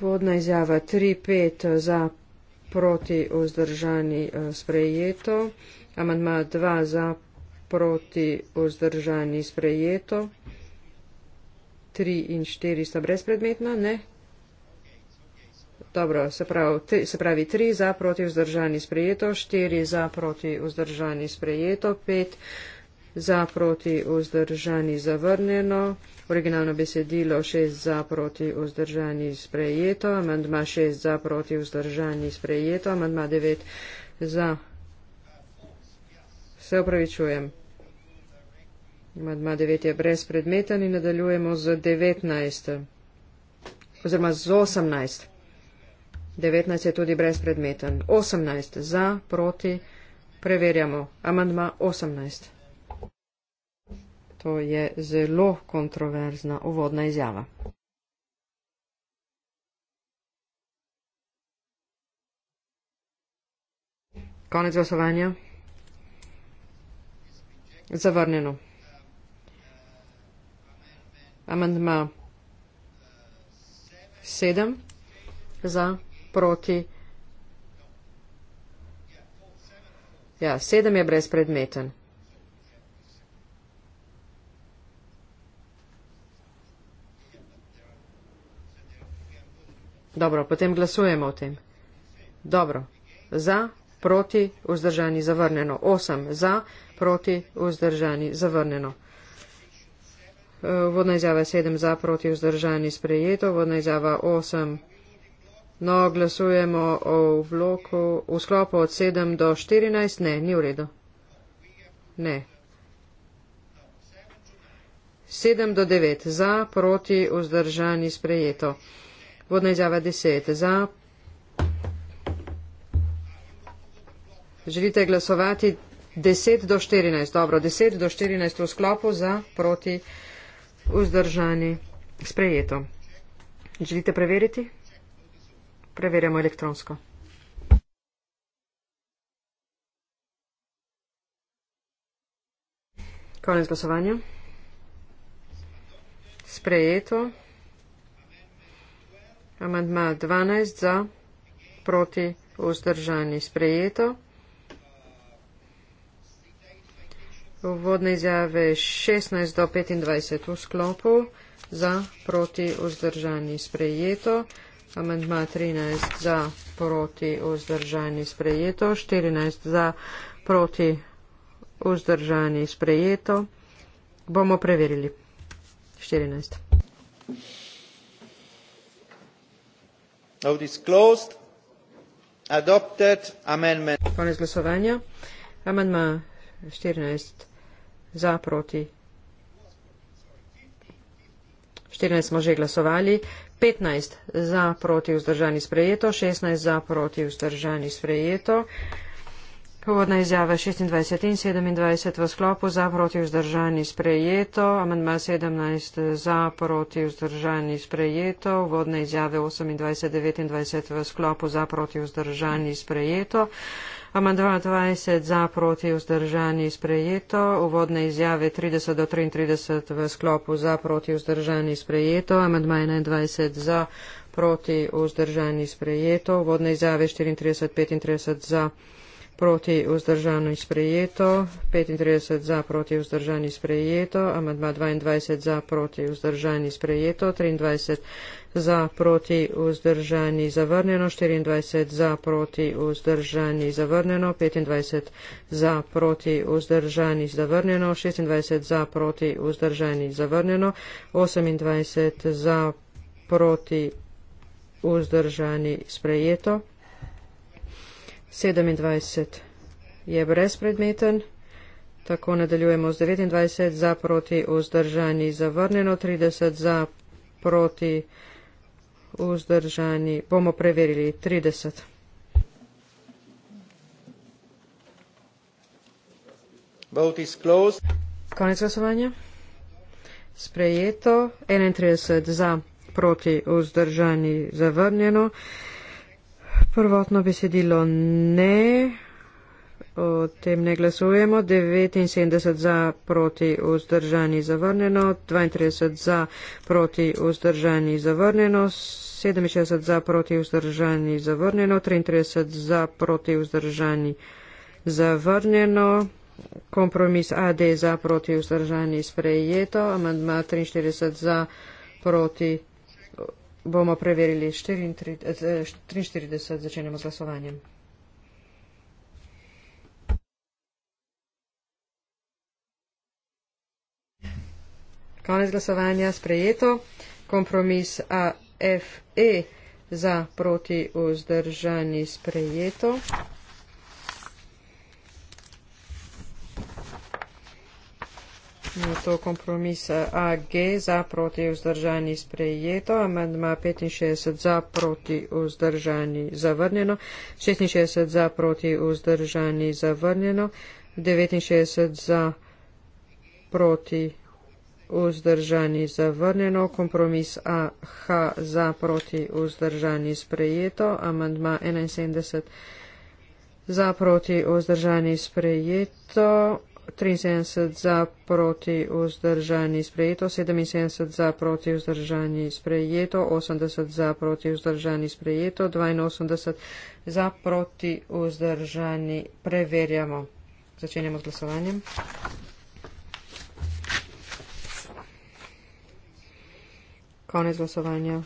vodna izjava 3, 5 za proti proti vzdržani eh, sprejeto, amandma 2 za proti vzdržani sprejeto, 3 in 4 sta brezpredmetna, ne? Dobro, se pravi 3 za proti vzdržani sprejeto, 4 za proti vzdržani sprejeto, 5 za proti vzdržani zavrnjeno, Originalno besedilo 6 za proti vzdržani sprejeto, amandma 6 za proti vzdržani sprejeto, amandma 9 za. Se upravičujem. Amandma 9 je brez predmeta in nadaljujemo z 19. Oziroma z 18. 19 je tudi brezpredmeten. 18 za, proti, preverjamo. Amandma 18. To je zelo kontroverzna uvodna izjava. Konec glasovanja. Zavrnjeno. Amendma 7 za proti. Ja, 7 je brezpredmeten. Dobro, potem glasujemo o tem. Dobro. Za, proti, vzdržani, zavrnjeno. Osem. Za, proti, vzdržani, zavrnjeno. E, Vodna izjava je sedem za, proti, vzdržani, sprejeto. Vodna izjava osem. No, glasujemo o bloku v sklopu od sedem do štirinajst. Ne, ni v redu. Ne. 7 do 9 za, proti, vzdržani, sprejeto. Vodna izjava 10 za. Želite glasovati 10 do 14? Dobro, 10 do 14 v sklopu za, proti, vzdržani, sprejeto. Želite preveriti? Preverjamo elektronsko. Konec glasovanja. Sprejeto. Amandma 12 za, proti vzdržani sprejeto. Uvodne izjave 16 do 25 v sklopu za, proti vzdržani sprejeto. Amandma 13 za, proti vzdržani sprejeto. 14 za, proti vzdržani sprejeto. Bomo preverili. 14 of this closed adopted amendment. konec glasovanja amandma štirinajst za proti štirinajst smo že glasovali petnajst za proti vzdržani sprejeto šestnajst za proti vzdržani sprejeto Povodna izjava 26 in 27 v sklopu za proti vzdržani sprejeto, amendma 17 za proti vzdržani sprejeto, vodne izjave 28 in 29 v sklopu za proti vzdržani sprejeto. Amandma 20 za proti vzdržani sprejeto, uvodne izjave 30 do 33 v sklopu za proti vzdržani sprejeto, amandma 21 za proti vzdržani sprejeto, uvodne izjave 34-35 za proti vzdržani sprejeto proti vzdržano in sprejeto, 35 za proti vzdržano in sprejeto, amadma 22 za proti vzdržano in sprejeto, 23 za proti vzdržano in zavrnjeno, 24 za proti vzdržano in zavrnjeno, 25 za proti vzdržano in zavrnjeno, 26 za proti vzdržano in zavrnjeno, 28 za proti vzdržano in sprejeto. 27 je brezpredmeten. Tako nadaljujemo z 29 za proti vzdržani zavrnjeno, 30 za proti vzdržani. Bomo preverili 30. Konec glasovanja. Sprejeto. 31 za proti vzdržani zavrnjeno. Prvotno besedilo ne, o tem ne glasujemo. 79 za, proti, vzdržani, zavrnjeno. 32 za, proti, vzdržani, zavrnjeno. 67 za, proti, vzdržani, zavrnjeno. 33 za, proti, vzdržani, zavrnjeno. Kompromis AD za, proti, vzdržani, sprejeto. Amandma 43 za, proti, vzdržani bomo preverili 43, eh, začenjamo z glasovanjem. Konec glasovanja sprejeto. Kompromis AFE za proti vzdržani sprejeto. To kompromis AG za proti vzdržani sprejeto, amendma 65 za proti vzdržani zavrnjeno, 66 za proti vzdržani zavrnjeno, 69 za proti vzdržani zavrnjeno, kompromis AH za proti vzdržani sprejeto, amendma 71 za proti vzdržani sprejeto. 73 za proti vzdržani sprejeto, 77 za proti vzdržani sprejeto, 80 za proti vzdržani sprejeto, 82 za proti vzdržani preverjamo. Začenjamo z glasovanjem. Konec glasovanja.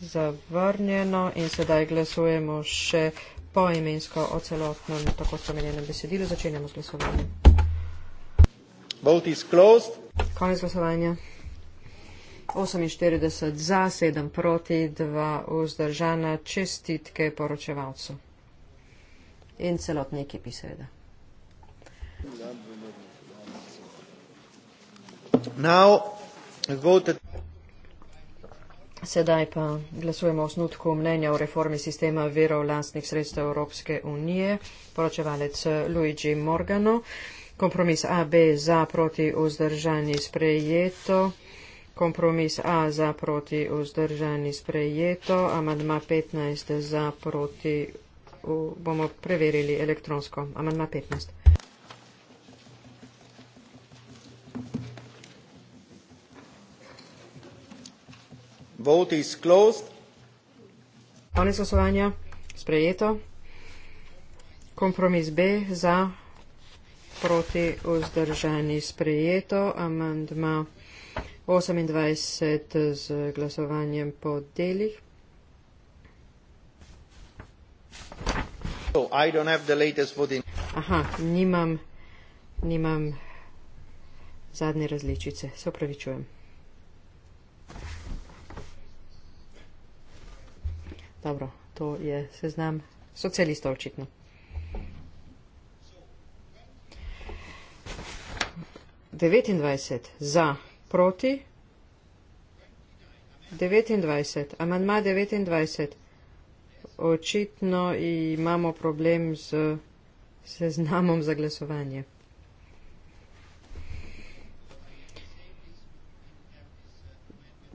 Zavrnjeno in sedaj glasujemo še poimensko o celotnem tako spremenjenem besedilu. Začenjamo z glasovanjem. Konec glasovanja. 48 za, 7 proti, 2 vzdržana. Čestitke poročevalcu. In celotni ekipi seveda. Now, voted. Sedaj pa glasujemo o snutku mnenja o reformi sistema verov lastnih sredstev Evropske unije. Poročevalec Luigi Morgano. Kompromis A, B za proti vzdržani sprejeto. Kompromis A za proti vzdržani sprejeto. Amandma 15 za proti. Bomo preverili elektronsko. Amandma 15. Vote is closed. Konec glasovanja. Sprejeto. Kompromis B za proti vzdržani sprejeto. Amandma 28 z glasovanjem po delih. So I don't have the latest voting. Aha, nimam, nimam zadnje različice. Se opravičujem. Dobro, to je seznam socialistov očitno. Devetindvajset za proti. Devetindvajset, amandma devetindvajset. Očitno imamo problem z seznamom za glasovanje.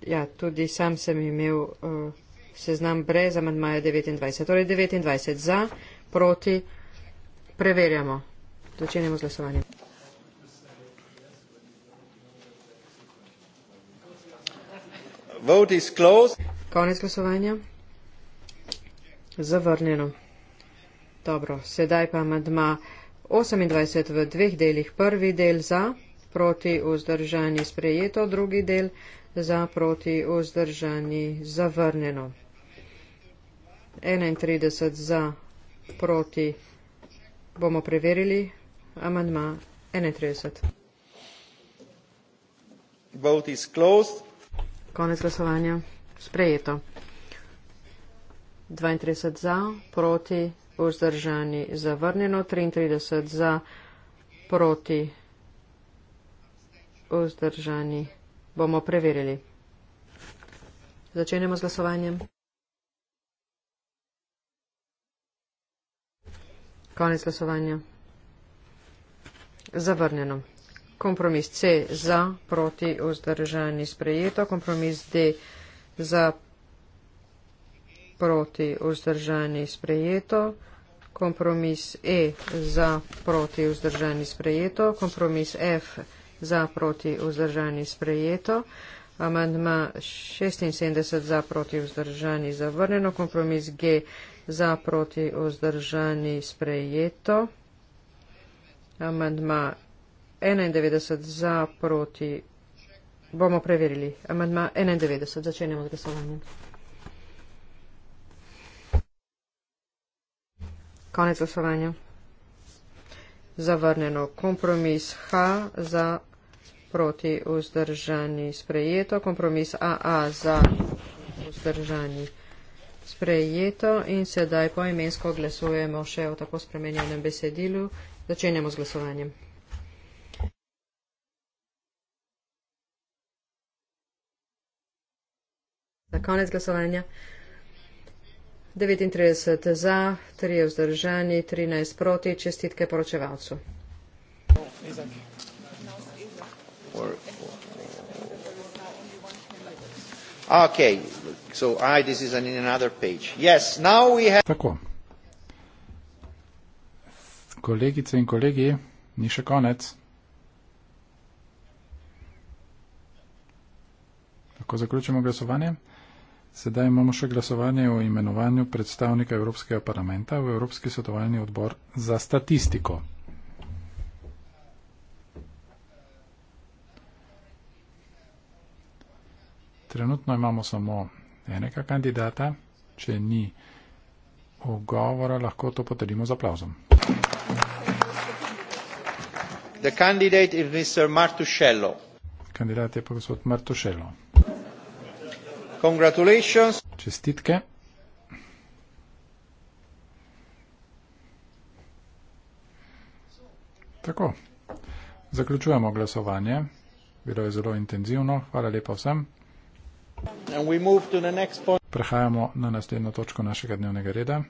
Ja, tudi sam sem imel. Uh, seznam brez amandmaja 29. Torej 29 za, proti, preverjamo. Začenjamo z glasovanjem. Vote is closed. Konec glasovanja. Zavrnjeno. Dobro, sedaj pa amadma 28 v dveh delih. Prvi del za, proti vzdržani sprejeto, drugi del za, proti vzdržani zavrnjeno. 31 za, proti bomo preverili. Amandma 31. Vote is closed. Konec glasovanja. Sprejeto. 32 za, proti, vzdržani, zavrnjeno. 33 za, proti, vzdržani. Bomo preverili. Začenjamo z glasovanjem. Konec glasovanja. Zavrnjeno. Kompromis C za, proti, vzdržani, sprejeto. Kompromis D za, proti, vzdržani, sprejeto. Kompromis E za, proti, vzdržani, sprejeto. Kompromis F za, proti, vzdržani, sprejeto. Amandma 76 za, proti, vzdržani, zavrnjeno. Kompromis G za, proti, vzdržani, sprejeto za proti vzdržani sprejeto, amandma 91 za proti, bomo preverili, amandma 91, začenjamo z glasovanjem. Konec glasovanja. Zavrneno kompromis H za proti vzdržani sprejeto, kompromis AA za vzdržani sprejeto sprejeto in sedaj poimensko glasujemo še o tako spremenjenem besedilu. Začenjamo z glasovanjem. Za konec glasovanja. 39 za, 3 vzdržani, 13 proti. Čestitke poročevalcu. Oh, Okay, so I this is an, in another page. Yes, now we have. Tako. Kolegice in kolegi, ni še konec. Tako zaključimo glasovanje. Sedaj imamo še glasovanje o imenovanju predstavnika Evropskega parlamenta v Evropski svetovalni odbor za statistiko. Trenutno imamo samo enega kandidata, če ni ogovora, lahko to potrdimo z aplauzom. Kandidat je pa gospod Martušelo. Čestitke. Tako, zaključujemo glasovanje. Bilo je zelo intenzivno. Hvala lepa vsem. Prehajamo na naslednjo točko našega dnevnega reda.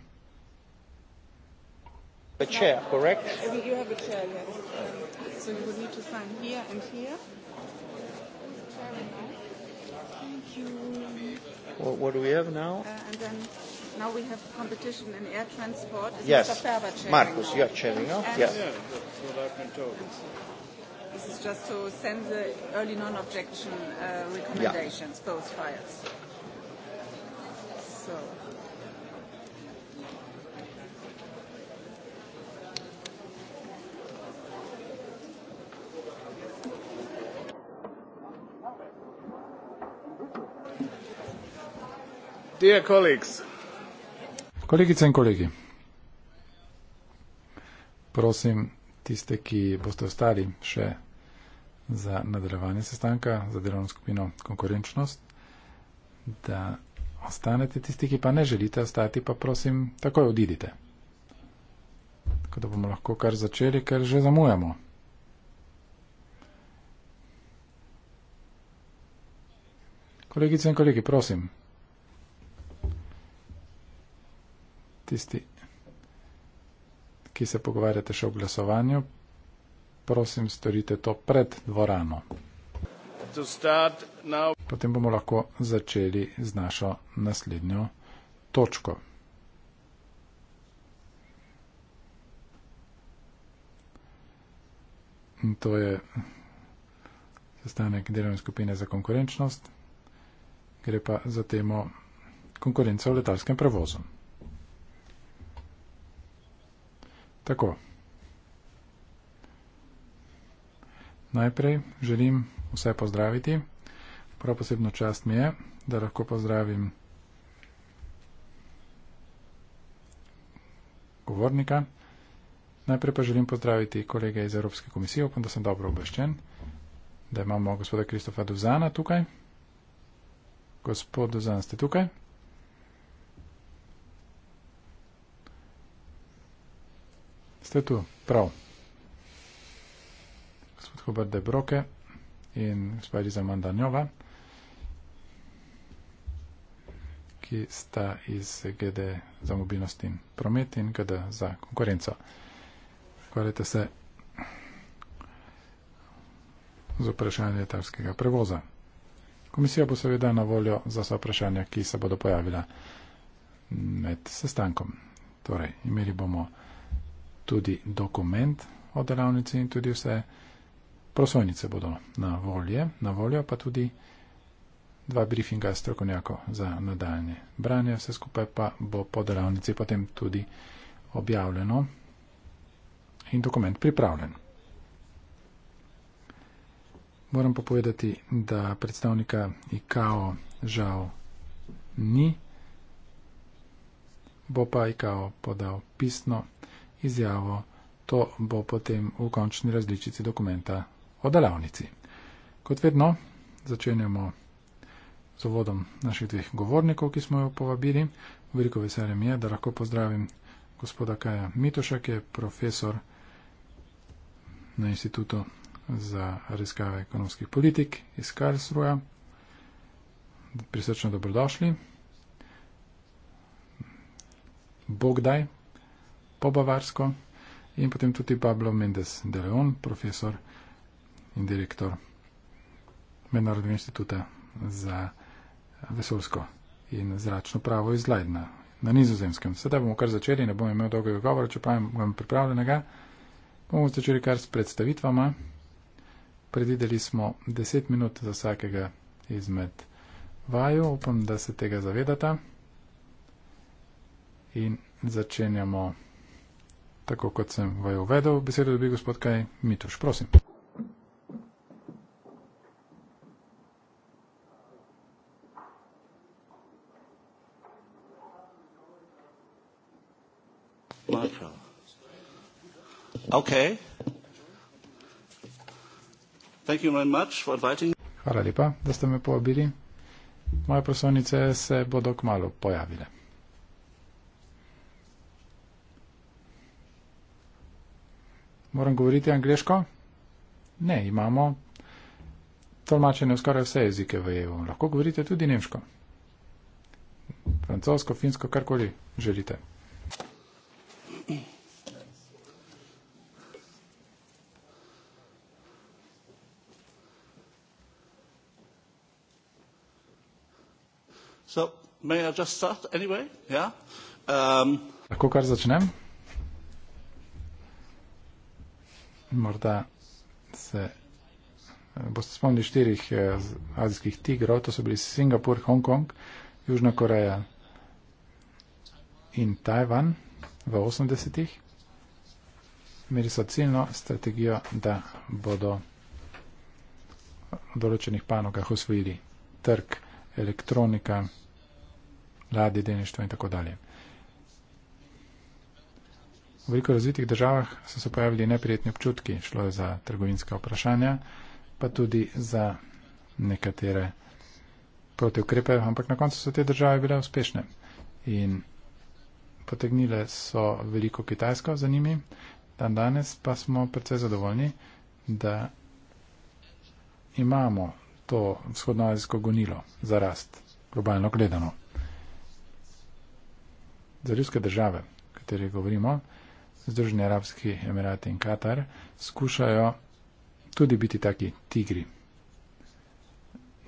What do we have now? Uh, and then now we have competition in air transport. Is yes. Marcus, you are chairing, no? Yes. Yeah. Yeah, that's what I've been told. This is just to send the early non-objection uh, recommendations, yeah. both files. So. Dear colleagues. Kolegice in kolegi, prosim, tiste, ki boste ostali še za nadaljevanje sestanka za delovno skupino konkurenčnost, da ostanete tisti, ki pa ne želite ostati, pa prosim, takoj odidite. Tako da bomo lahko kar začeli, ker že zamujamo. Kolegice in kolegi, prosim. Tisti ki se pogovarjate še o glasovanju, prosim, storite to pred dvorano. Potem bomo lahko začeli z našo naslednjo točko. In to je sestanek delovne skupine za konkurenčnost, gre pa za temo konkurenca v letalskem prevozu. Tako. Najprej želim vse pozdraviti. Prav posebno čast mi je, da lahko pozdravim govornika. Najprej pa želim pozdraviti kolege iz Evropske komisije, upam, da sem dobro obveščen, da imamo gospoda Kristofa Duzana tukaj. Gospod Duzan, ste tukaj? Ste tu, prav. Gospod Hubert de Broke in gospod Eliza Mandanjova, ki sta iz GD za mobilnost in promet in GD za konkurenco. Hvalite se z vprašanje letalskega prevoza. Komisija bo seveda na voljo za vsa vprašanja, ki se bodo pojavila med sestankom. Torej, imeli bomo tudi dokument o delavnici in tudi vse prosojnice bodo na voljo, na voljo pa tudi dva briefinga strokovnjako za nadaljne branje. Vse skupaj pa bo po delavnici potem tudi objavljeno in dokument pripravljen. Moram pa povedati, da predstavnika IKAO žal ni, bo pa IKAO podal pisno izjavo. To bo potem v končni različici dokumenta o delavnici. Kot vedno, začenjamo z uvodom naših dveh govornikov, ki smo jo povabili. Veliko veselje mi je, da lahko pozdravim gospoda Kaja Mitoša, ki je profesor na Institutu za raziskave ekonomskih politik iz Karlsruja. Prisrčno dobrodošli. Bogdaj, po Bavarsko in potem tudi Pablo Mendes de Leon, profesor in direktor Mednarodnega inštituta za vesolsko in zračno pravo iz Leidna na nizozemskem. Sedaj bomo kar začeli, ne bom imel dolgega govora, če pa imam pripravljenega. Bomo začeli kar s predstavitvama. Predideli smo 10 minut za vsakega izmed vaju, upam, da se tega zavedate. In začenjamo tako kot sem vaju uvedel, besedo dobi gospod Kaj Mituš, prosim. Okay. Hvala lepa, da ste me povabili. Moje prosovnice se bodo kmalo pojavile. moram govoriti angliško? Ne, imamo tolmačene v skoraj vse jezike v EU. Lahko govorite tudi nemško. Francosko, finsko, karkoli želite. So, anyway? yeah? um, Lahko kar začnem? morda se eh, boste spomnili štirih eh, azijskih tigrov, to so bili Singapur, Hongkong, Južna Koreja in Tajvan v 80-ih. Imeli so ciljno strategijo, da bodo v določenih panogah osvojili trg, elektronika, ladje, deništvo in tako dalje. V veliko razvitih državah so se pojavili neprijetni občutki, šlo je za trgovinska vprašanja, pa tudi za nekatere protiukrepe, ampak na koncu so te države bile uspešne in potegnile so veliko Kitajsko za njimi, dan danes pa smo precej zadovoljni, da imamo to vzhodnoazijsko gonilo za rast, globalno gledano. Za ljudske države, o katerih govorimo, Združeni arabski emirati in Katar skušajo tudi biti taki tigri.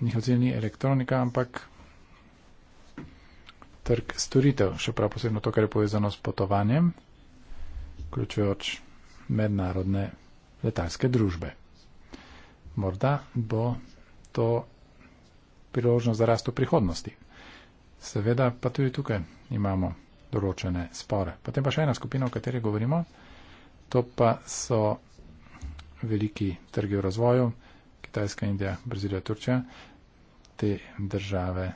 Njihov cilj ni elektronika, ampak trg storitev, še prav posebno to, kar je povezano s potovanjem, vključujoč mednarodne letalske družbe. Morda bo to priložnost za rast v prihodnosti. Seveda pa tudi tukaj imamo določene spore. Potem pa še ena skupina, o kateri govorimo, to pa so veliki trgi v razvoju, Kitajska, Indija, Brazilija, Turčija, te države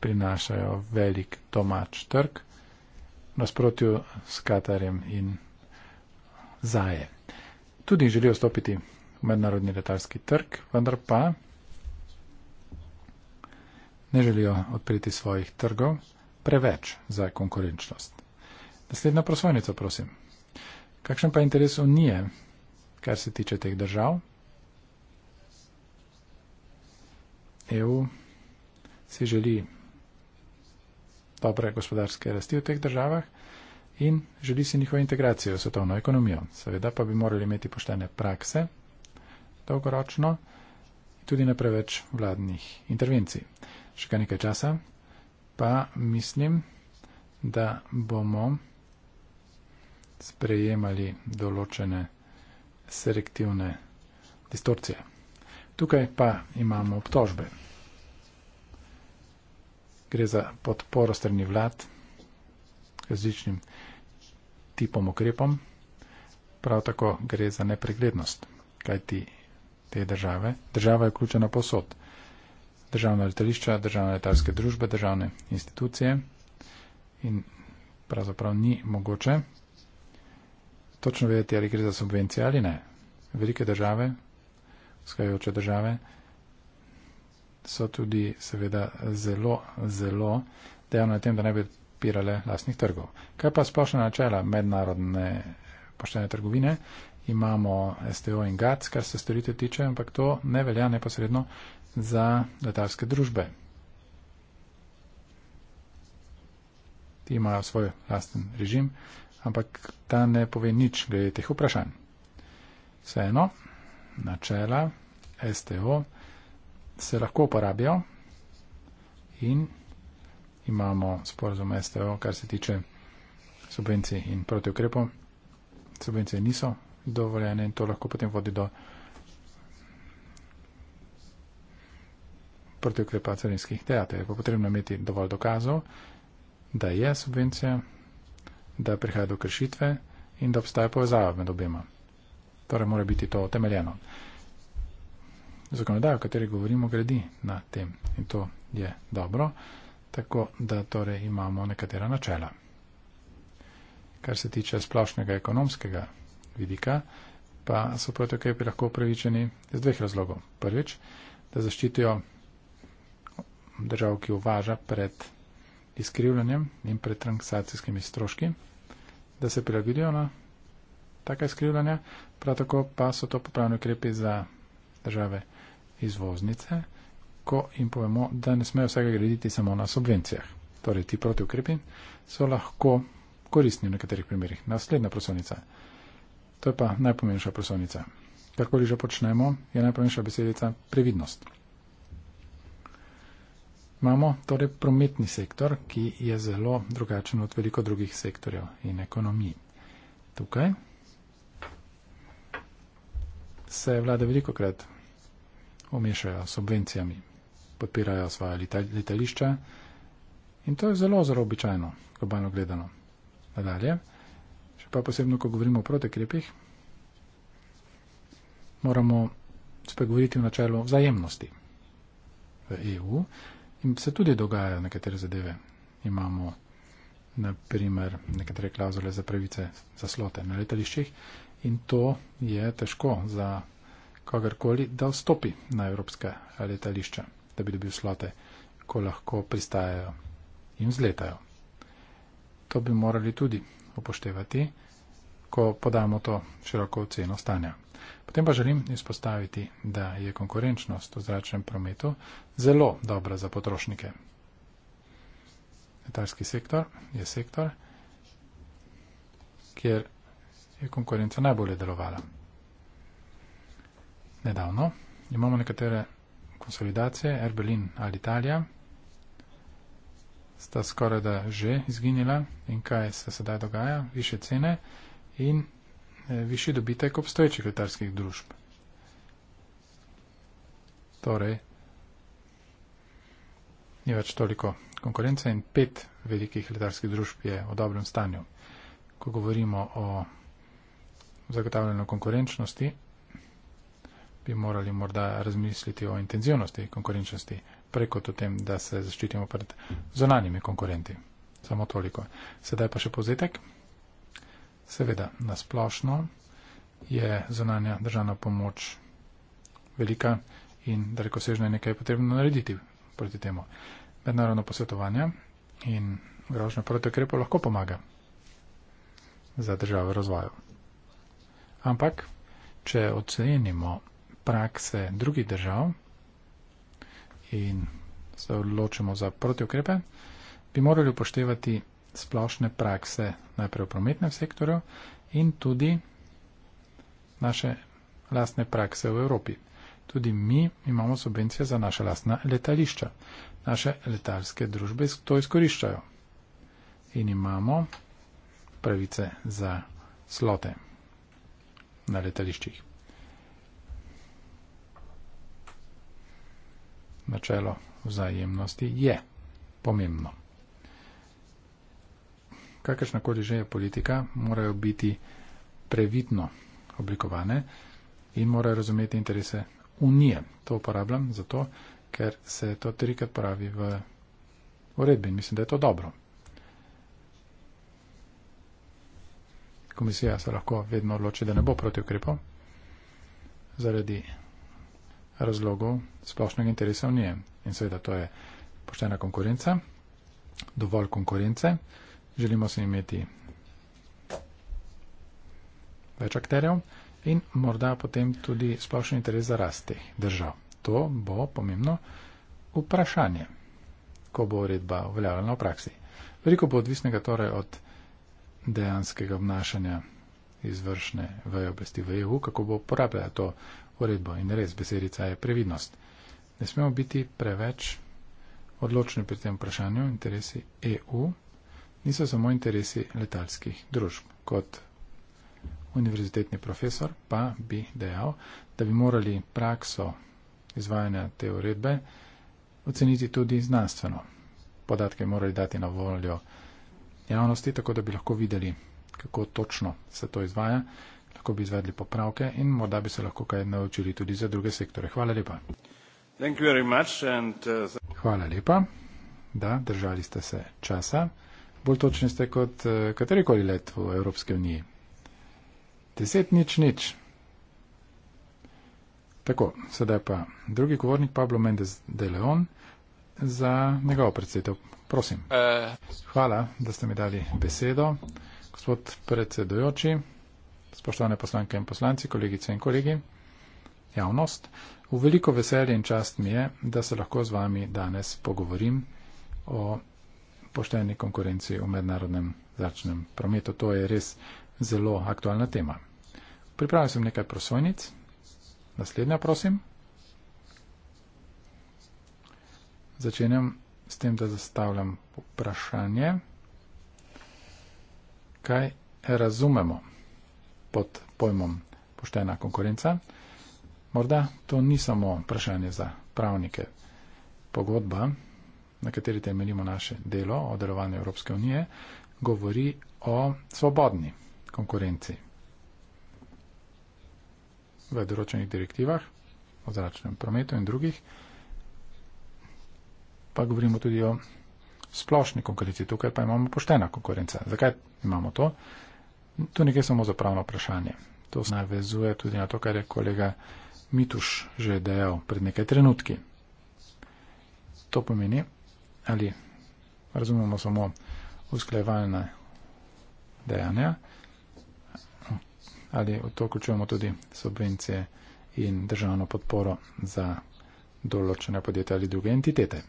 prinašajo velik domač trg, nasprotju s Katarjem in Zaje. Tudi želijo stopiti v mednarodni letalski trg, vendar pa ne želijo odpreti svojih trgov preveč za konkurenčnost. Naslednja prosojnica, prosim. Kakšen pa je interes Unije, kar se tiče teh držav? EU si želi dobre gospodarske rasti v teh državah in želi si njihovo integracijo v svetovno ekonomijo. Seveda pa bi morali imeti poštene prakse dolgoročno, tudi ne preveč vladnih intervencij še kar nekaj časa, pa mislim, da bomo sprejemali določene selektivne distorcije. Tukaj pa imamo obtožbe. Gre za podporo strani vlad različnim tipom ukrepom. Prav tako gre za nepreglednost, kajti te države, država je vključena posod državna letališča, državne letalske družbe, državne institucije in pravzaprav ni mogoče točno vedeti, ali gre za subvencije ali ne. Velike države, skajajoče države, so tudi seveda zelo, zelo dejavne na tem, da ne bi odpirale lastnih trgov. Kaj pa splošna načela mednarodne poštene trgovine? Imamo STO in GATS, kar se storitev tiče, ampak to ne velja neposredno za letalske družbe. Ti imajo svoj lasten režim, ampak ta ne pove nič glede teh vprašanj. Vseeno, načela STO se lahko uporabijo in imamo sporozum STO, kar se tiče subvencij in protiukrepov. Subvencije niso dovoljene in to lahko potem vodi do. proti ukrepa carinskih dejatev. Je pa potrebno imeti dovolj dokazov, da je subvencija, da prihaja do kršitve in da obstaja povezava med obema. Torej mora biti to temeljeno. Zakonodaja, o kateri govorimo, gradi na tem in to je dobro, tako da torej imamo nekatera načela. Kar se tiče splošnega ekonomskega vidika, pa so protokepi lahko upravičeni iz dveh razlogov. Prvič, da zaščitijo držav, ki uvaža pred izkrivljanjem in pred transakcijskimi stroški, da se prilagodijo na taka izkrivljanja. Prav tako pa so to popravni ukrepi za države izvoznice, ko jim povemo, da ne smejo vsega graditi samo na subvencijah. Torej, ti protiukrepi so lahko koristni v nekaterih primerjih. Naslednja prosovnica. To je pa najpomembnejša prosovnica. Karkoli že počnemo, je najpomembnejša besedica previdnost. Imamo torej prometni sektor, ki je zelo drugačen od veliko drugih sektorjev in ekonomij. Tukaj se vlade veliko krat omešajo s subvencijami, podpirajo svoje letališča in to je zelo, zelo običajno, globalno gledano. Nadalje, še pa posebno, ko govorimo o protekrepih, moramo spregovoriti v načelu vzajemnosti v EU. In se tudi dogajajo nekatere zadeve. Imamo naprimer nekatere klauzule za pravice za slote na letališčih in to je težko za kogarkoli, da vstopi na evropske letališče, da bi dobil slote, ko lahko pristajajo in vzletajo. To bi morali tudi upoštevati, ko podamo to široko oceno stanja. Potem pa želim izpostaviti, da je konkurenčnost v zračnem prometu zelo dobra za potrošnike. Letalski sektor je sektor, kjer je konkurenca najbolje delovala. Nedavno imamo nekatere konsolidacije, Air Berlin ali Italija, sta skoraj da že izginila in kaj se sedaj dogaja, više cene in višji dobitek obstoječih letarskih družb. Torej, ni več toliko konkurence in pet velikih letarskih družb je v dobrem stanju. Ko govorimo o zagotavljanju konkurenčnosti, bi morali morda razmisliti o intenzivnosti konkurenčnosti, preko to tem, da se zaščitimo pred zonanimi konkurenti. Samo toliko. Sedaj pa še povzetek. Seveda, nasplošno je zunanja državna pomoč velika in dalekosežno je nekaj potrebno narediti proti temu. Mednarodno posvetovanje in grožnja proti okrepu lahko pomaga za države razvoju. Ampak, če ocenimo prakse drugih držav in se odločimo za protiokrepe, bi morali upoštevati splošne prakse najprej v prometnem sektorju in tudi naše lastne prakse v Evropi. Tudi mi imamo subvencije za naše lastna letališča. Naše letalske družbe to izkoriščajo in imamo pravice za slote na letališčih. Načelo vzajemnosti je pomembno kakršnakoli že je politika, morajo biti previdno oblikovane in morajo razumeti interese unije. To uporabljam zato, ker se to trikrat pravi v uredbi in mislim, da je to dobro. Komisija se lahko vedno odloči, da ne bo proti ukrepom zaradi razlogov splošnega interesa unije. In seveda to je poštena konkurenca, dovolj konkurence. Želimo se imeti več akterjev in morda potem tudi splošni interes za rast teh držav. To bo pomembno vprašanje, ko bo uredba uveljavljena v praksi. Veliko bo odvisnega torej od dejanskega obnašanja izvršne veje oblasti v EU, kako bo uporabljala to uredbo. In res, besedica je previdnost. Ne smemo biti preveč odločni pri tem vprašanju interesi EU niso samo interesi letalskih družb. Kot univerzitetni profesor pa bi dejal, da bi morali prakso izvajanja te uredbe oceniti tudi znanstveno. Podatke morali dati na voljo javnosti, tako da bi lahko videli, kako točno se to izvaja, lahko bi izvedli popravke in morda bi se lahko kaj naučili tudi za druge sektore. Hvala lepa. Uh, Hvala lepa, da držali ste se časa bolj točni ste kot eh, katerikoli let v Evropske unije. Deset nič nič. Tako, sedaj pa drugi govornik Pablo Mendes de Leon za njegovo predsedo. Prosim. Eh. Hvala, da ste mi dali besedo. Gospod predsedojoči, spoštovane poslanke in poslanci, kolegice in kolegi, javnost, v veliko veselje in čast mi je, da se lahko z vami danes pogovorim o pošteni konkurenci v mednarodnem zračnem prometu. To je res zelo aktualna tema. Pripravil sem nekaj prosojnic. Naslednja, prosim. Začenjam s tem, da zastavljam vprašanje, kaj razumemo pod pojmom poštena konkurenca. Morda to ni samo vprašanje za pravnike pogodba, na kateri temeljimo naše delo o delovanju Evropske unije, govori o svobodni konkurenci v določenih direktivah o zračnem prometu in drugih, pa govorimo tudi o splošni konkurenci. Tukaj pa imamo poštena konkurenca. Zakaj imamo to? To nekaj samo za pravno vprašanje. To se navezuje tudi na to, kar je kolega Mituš že dejal pred nekaj trenutki. To pomeni, ali razumemo samo usklejevalne dejanja, ali to vključujemo tudi subvencije in državno podporo za določene podjetja ali druge entitete.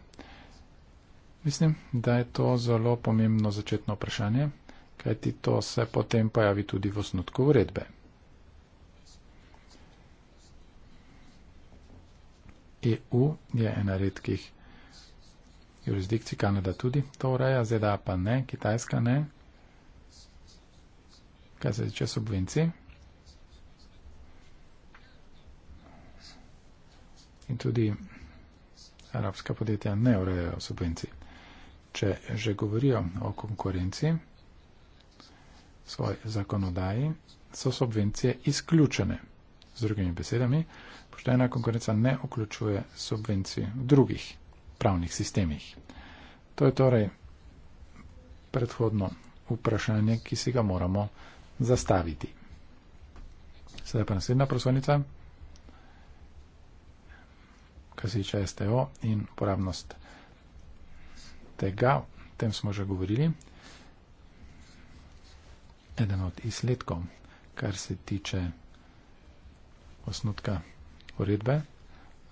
Mislim, da je to zelo pomembno začetno vprašanje, kajti to se potem pojavi tudi v osnutku uredbe. EU je ena redkih jurisdikciji Kanada tudi to ureja, ZDA pa ne, Kitajska ne. Kaj se tiče subvencij? In tudi arabska podjetja ne urejajo subvencij. Če že govorijo o konkurenci, svoj zakonodaji, so subvencije izključene. Z drugimi besedami, poštena konkurenca ne vključuje subvencij drugih pravnih sistemih. To je torej predhodno vprašanje, ki si ga moramo zastaviti. Sedaj pa naslednja prosovnica, kar se tiče STO in uporabnost tega, o tem smo že govorili. Eden od izsledkov, kar se tiče osnutka uredbe,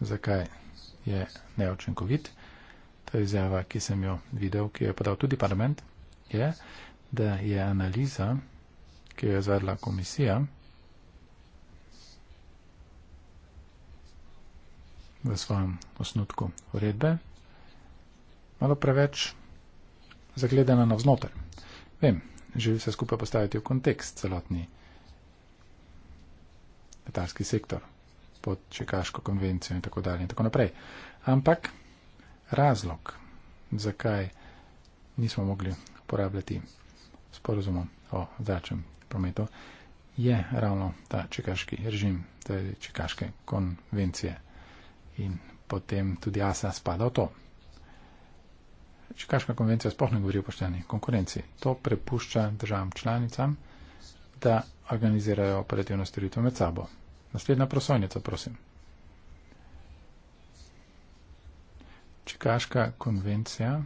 zakaj je neočinkovit ta izjava, ki sem jo videl, ki jo je podal tudi parlament, je, da je analiza, ki jo je izvedla komisija v svojem osnutku uredbe, malo preveč zagledana navznoter. Vem, želi se skupaj postaviti v kontekst celotni letalski sektor pod Čekaško konvencijo in tako dalje in tako naprej. Ampak razlog, zakaj nismo mogli uporabljati sporozumov o zračnem prometu, je ravno ta čekaški režim, torej čekaške konvencije. In potem tudi ASA spada v to. Čekaška konvencija sploh ne govori o pošteni konkurenci. To prepušča državam članicam, da organizirajo operativno storitev med sabo. Naslednja prosojnica, prosim. Čikaška konvencija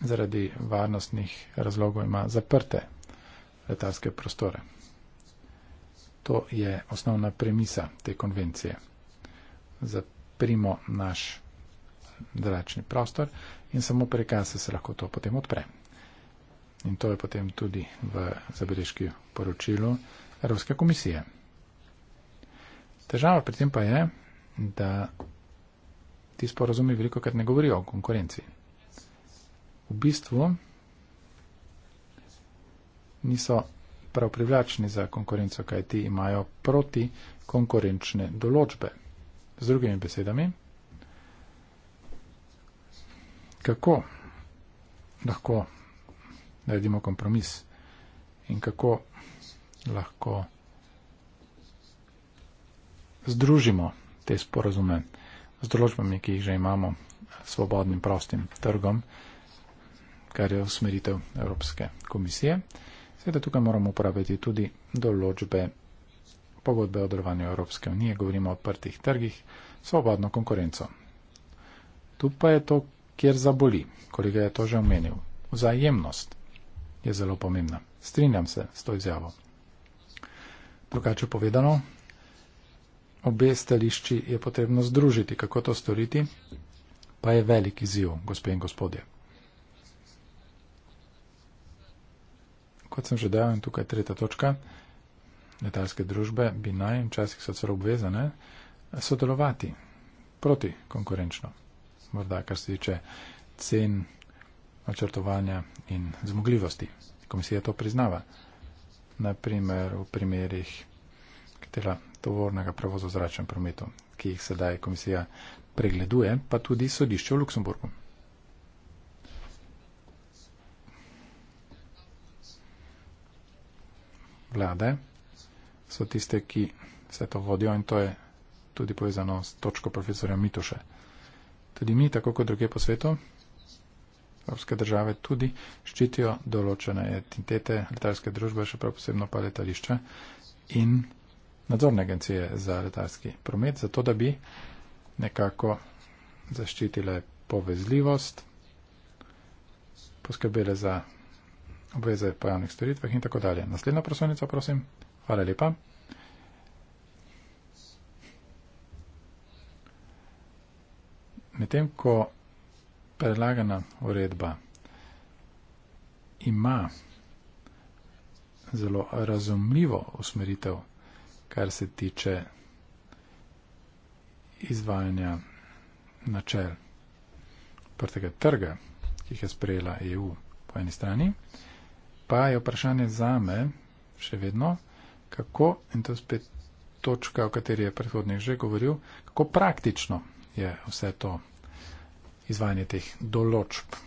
zaradi varnostnih razlogov ima zaprte letalske prostore. To je osnovna premisa te konvencije. Zaprimo naš zračni prostor in samo prekase se lahko to potem odpre. In to je potem tudi v zabeležki poročilu Evropske komisije. Težava pri tem pa je, da ti sporozumi veliko krat ne govorijo o konkurenci. V bistvu niso prav privlačni za konkurenco, kaj ti imajo proti konkurenčne določbe. Z drugimi besedami, kako lahko naredimo kompromis in kako lahko združimo te sporozume z določbami, ki jih že imamo, svobodnim prostim trgom, kar je usmeritev Evropske komisije. Seveda tukaj moramo uporabiti tudi določbe pogodbe o delovanju Evropske unije, govorimo o odprtih trgih, svobodno konkurenco. Tu pa je to, kjer zaboli, kolega je to že omenil. Vzajemnost je zelo pomembna. Strinjam se s to izjavo. Drugače povedano, obe stališči je potrebno združiti. Kako to storiti, pa je veliki ziv, gospe in gospodje. Kot sem že dejal, in tukaj je tretja točka, letalske družbe bi naj, včasih so celo obvezane, sodelovati proti konkurenčno. Morda, kar se tiče cen, načrtovanja in zmogljivosti. Komisija to priznava. Naprimer, v primerih zahtela tovornega prevoza v zračnem prometu, ki jih sedaj komisija pregleduje, pa tudi sodišče v Luksemburgu. Vlade so tiste, ki se to vodijo in to je tudi povezano s točko profesorja Mituše. Tudi mi, tako kot druge po svetu, evropske države tudi ščitijo določene entitete, letalske družbe, še prav posebno pa letališče in nadzorne agencije za letalski promet, zato da bi nekako zaščitile povezljivost, poskrbele za obveze po javnih storitvah in tako dalje. Naslednja prosovnica, prosim. Hvala lepa. Medtem ko predlagana uredba ima zelo razumljivo usmeritev kar se tiče izvajanja načel prtega trga, ki jih je sprejela EU po eni strani, pa je vprašanje zame še vedno, kako, in to je spet točka, o kateri je predhodnik že govoril, kako praktično je vse to izvajanje teh določb.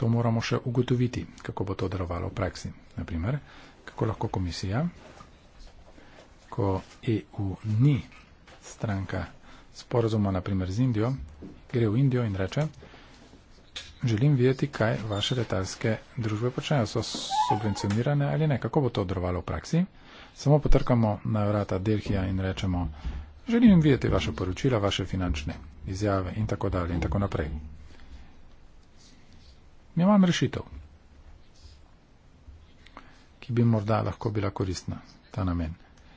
To moramo še ugotoviti, kako bo to delovalo v praksi. Naprimer, kako lahko komisija, ko EU ni stranka sporozuma, naprimer z Indijo, gre v Indijo in reče, želim videti, kaj vaše letalske družbe počnejo, so subvencionirane ali ne, kako bo to delovalo v praksi. Samo potrkamo na vrata Delhija in rečemo, želim videti vaše poročila, vaše finančne izjave in tako dalje in tako naprej imam rešitev, ki bi morda lahko bila koristna, ta namen.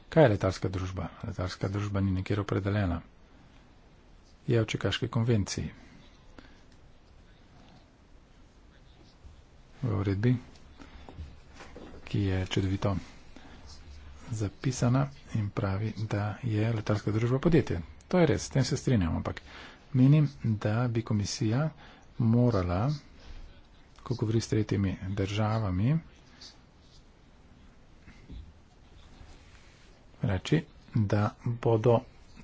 Kaj je letarska družba? Letarska družba ni nekjer opredeljena. Je v Čekaški konvenciji. V uredbi, ki je čudovito zapisana in pravi, da je letarska družba podjetje. To je res, s tem se strinjam, ampak menim, da bi komisija morala ko govori s tretjimi državami. Reči, da bodo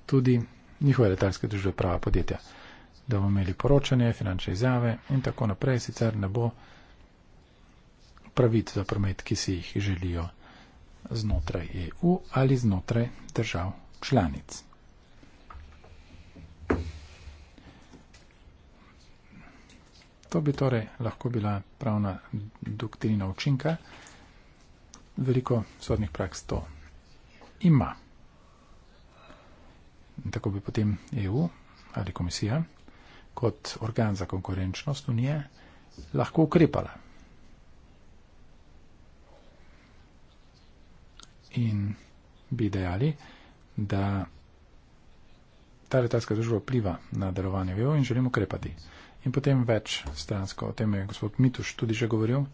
tudi njihove letalske družbe prava podjetja, da bomo imeli poročanje, finančne izjave in tako naprej, sicer ne bo pravit za promet, ki si jih želijo znotraj EU ali znotraj držav članic. To bi torej lahko bila pravna doktrina učinka. Veliko sodnih praks to ima. In tako bi potem EU ali komisija kot organ za konkurenčnost unije lahko ukrepala. In bi dejali, da ta letalska družba vpliva na delovanje EU in želimo ukrepati in potem več stransko. O tem je gospod Mituš tudi že govoril,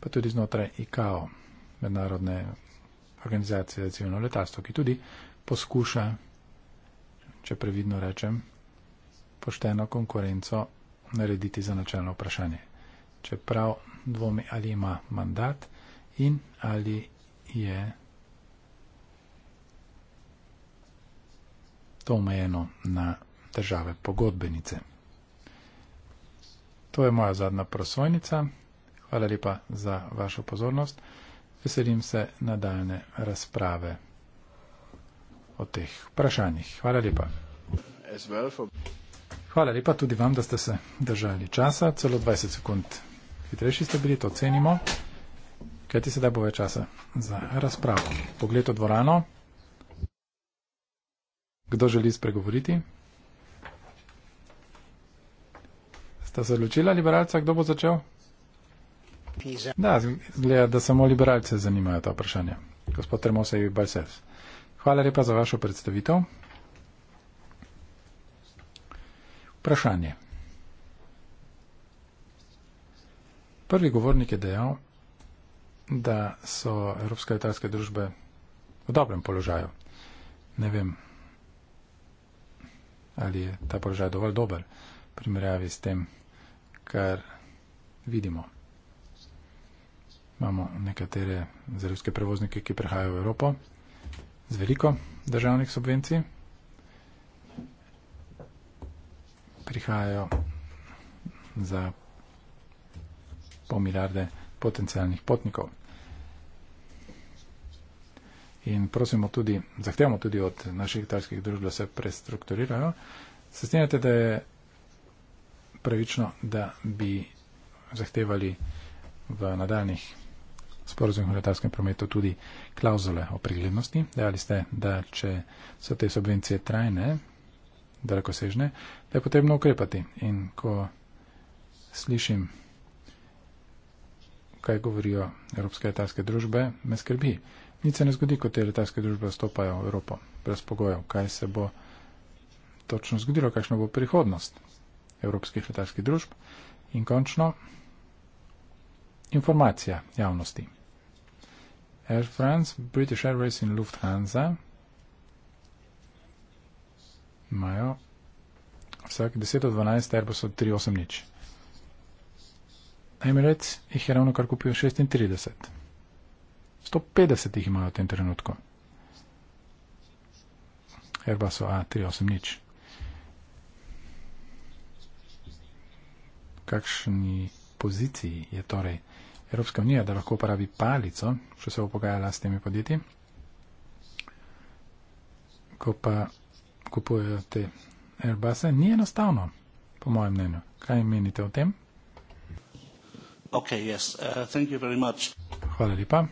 pa tudi znotraj IKO, mednarodne organizacije za civilno letalstvo, ki tudi poskuša, če previdno rečem, pošteno konkurenco narediti za načelno vprašanje. Čeprav dvomi, ali ima mandat in ali je to omejeno na države pogodbenice. To je moja zadnja prosojnica. Hvala lepa za vašo pozornost. Veselim se nadaljne razprave o teh vprašanjih. Hvala lepa. Hvala lepa tudi vam, da ste se držali časa. Celo 20 sekund hitrejši ste bili, to cenimo. Kaj ti sedaj bo več časa za razpravo? Pogled v dvorano. Kdo želi spregovoriti? Sta se odločila liberalca, kdo bo začel? Da, zgleda, da samo liberalce zanimajo ta vprašanja. Gospod Tremosej Balses. Hvala lepa za vašo predstavitev. Vprašanje. Prvi govornik je dejal, da so Evropske letalske družbe v dobrem položaju. Ne vem, ali je ta položaj dovolj dober primerjavi s tem, kar vidimo. Imamo nekatere zarevske prevoznike, ki prehajajo v Evropo z veliko državnih subvencij. Prihajajo za pol milijarde potencijalnih potnikov. In prosimo tudi, zahtevamo tudi od naših italskih družb, da se prestrukturirajo. Se strinjate, da je pravično, da bi zahtevali v nadaljnih sporozumih v letalskem prometu tudi klauzule o preglednosti. Dejali ste, da če so te subvencije trajne, dalekosežne, da je potrebno ukrepati. In ko slišim, kaj govorijo evropske letalske družbe, me skrbi. Nič se ne zgodi, ko te letalske družbe vstopajo v Evropo brez pogojev. Kaj se bo točno zgodilo, kakšna bo prihodnost evropskih letalskih družb. In končno, informacija javnosti. Air France, British Airways in Lufthansa imajo vsak 10 od 12 Airbusov 3-8 nič. Emirates jih je ravno kar kupil 36. 150 jih imajo v tem trenutku. Airbusov A380 nič. kakšni poziciji je torej Evropska unija, da lahko uporabi palico, če se bo pogajala s temi podjetji, ko pa kupujejo te Airbuse, ni enostavno, po mojem mnenju. Kaj menite o tem? Okay, yes. uh, Hvala lepa.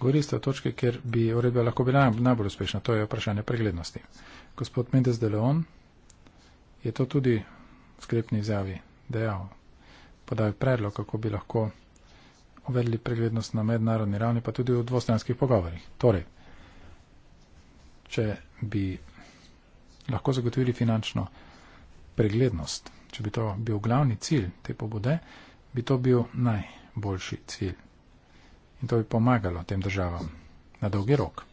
Govorili ste o točki, kjer bi uredba lahko bila najbolj uspešna, to je vprašanje preglednosti. Gospod Mendes de Leon je to tudi v sklepni izjavi dejal, podal predlog, kako bi lahko uvedli preglednost na mednarodni ravni, pa tudi v dvostranskih pogovorih. Torej, če bi lahko zagotovili finančno preglednost, če bi to bil glavni cilj te pobude, bi to bil najboljši cilj in to bi pomagalo tem državam na dolgi rok.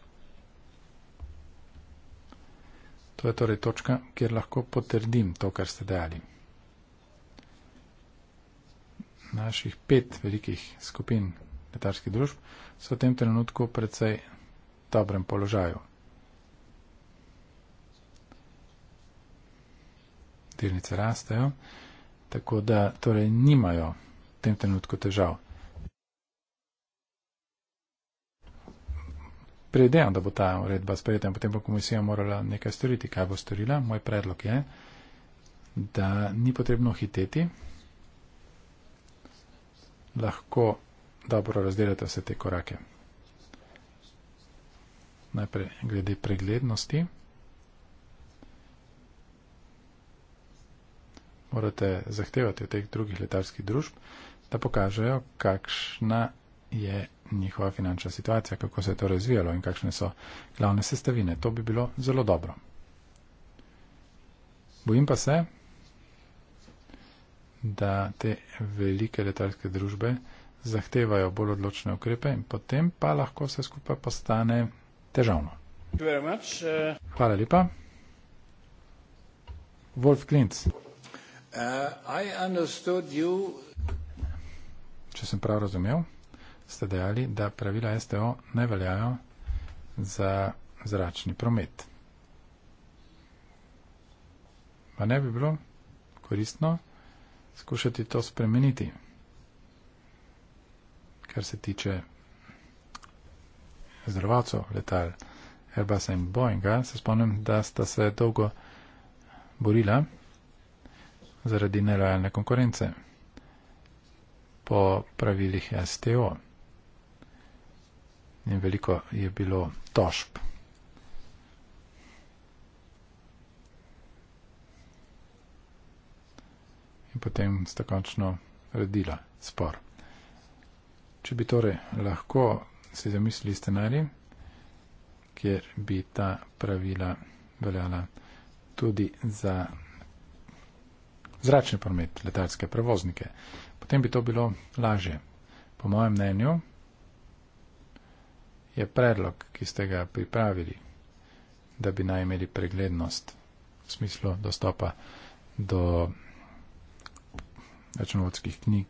To je torej točka, kjer lahko potrdim to, kar ste dejali. Naših pet velikih skupin letarskih družb so v tem trenutku predvsej dobrem položaju. Delnice rastejo, tako da torej nimajo v tem trenutku težav. predvidevam, da bo ta uredba sprejeta in potem bo komisija morala nekaj storiti. Kaj bo storila? Moj predlog je, da ni potrebno hiteti, lahko dobro razdelite vse te korake. Najprej glede preglednosti. Morate zahtevati od teh drugih letalskih družb, da pokažejo, kakšna je njihova finančna situacija, kako se je to razvijalo in kakšne so glavne sestavine. To bi bilo zelo dobro. Bojim pa se, da te velike letalske družbe zahtevajo bolj odločne ukrepe in potem pa lahko vse skupaj postane težavno. Uh, Hvala lepa. Wolf Klintz. Uh, Če sem prav razumel ste dejali, da pravila STO ne veljajo za zračni promet. Pa ne bi bilo koristno skušati to spremeniti, kar se tiče zdravcev letal Airbus in Boeinga. Se spomnim, da sta se dolgo borila zaradi nelojalne konkurence po pravilih STO in veliko je bilo tožb. In potem sta končno redila spor. Če bi torej lahko si zamislili scenarij, kjer bi ta pravila veljala tudi za zračni promet, letalske prevoznike, potem bi to bilo lažje. Po mojem mnenju, je predlog, ki ste ga pripravili, da bi naj imeli preglednost v smislu dostopa do računovodskih knjig,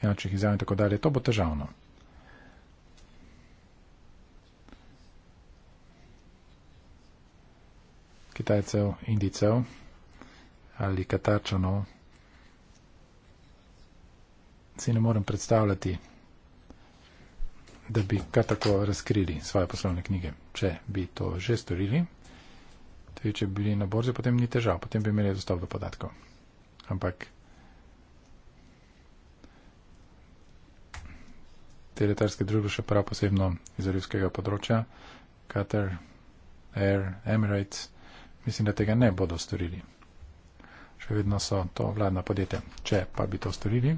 finančnih izjav in tako dalje, to bo težavno. Kitajcev, Indicev ali Katarčanov si ne morem predstavljati, da bi kar tako razkrili svoje poslovne knjige, če bi to že storili. Tudi če bi bili na borzi, potem ni težav, potem bi imeli dostop do podatkov. Ampak te letarske družbe še prav posebno iz arivskega področja, Qatar, Air, Emirates, mislim, da tega ne bodo storili. Še vedno so to vladna podjetja. Če pa bi to storili,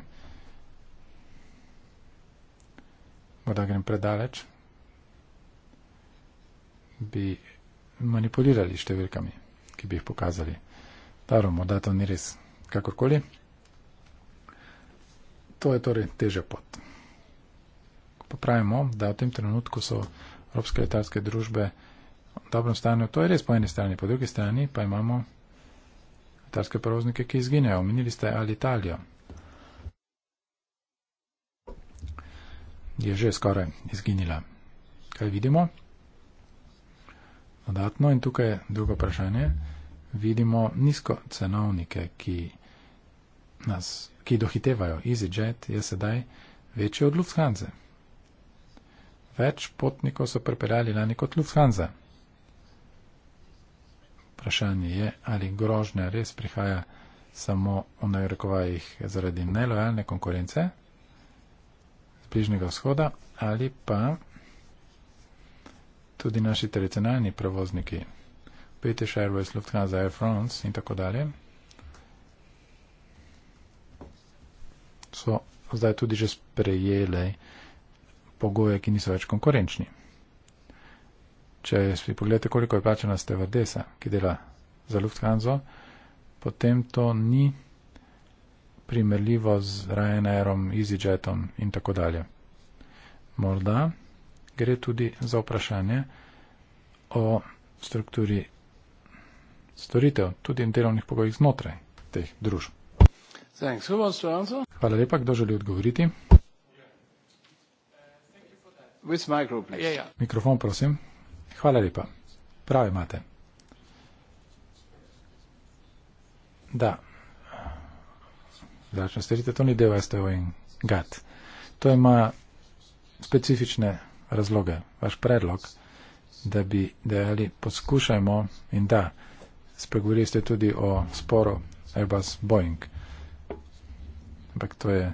morda grem predaleč, bi manipulirali številkami, ki bi jih pokazali. Dobro, morda to ni res kakorkoli. To je torej teže pot. Popravimo, da v tem trenutku so evropske letalske družbe v dobrem stanju. To je res po eni strani, po drugi strani pa imamo letalske prevoznike, ki izginejo. Omenili ste ali Italijo. je že skoraj izginila. Kaj vidimo? Dodatno in tukaj je drugo vprašanje. Vidimo nizko cenovnike, ki, nas, ki dohitevajo. EasyJet je sedaj večji od Lufthansa. Več potnikov so prepeljali lani kot Lufthansa. Vprašanje je, ali grožnja res prihaja samo v narekovajih zaradi nelojalne konkurence. Bližnjega vzhoda ali pa tudi naši tradicionalni prevozniki, British Airways, Lufthansa, Air France in tako dalje, so zdaj tudi že sprejele pogoje, ki niso več konkurenčni. Če si pogledate, koliko je plačena stevardesa, ki dela za Lufthansa, potem to ni primerljivo z Ryanairom, EasyJetom in tako dalje. Morda gre tudi za vprašanje o strukturi storitev, tudi delovnih pogojih znotraj teh družb. Hvala lepa, kdo želi odgovoriti? Mikrofon, prosim. Hvala lepa. Prav imate. Da, zračne storitve, to ni del STO in GAT. To ima specifične razloge. Vaš predlog, da bi dejali, poskušajmo in da, spregovorili ste tudi o sporu Airbus-Boeing. Ampak to je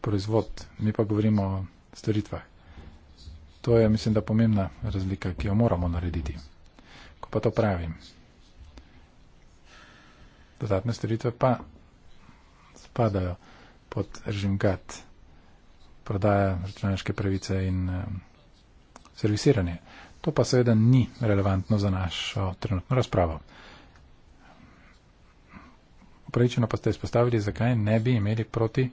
proizvod, mi pa govorimo o storitvah. To je, mislim, da pomembna razlika, ki jo moramo narediti. Ko pa to pravim, dodatne storitve pa spadajo pod režim GATT, prodaja računalniške pravice in eh, serviciranje. To pa seveda ni relevantno za našo trenutno razpravo. Upravičeno pa ste izpostavili, zakaj ne bi imeli proti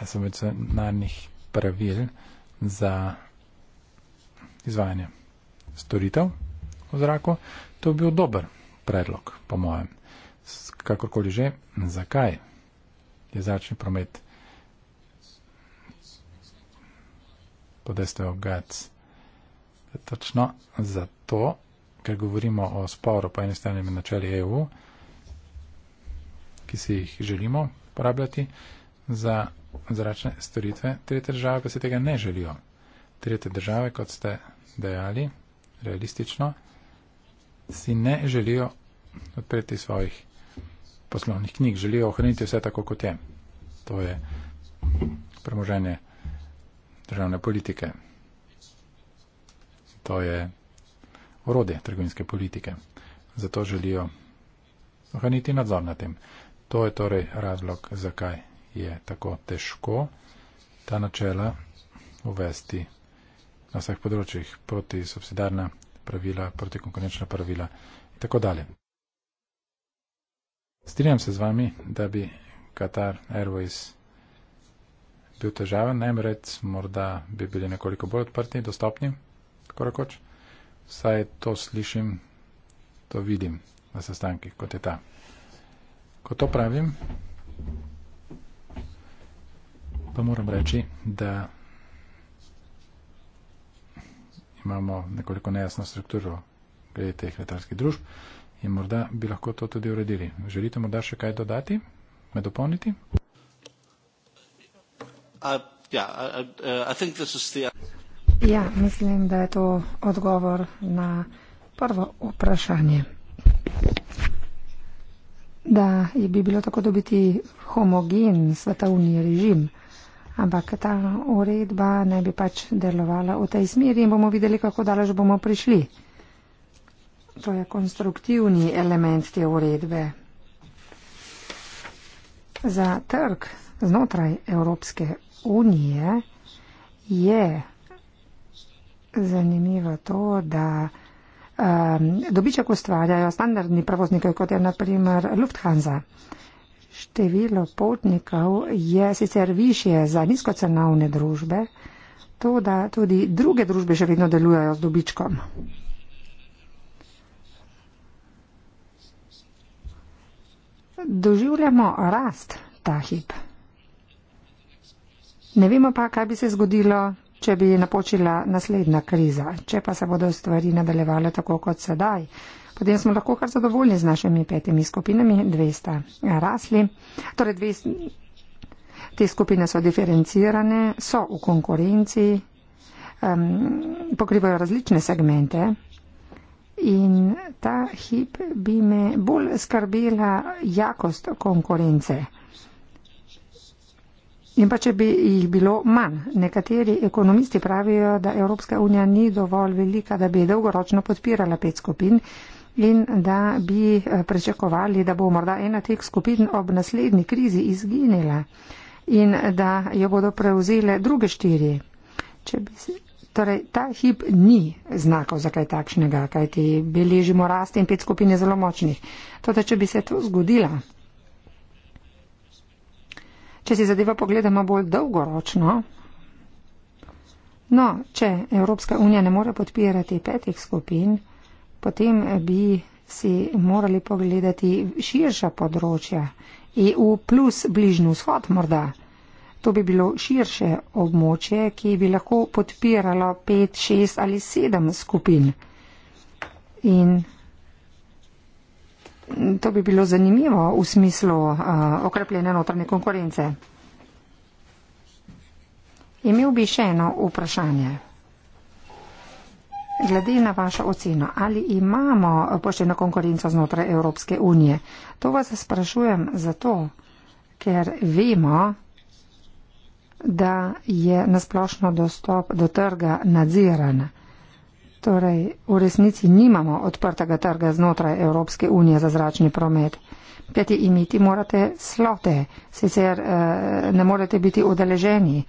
asamecionarnih pravil za izvajanje storitev v zraku. To bi bil dober predlog, po mojem kakorkoli že, zakaj je zračni promet podestev GATS. Točno zato, ker govorimo o sporu po enem stranem načeli EU, ki si jih želimo porabljati za zračne storitve, tretje države pa se tega ne želijo. Tretje države, kot ste dejali, realistično, si ne želijo odpreti svojih poslovnih knjig, želijo ohraniti vse tako, kot je. To je premoženje državne politike. To je orode trgovinske politike. Zato želijo ohraniti nadzor na tem. To je torej razlog, zakaj je tako težko ta načela uvesti na vseh področjih proti subsidarna pravila, proti konkurenčna pravila in tako dalje. Strinjam se z vami, da bi Qatar Airways bil težaven, namreč morda bi bili nekoliko bolj odprti, dostopni, tako rekoč. Saj to slišim, to vidim na sestankih, kot je ta. Ko to pravim, pa moram reči, da imamo nekoliko nejasno strukturo glede teh letalskih družb in morda bi lahko to tudi uredili. Želite morda še kaj dodati, me dopolniti? Uh, uh, ja, mislim, da je to odgovor na prvo vprašanje. Da bi bilo tako dobiti homogen svetovni režim, ampak ta uredba naj bi pač delovala v tej smeri in bomo videli, kako daleč bomo prišli. To je konstruktivni element te uredbe. Za trg znotraj Evropske unije je zanimivo to, da um, dobiček ustvarjajo standardni prevozniki, kot je naprimer Lufthansa. Število potnikov je sicer više za nizkocenovne družbe, to da tudi druge družbe še vedno delujejo z dobičkom. doživljamo rast ta hip. Ne vemo pa, kaj bi se zgodilo, če bi napočila naslednja kriza. Če pa se bodo stvari nadaljevale tako kot sedaj, potem smo lahko kar zadovoljni z našimi petimi skupinami, dve sta rasli. Torej dve, te skupine so diferencirane, so v konkurenci, um, pokrivajo različne segmente in ta hip bi me bolj skrbela jakost konkurence. In pa če bi jih bilo manj, nekateri ekonomisti pravijo, da Evropska unija ni dovolj velika, da bi dolgoročno podpirala pet skupin in da bi eh, prečakovali, da bo morda ena teh skupin ob naslednji krizi izginila in da jo bodo prevzele druge štiri. Če bi, Torej, ta hip ni znakov za kaj takšnega, kajti beležimo rast in pet skupin je zelo močnih. Tote, če bi se to zgodila. Če si zadeva pogledamo bolj dolgoročno, no, če Evropska unija ne more podpirati petih skupin, potem bi si morali pogledati širša področja. EU plus bližnji vzhod morda. To bi bilo širše območje, ki bi lahko podpiralo pet, šest ali sedem skupin. In to bi bilo zanimivo v smislu uh, okrepljene notranje konkurence. Imel bi še eno vprašanje. Glede na vašo oceno, ali imamo pošteno konkurenco znotraj Evropske unije? To vas sprašujem zato, ker vemo, da je nasplošno dostop do trga nadziran. Torej, v resnici nimamo odprtega trga znotraj Evropske unije za zračni promet. Kajti imeti morate slote, sicer eh, ne morete biti udeleženi.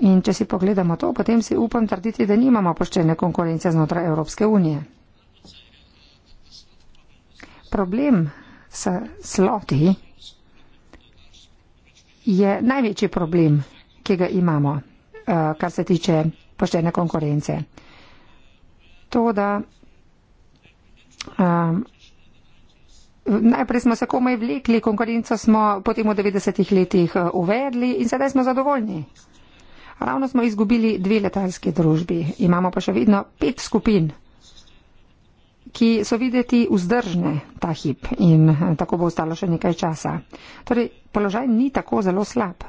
In če si pogledamo to, potem si upam trditi, da nimamo poščene konkurence znotraj Evropske unije. Problem s sloti je največji problem, ki ga imamo, eh, kar se tiče poštene konkurence. To, da um, eh, najprej smo se komaj vlekli, konkurenco smo potem v 90-ih letih eh, uvedli in sedaj smo zadovoljni. Ravno smo izgubili dve letalske družbi, imamo pa še vedno pet skupin ki so videti vzdržne ta hip in eh, tako bo ostalo še nekaj časa. Torej, položaj ni tako zelo slab.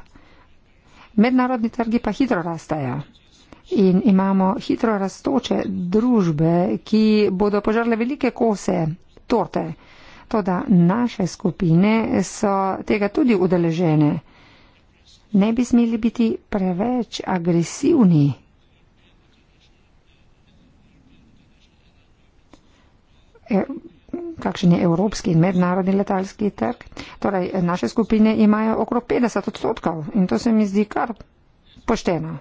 Mednarodni trgi pa hitro rastejo in imamo hitro rastoče družbe, ki bodo požrle velike kose torte. Toda naše skupine so tega tudi udeležene. Ne bi smeli biti preveč agresivni, E, kakšen je evropski in mednarodni letalski trg. Torej, naše skupine imajo okrog 50 odstotkov in to se mi zdi kar pošteno.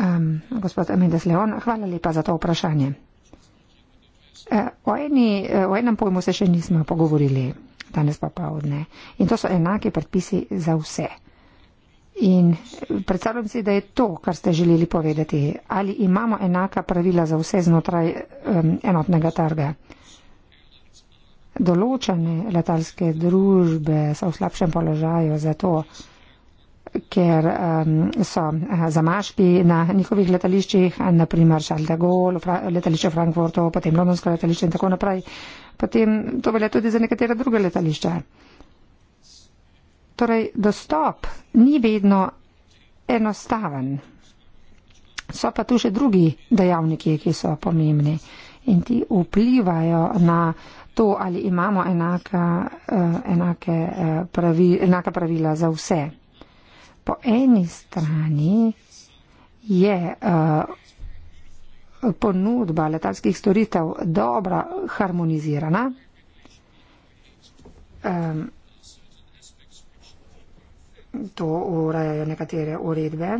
Um, gospod Mendes Leon, hvala lepa za to vprašanje. E, o, eni, o enem pojmu se še nismo pogovorili danes pa pa odne. In to so enake predpisi za vse. In predstavljam si, da je to, kar ste želeli povedati. Ali imamo enaka pravila za vse znotraj um, enotnega trga? Določene letalske družbe so v slabšem položaju zato, ker um, so zamaški na njihovih letališčih, naprimer Charles de Gaulle, letališče v Frankfurtu, potem Londonsko letališče in tako naprej. Potem to velja tudi za nekatera druga letališča. Torej, dostop ni vedno enostaven. So pa tu še drugi dejavniki, ki so pomembni in ti vplivajo na to, ali imamo enaka, eh, enake, eh, pravi, enaka pravila za vse. Po eni strani je eh, ponudba letalskih storitev dobro harmonizirana to urajajo nekatere uredbe.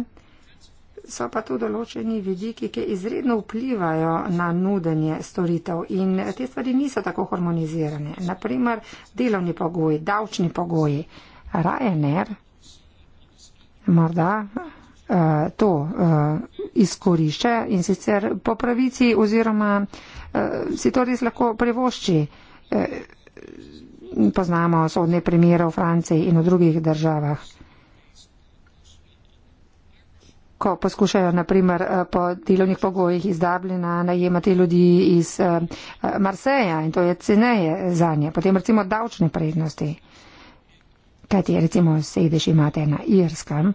So pa tu določeni vidiki, ki izredno vplivajo na nudenje storitev in te stvari niso tako harmonizirane. Naprimer, delovni pogoji, davčni pogoji. Ryanair morda uh, to uh, izkorišča in sicer po pravici oziroma uh, si to res lahko prevošči. Uh, poznamo sodne primere v Franciji in v drugih državah ko poskušajo naprimer eh, po delovnih pogojih iz Dublina najemati ljudi iz eh, eh, Marseja in to je ceneje za nje. Potem recimo davčne prednosti, kajti recimo sedež imate na Irskem,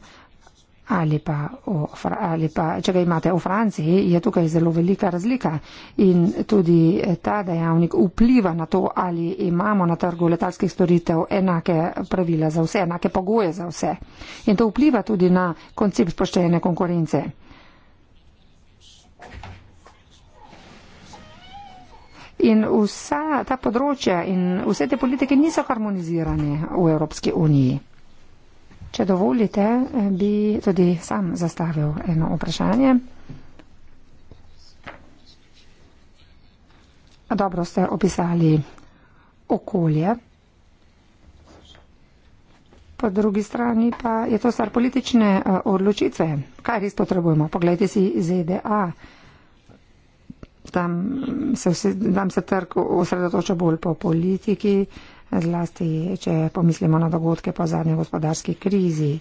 ali pa, o, ali pa če ga imate v Franciji, je tukaj zelo velika razlika in tudi eh, ta dejavnik vpliva na to, ali imamo na trgu letalskih storitev enake pravila za vse, enake pogoje za vse. In to vpliva tudi na koncept spoštene konkurence. In vsa ta področja in vse te politike niso harmonizirane v Evropski uniji. Če dovolite, eh, bi tudi sam zastavil eno vprašanje. Dobro ste opisali okolje. Po drugi strani pa je to stvar politične eh, odločitve. Kaj res potrebujemo? Poglejte si ZDA. Tam se, tam se trg osredotoča bolj po politiki zlasti če pomislimo na dogodke po zadnji gospodarski krizi.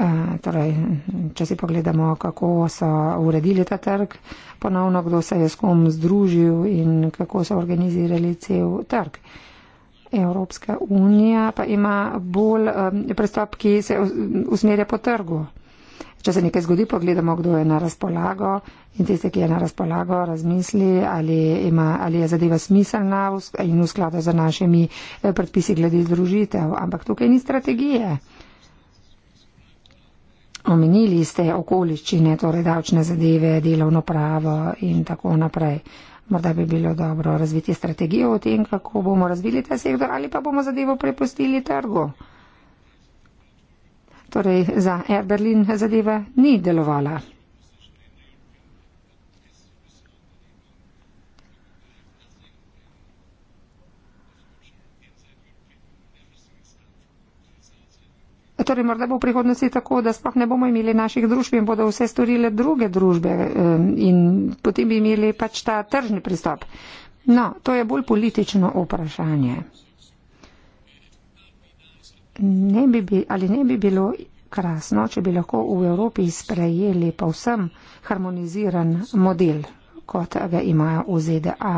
Uh, torej, če si pogledamo, kako so uredili ta trg, ponovno kdo se je s kom združil in kako so organizirali cel trg. Evropska unija pa ima bolj um, pristop, ki se eh, usmerja po trgu. Uh, Če se nekaj zgodi, pogledamo, kdo je na razpolago in tiste, ki je na razpolago, razmisli, ali, ima, ali je zadeva smiselna in v skladu z našimi eh, predpisi glede združitev. Ampak tukaj ni strategije. Omenili ste okoliščine, torej davčne zadeve, delovno pravo in tako naprej. Morda bi bilo dobro razviti strategijo o tem, kako bomo razvili ta sektor ali pa bomo zadevo prepustili trgu. Torej za Air Berlin zadeva ni delovala. Torej, morda bo v prihodnosti tako, da sploh ne bomo imeli naših družb in bodo vse storile druge družbe in potem bi imeli pač ta tržni pristop. No, to je bolj politično vprašanje ne bi, ali ne bi bilo krasno, če bi lahko v Evropi sprejeli povsem harmoniziran model, kot ga imajo v ZDA.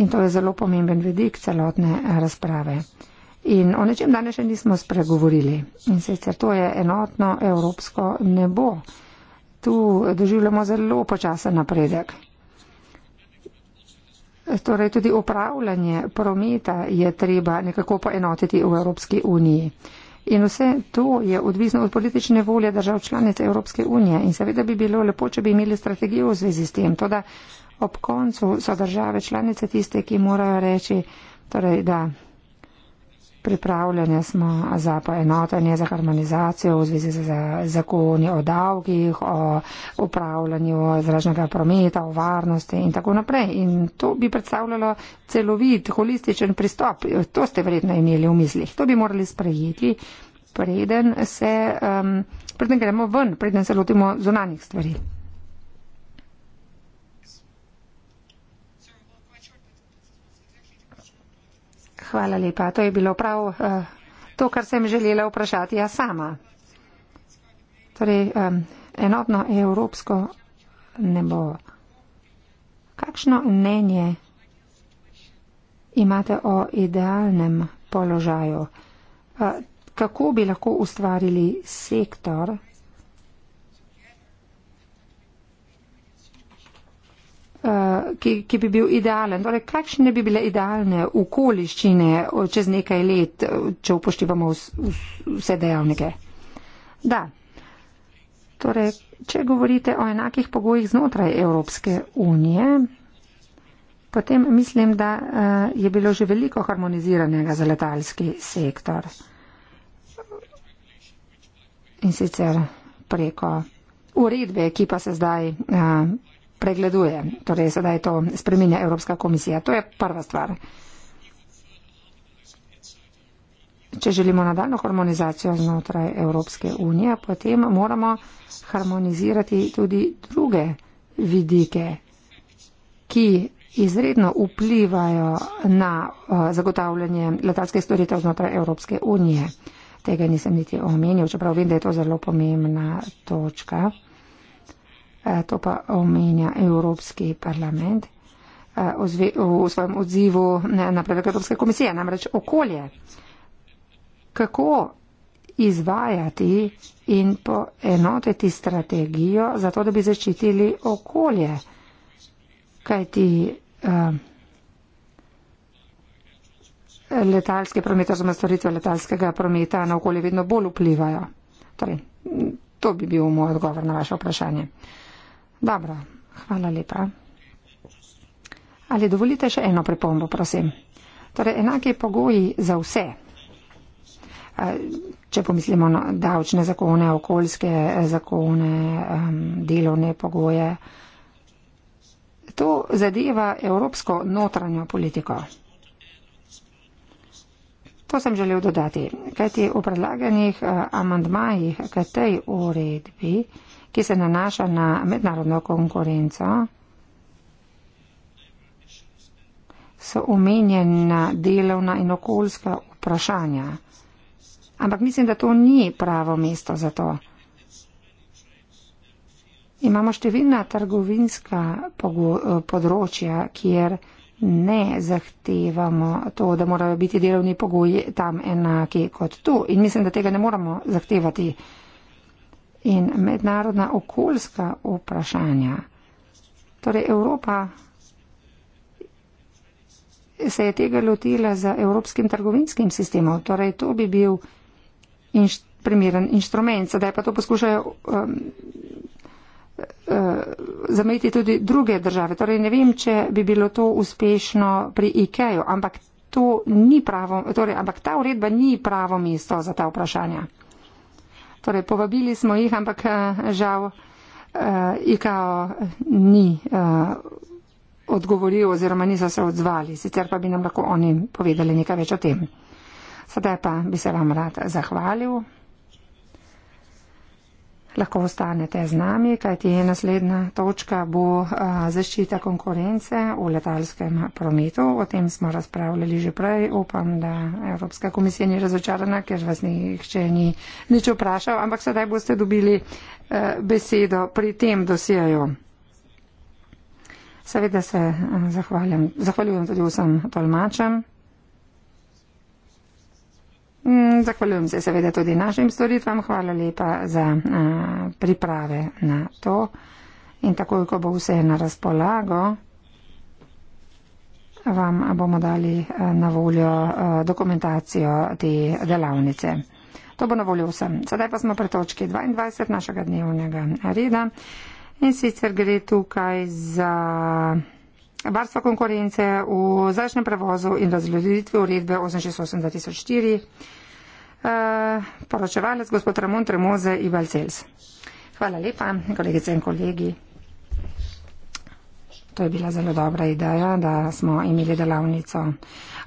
In to je zelo pomemben vedik celotne razprave. In o nečem danes še nismo spregovorili. In sicer to je enotno evropsko nebo. Tu doživljamo zelo počasen napredek. Torej tudi upravljanje prometa je treba nekako poenotiti v Evropski uniji. In vse to je odvisno od politične volje držav članic Evropske unije. In seveda bi bilo lepo, če bi imeli strategijo v zvezi s tem. Toda ob koncu so države članice tiste, ki morajo reči, torej da Pripravljene smo za poenotanje, za harmonizacijo v zvezi z zakoni o davkih, o upravljanju zračnega prometa, o varnosti in tako naprej. In to bi predstavljalo celovit, holističen pristop. To ste verjetno imeli v mislih. To bi morali sprejeti, preden, se, um, preden gremo ven, preden se lotimo zunanjih stvari. Hvala lepa. To je bilo prav uh, to, kar sem želela vprašati jaz sama. Torej, um, enotno evropsko ne bo. Kakšno mnenje imate o idealnem položaju? Uh, kako bi lahko ustvarili sektor? Eh, ki, ki bi bil idealen. Torej, kakšne bi bile idealne okoliščine eh, čez nekaj let, eh, če upoštevamo vse dejavnike? Da. Torej, če govorite o enakih pogojih znotraj Evropske unije, potem mislim, da je bilo že veliko harmoniziranega za letalski sektor. In sicer preko uredbe, ki pa se zdaj pregleduje. Torej, sedaj to spreminja Evropska komisija. To je prva stvar. Če želimo nadaljno harmonizacijo znotraj Evropske unije, potem moramo harmonizirati tudi druge vidike, ki izredno vplivajo na eh, zagotavljanje letalskih storitev znotraj Evropske unije. Tega nisem niti omenil, čeprav vem, da je to zelo pomembna točka. Eh, to pa omenja Evropski parlament eh, v svojem odzivu na predlog Evropske komisije, namreč okolje. Kako izvajati in poenoteti strategijo za to, da bi zaščitili okolje? Kajti eh, letalski promet, oziroma storitve letalskega prometa na okolje vedno bolj vplivajo. Torej, to bi bil moj odgovor na vaše vprašanje. Dobro, hvala lepa. Ali dovolite še eno pripombo, prosim? Torej, enake pogoji za vse. Eh, če pomislimo na davčne zakone, okoljske zakone, delovne pogoje. To zadeva evropsko notranjo politiko. To sem želel dodati, kajti v predlaganih eh, amandmajih k tej uredbi ki se nanaša na mednarodno konkurenco, so omenjena delovna in okoljska vprašanja. Ampak mislim, da to ni pravo mesto za to. Imamo številna trgovinska področja, kjer ne zahtevamo to, da morajo biti delovni pogoji tam enaki kot tu. In mislim, da tega ne moramo zahtevati in mednarodna okoljska vprašanja. Torej Evropa se je tega lotila z evropskim trgovinskim sistemom. Torej to bi bil inš primeren inštrument. Sedaj pa to poskušajo um, uh, zamejiti tudi druge države. Torej ne vem, če bi bilo to uspešno pri IKEA, ampak, torej, ampak ta uredba ni pravo mesto za ta vprašanja. Torej, povabili smo jih, ampak eh, žal uh, eh, IKO ni uh, odgovoril oziroma niso se odzvali, sicer pa bi nam lahko oni povedali nekaj več o tem. Sedaj pa bi se vam rad zahvalil lahko ostanete z nami, kajti naslednja točka bo zaščita konkurence v letalskem prometu. O tem smo razpravljali že prej. Upam, da Evropska komisija ni razočarana, ker vas nihče ni nič vprašal, ampak sedaj boste dobili besedo pri tem dosijaju. Seveda se zahvaljujem tudi vsem tolmačem. Mm, zahvaljujem se seveda tudi našim storitvam, hvala lepa za a, priprave na to in takoj, ko bo vse na razpolago, vam bomo dali na voljo dokumentacijo te delavnice. To bo na voljo vsem. Sedaj pa smo pri točki 22 našega dnevnega reda in sicer gre tukaj za varstva konkurence v zračnem prevozu in razglasitvi uredbe 868-2004. Eh, poročevalec gospod Ramon Tremoze in Valcels. Hvala lepa, kolegice in kolegi. To je bila zelo dobra ideja, da smo imeli delavnico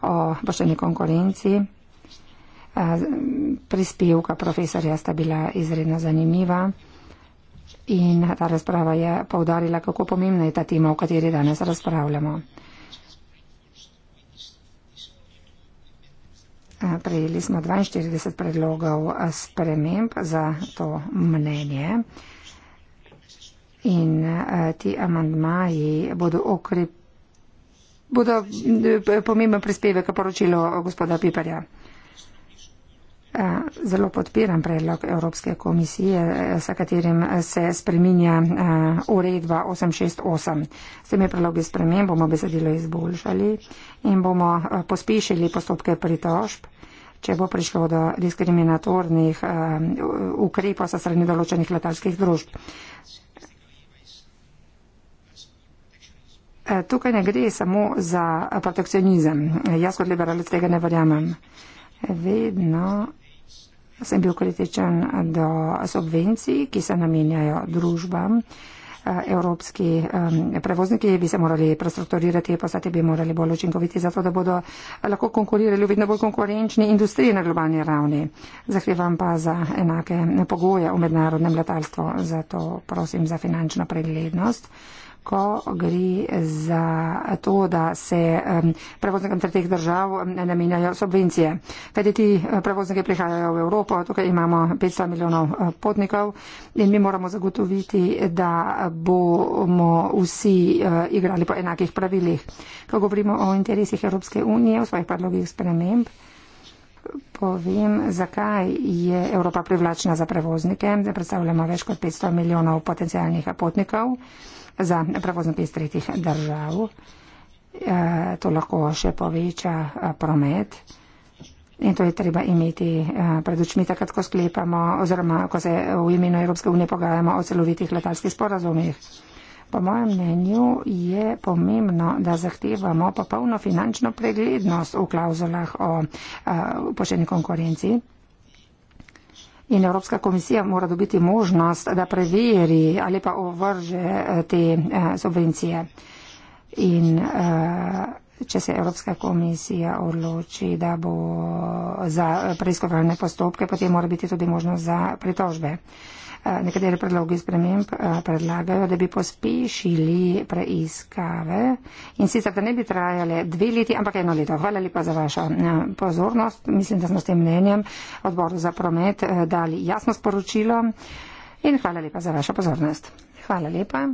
o boščeni konkurenci. Eh, prispevka profesorja sta bila izredno zanimiva. In ta razprava je povdarila, kako pomembna je ta tema, o kateri danes razpravljamo. Prejeli smo 42 predlogov sprememb za to mnenje. In ti amandmaji bodo okrep. Bodo eh, pomemben prispevek poročilo gospoda Piperja. Eh, zelo podpiram predlog Evropske komisije, eh, s katerim se spreminja eh, uredba 868. S temi predlogi spremem bomo besedilo izboljšali in bomo pospešili postopke pritožb, če bo prišlo do diskriminatornih ukrepov sa strani določenih letalskih družb. Tukaj ne gre samo za protekcionizem. Jaz kot liberalec tega ne verjamem. Vedno Jaz sem bil kritičen do subvencij, ki se namenjajo družbam. Eh, evropski um, prevozniki bi se morali prestrukturirati, postati bi morali bolj učinkoviti, zato da bodo lahko konkurirali v vedno bolj konkurenčni industriji na globalni ravni. Zahrevam pa za enake pogoje v mednarodnem letalstvu, zato prosim za finančno preglednost ko gre za to, da se prevoznikom tretjih držav namenjajo subvencije. Kajti ti eh, prevozniki prihajajo v Evropo, tukaj imamo 500 milijonov eh, potnikov in mi moramo zagotoviti, da bomo vsi eh, igrali po enakih pravilih. Ko govorimo o interesih Evropske unije, o svojih predlogih sprememb, povem, zakaj je Evropa privlačna za prevoznike, da predstavljamo več kot 500 milijonov potencijalnih potnikov za prevozno pes tretjih držav. Eh, to lahko še poveča eh, promet. In to je treba imeti eh, pred očmi takrat, ko sklepamo oziroma ko se v imenu Evropske unije pogajamo o celovitih letalskih sporazumih. Po mojem mnenju je pomembno, da zahtevamo popolno finančno preglednost v klauzulah o pošteni konkurenci in Evropska komisija mora dobiti možnost, da preveri ali pa ovrže eh, te eh, subvencije. In eh, če se Evropska komisija odloči, da bo za preiskovalne postopke, potem mora biti tudi možnost za pritožbe. Eh, nekatere predloge sprememb eh, predlagajo, da bi pospešili preiskave in sicer, da ne bi trajale dve leti, ampak eno leto. Hvala lepa za vašo eh, pozornost. Mislim, da smo s tem mnenjem odboru za promet dali jasno sporočilo in hvala lepa za vašo pozornost. Hvala lepa.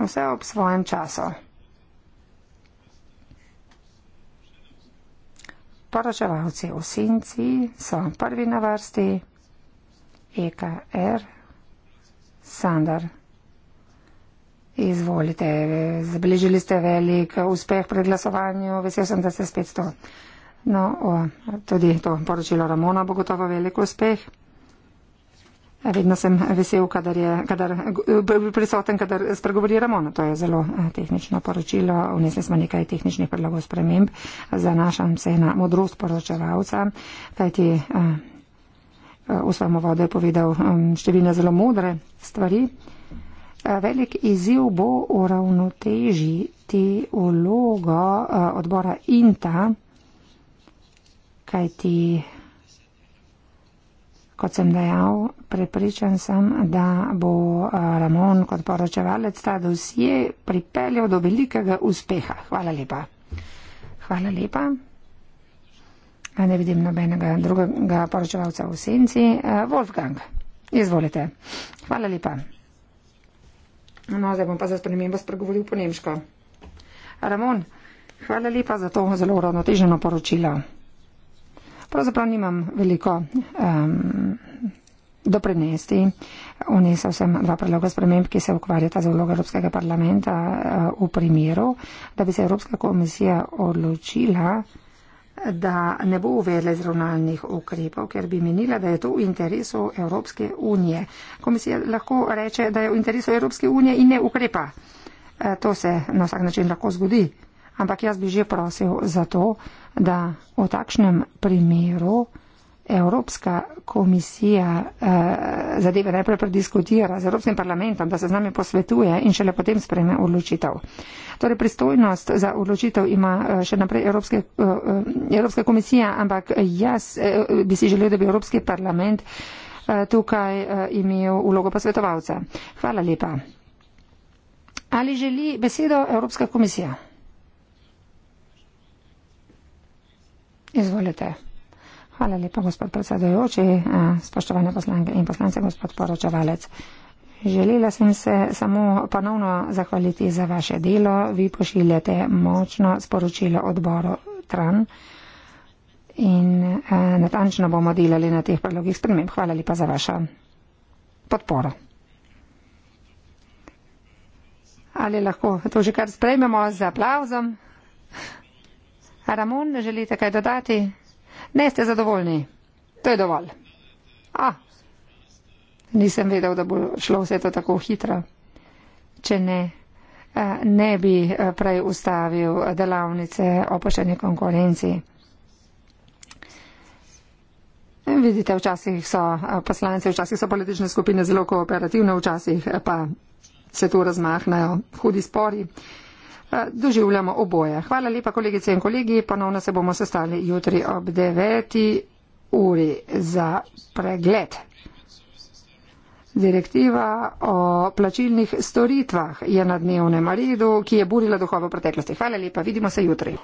Vse ob svojem času. Poročevalci v Sinci so prvi na vrsti. EKR Sandar. Izvolite, zabeležili ste velik uspeh pred glasovanjem, vesel sem, da ste spet to. No, o, tudi to poročilo Ramona bo gotovo velik uspeh. Vedno sem vesel, kadar je kadar, prisoten, kadar spregovori Ramona. To je zelo eh, tehnično poročilo. Vnesli smo nekaj tehničnih predlogov sprememb. Zanašam se na modrost poročevalca, kajti eh, o svojem uvodu je povedal mm, številne zelo modre stvari. Eh, Velik izziv bo uravnotežiti vlogo eh, odbora INTA, kajti, kot sem dejal, prepričan sem, da bo eh, Ramon kot poročevalec ta dosje pripeljal do velikega uspeha. Hvala lepa. Hvala lepa. Pa ne vidim nobenega drugega poročevalca v senci. Eh, Wolfgang, izvolite. Hvala lepa. No, zdaj bom pa za spremembo spregovoril po nemško. Ramon, hvala lepa za to zelo uravnoteženo poročilo. Pravzaprav nimam veliko um, doprinesti. Unesel sem dva predloga sprememb, ki se ukvarjata z vlogo Evropskega parlamenta uh, v primeru, da bi se Evropska komisija odločila, da ne bo uvedla izravnalnih ukrepov, ker bi menila, da je to v interesu Evropske unije. Komisija lahko reče, da je v interesu Evropske unije in ne ukrepa. E, to se na vsak način lahko zgodi. Ampak jaz bi že prosil za to, da v takšnem primeru. Evropska komisija eh, zadeve najprej prediskutira z Evropskim parlamentom, da se z nami posvetuje in šele potem sprejme odločitev. Torej pristojnost za odločitev ima eh, še naprej Evropske, eh, eh, Evropska komisija, ampak jaz eh, bi si želel, da bi Evropski parlament eh, tukaj eh, imel ulogo posvetovalca. Hvala lepa. Ali želi besedo Evropska komisija? Izvolite. Hvala lepa, gospod predsedujoči, eh, spoštovane poslanke in poslance, gospod poročevalec. Želela sem se samo ponovno zahvaliti za vaše delo. Vi pošiljate močno sporočilo odboru TRAN in eh, natančno bomo delali na teh predlogih sprememb. Hvala lepa za vašo podporo. Ali lahko to že kar sprememo z aplauzom? Ramon, želite kaj dodati? Ne ste zadovoljni, to je dovolj. A, nisem vedel, da bo šlo vse to tako hitro. Če ne, eh, ne bi eh, prej ustavil delavnice o pošanju konkurenciji. Vidite, včasih so eh, poslanci, včasih so politične skupine zelo kooperativne, včasih pa se tu razmahnajo hudi spori. Eh, doživljamo oboje. Hvala lepa, kolegice in kolegi. Ponovno se bomo sestali jutri ob 9. uri za pregled. Direktiva o plačilnih storitvah je na dnevnem redu, ki je burila duhovo preteklosti. Hvala lepa, vidimo se jutri.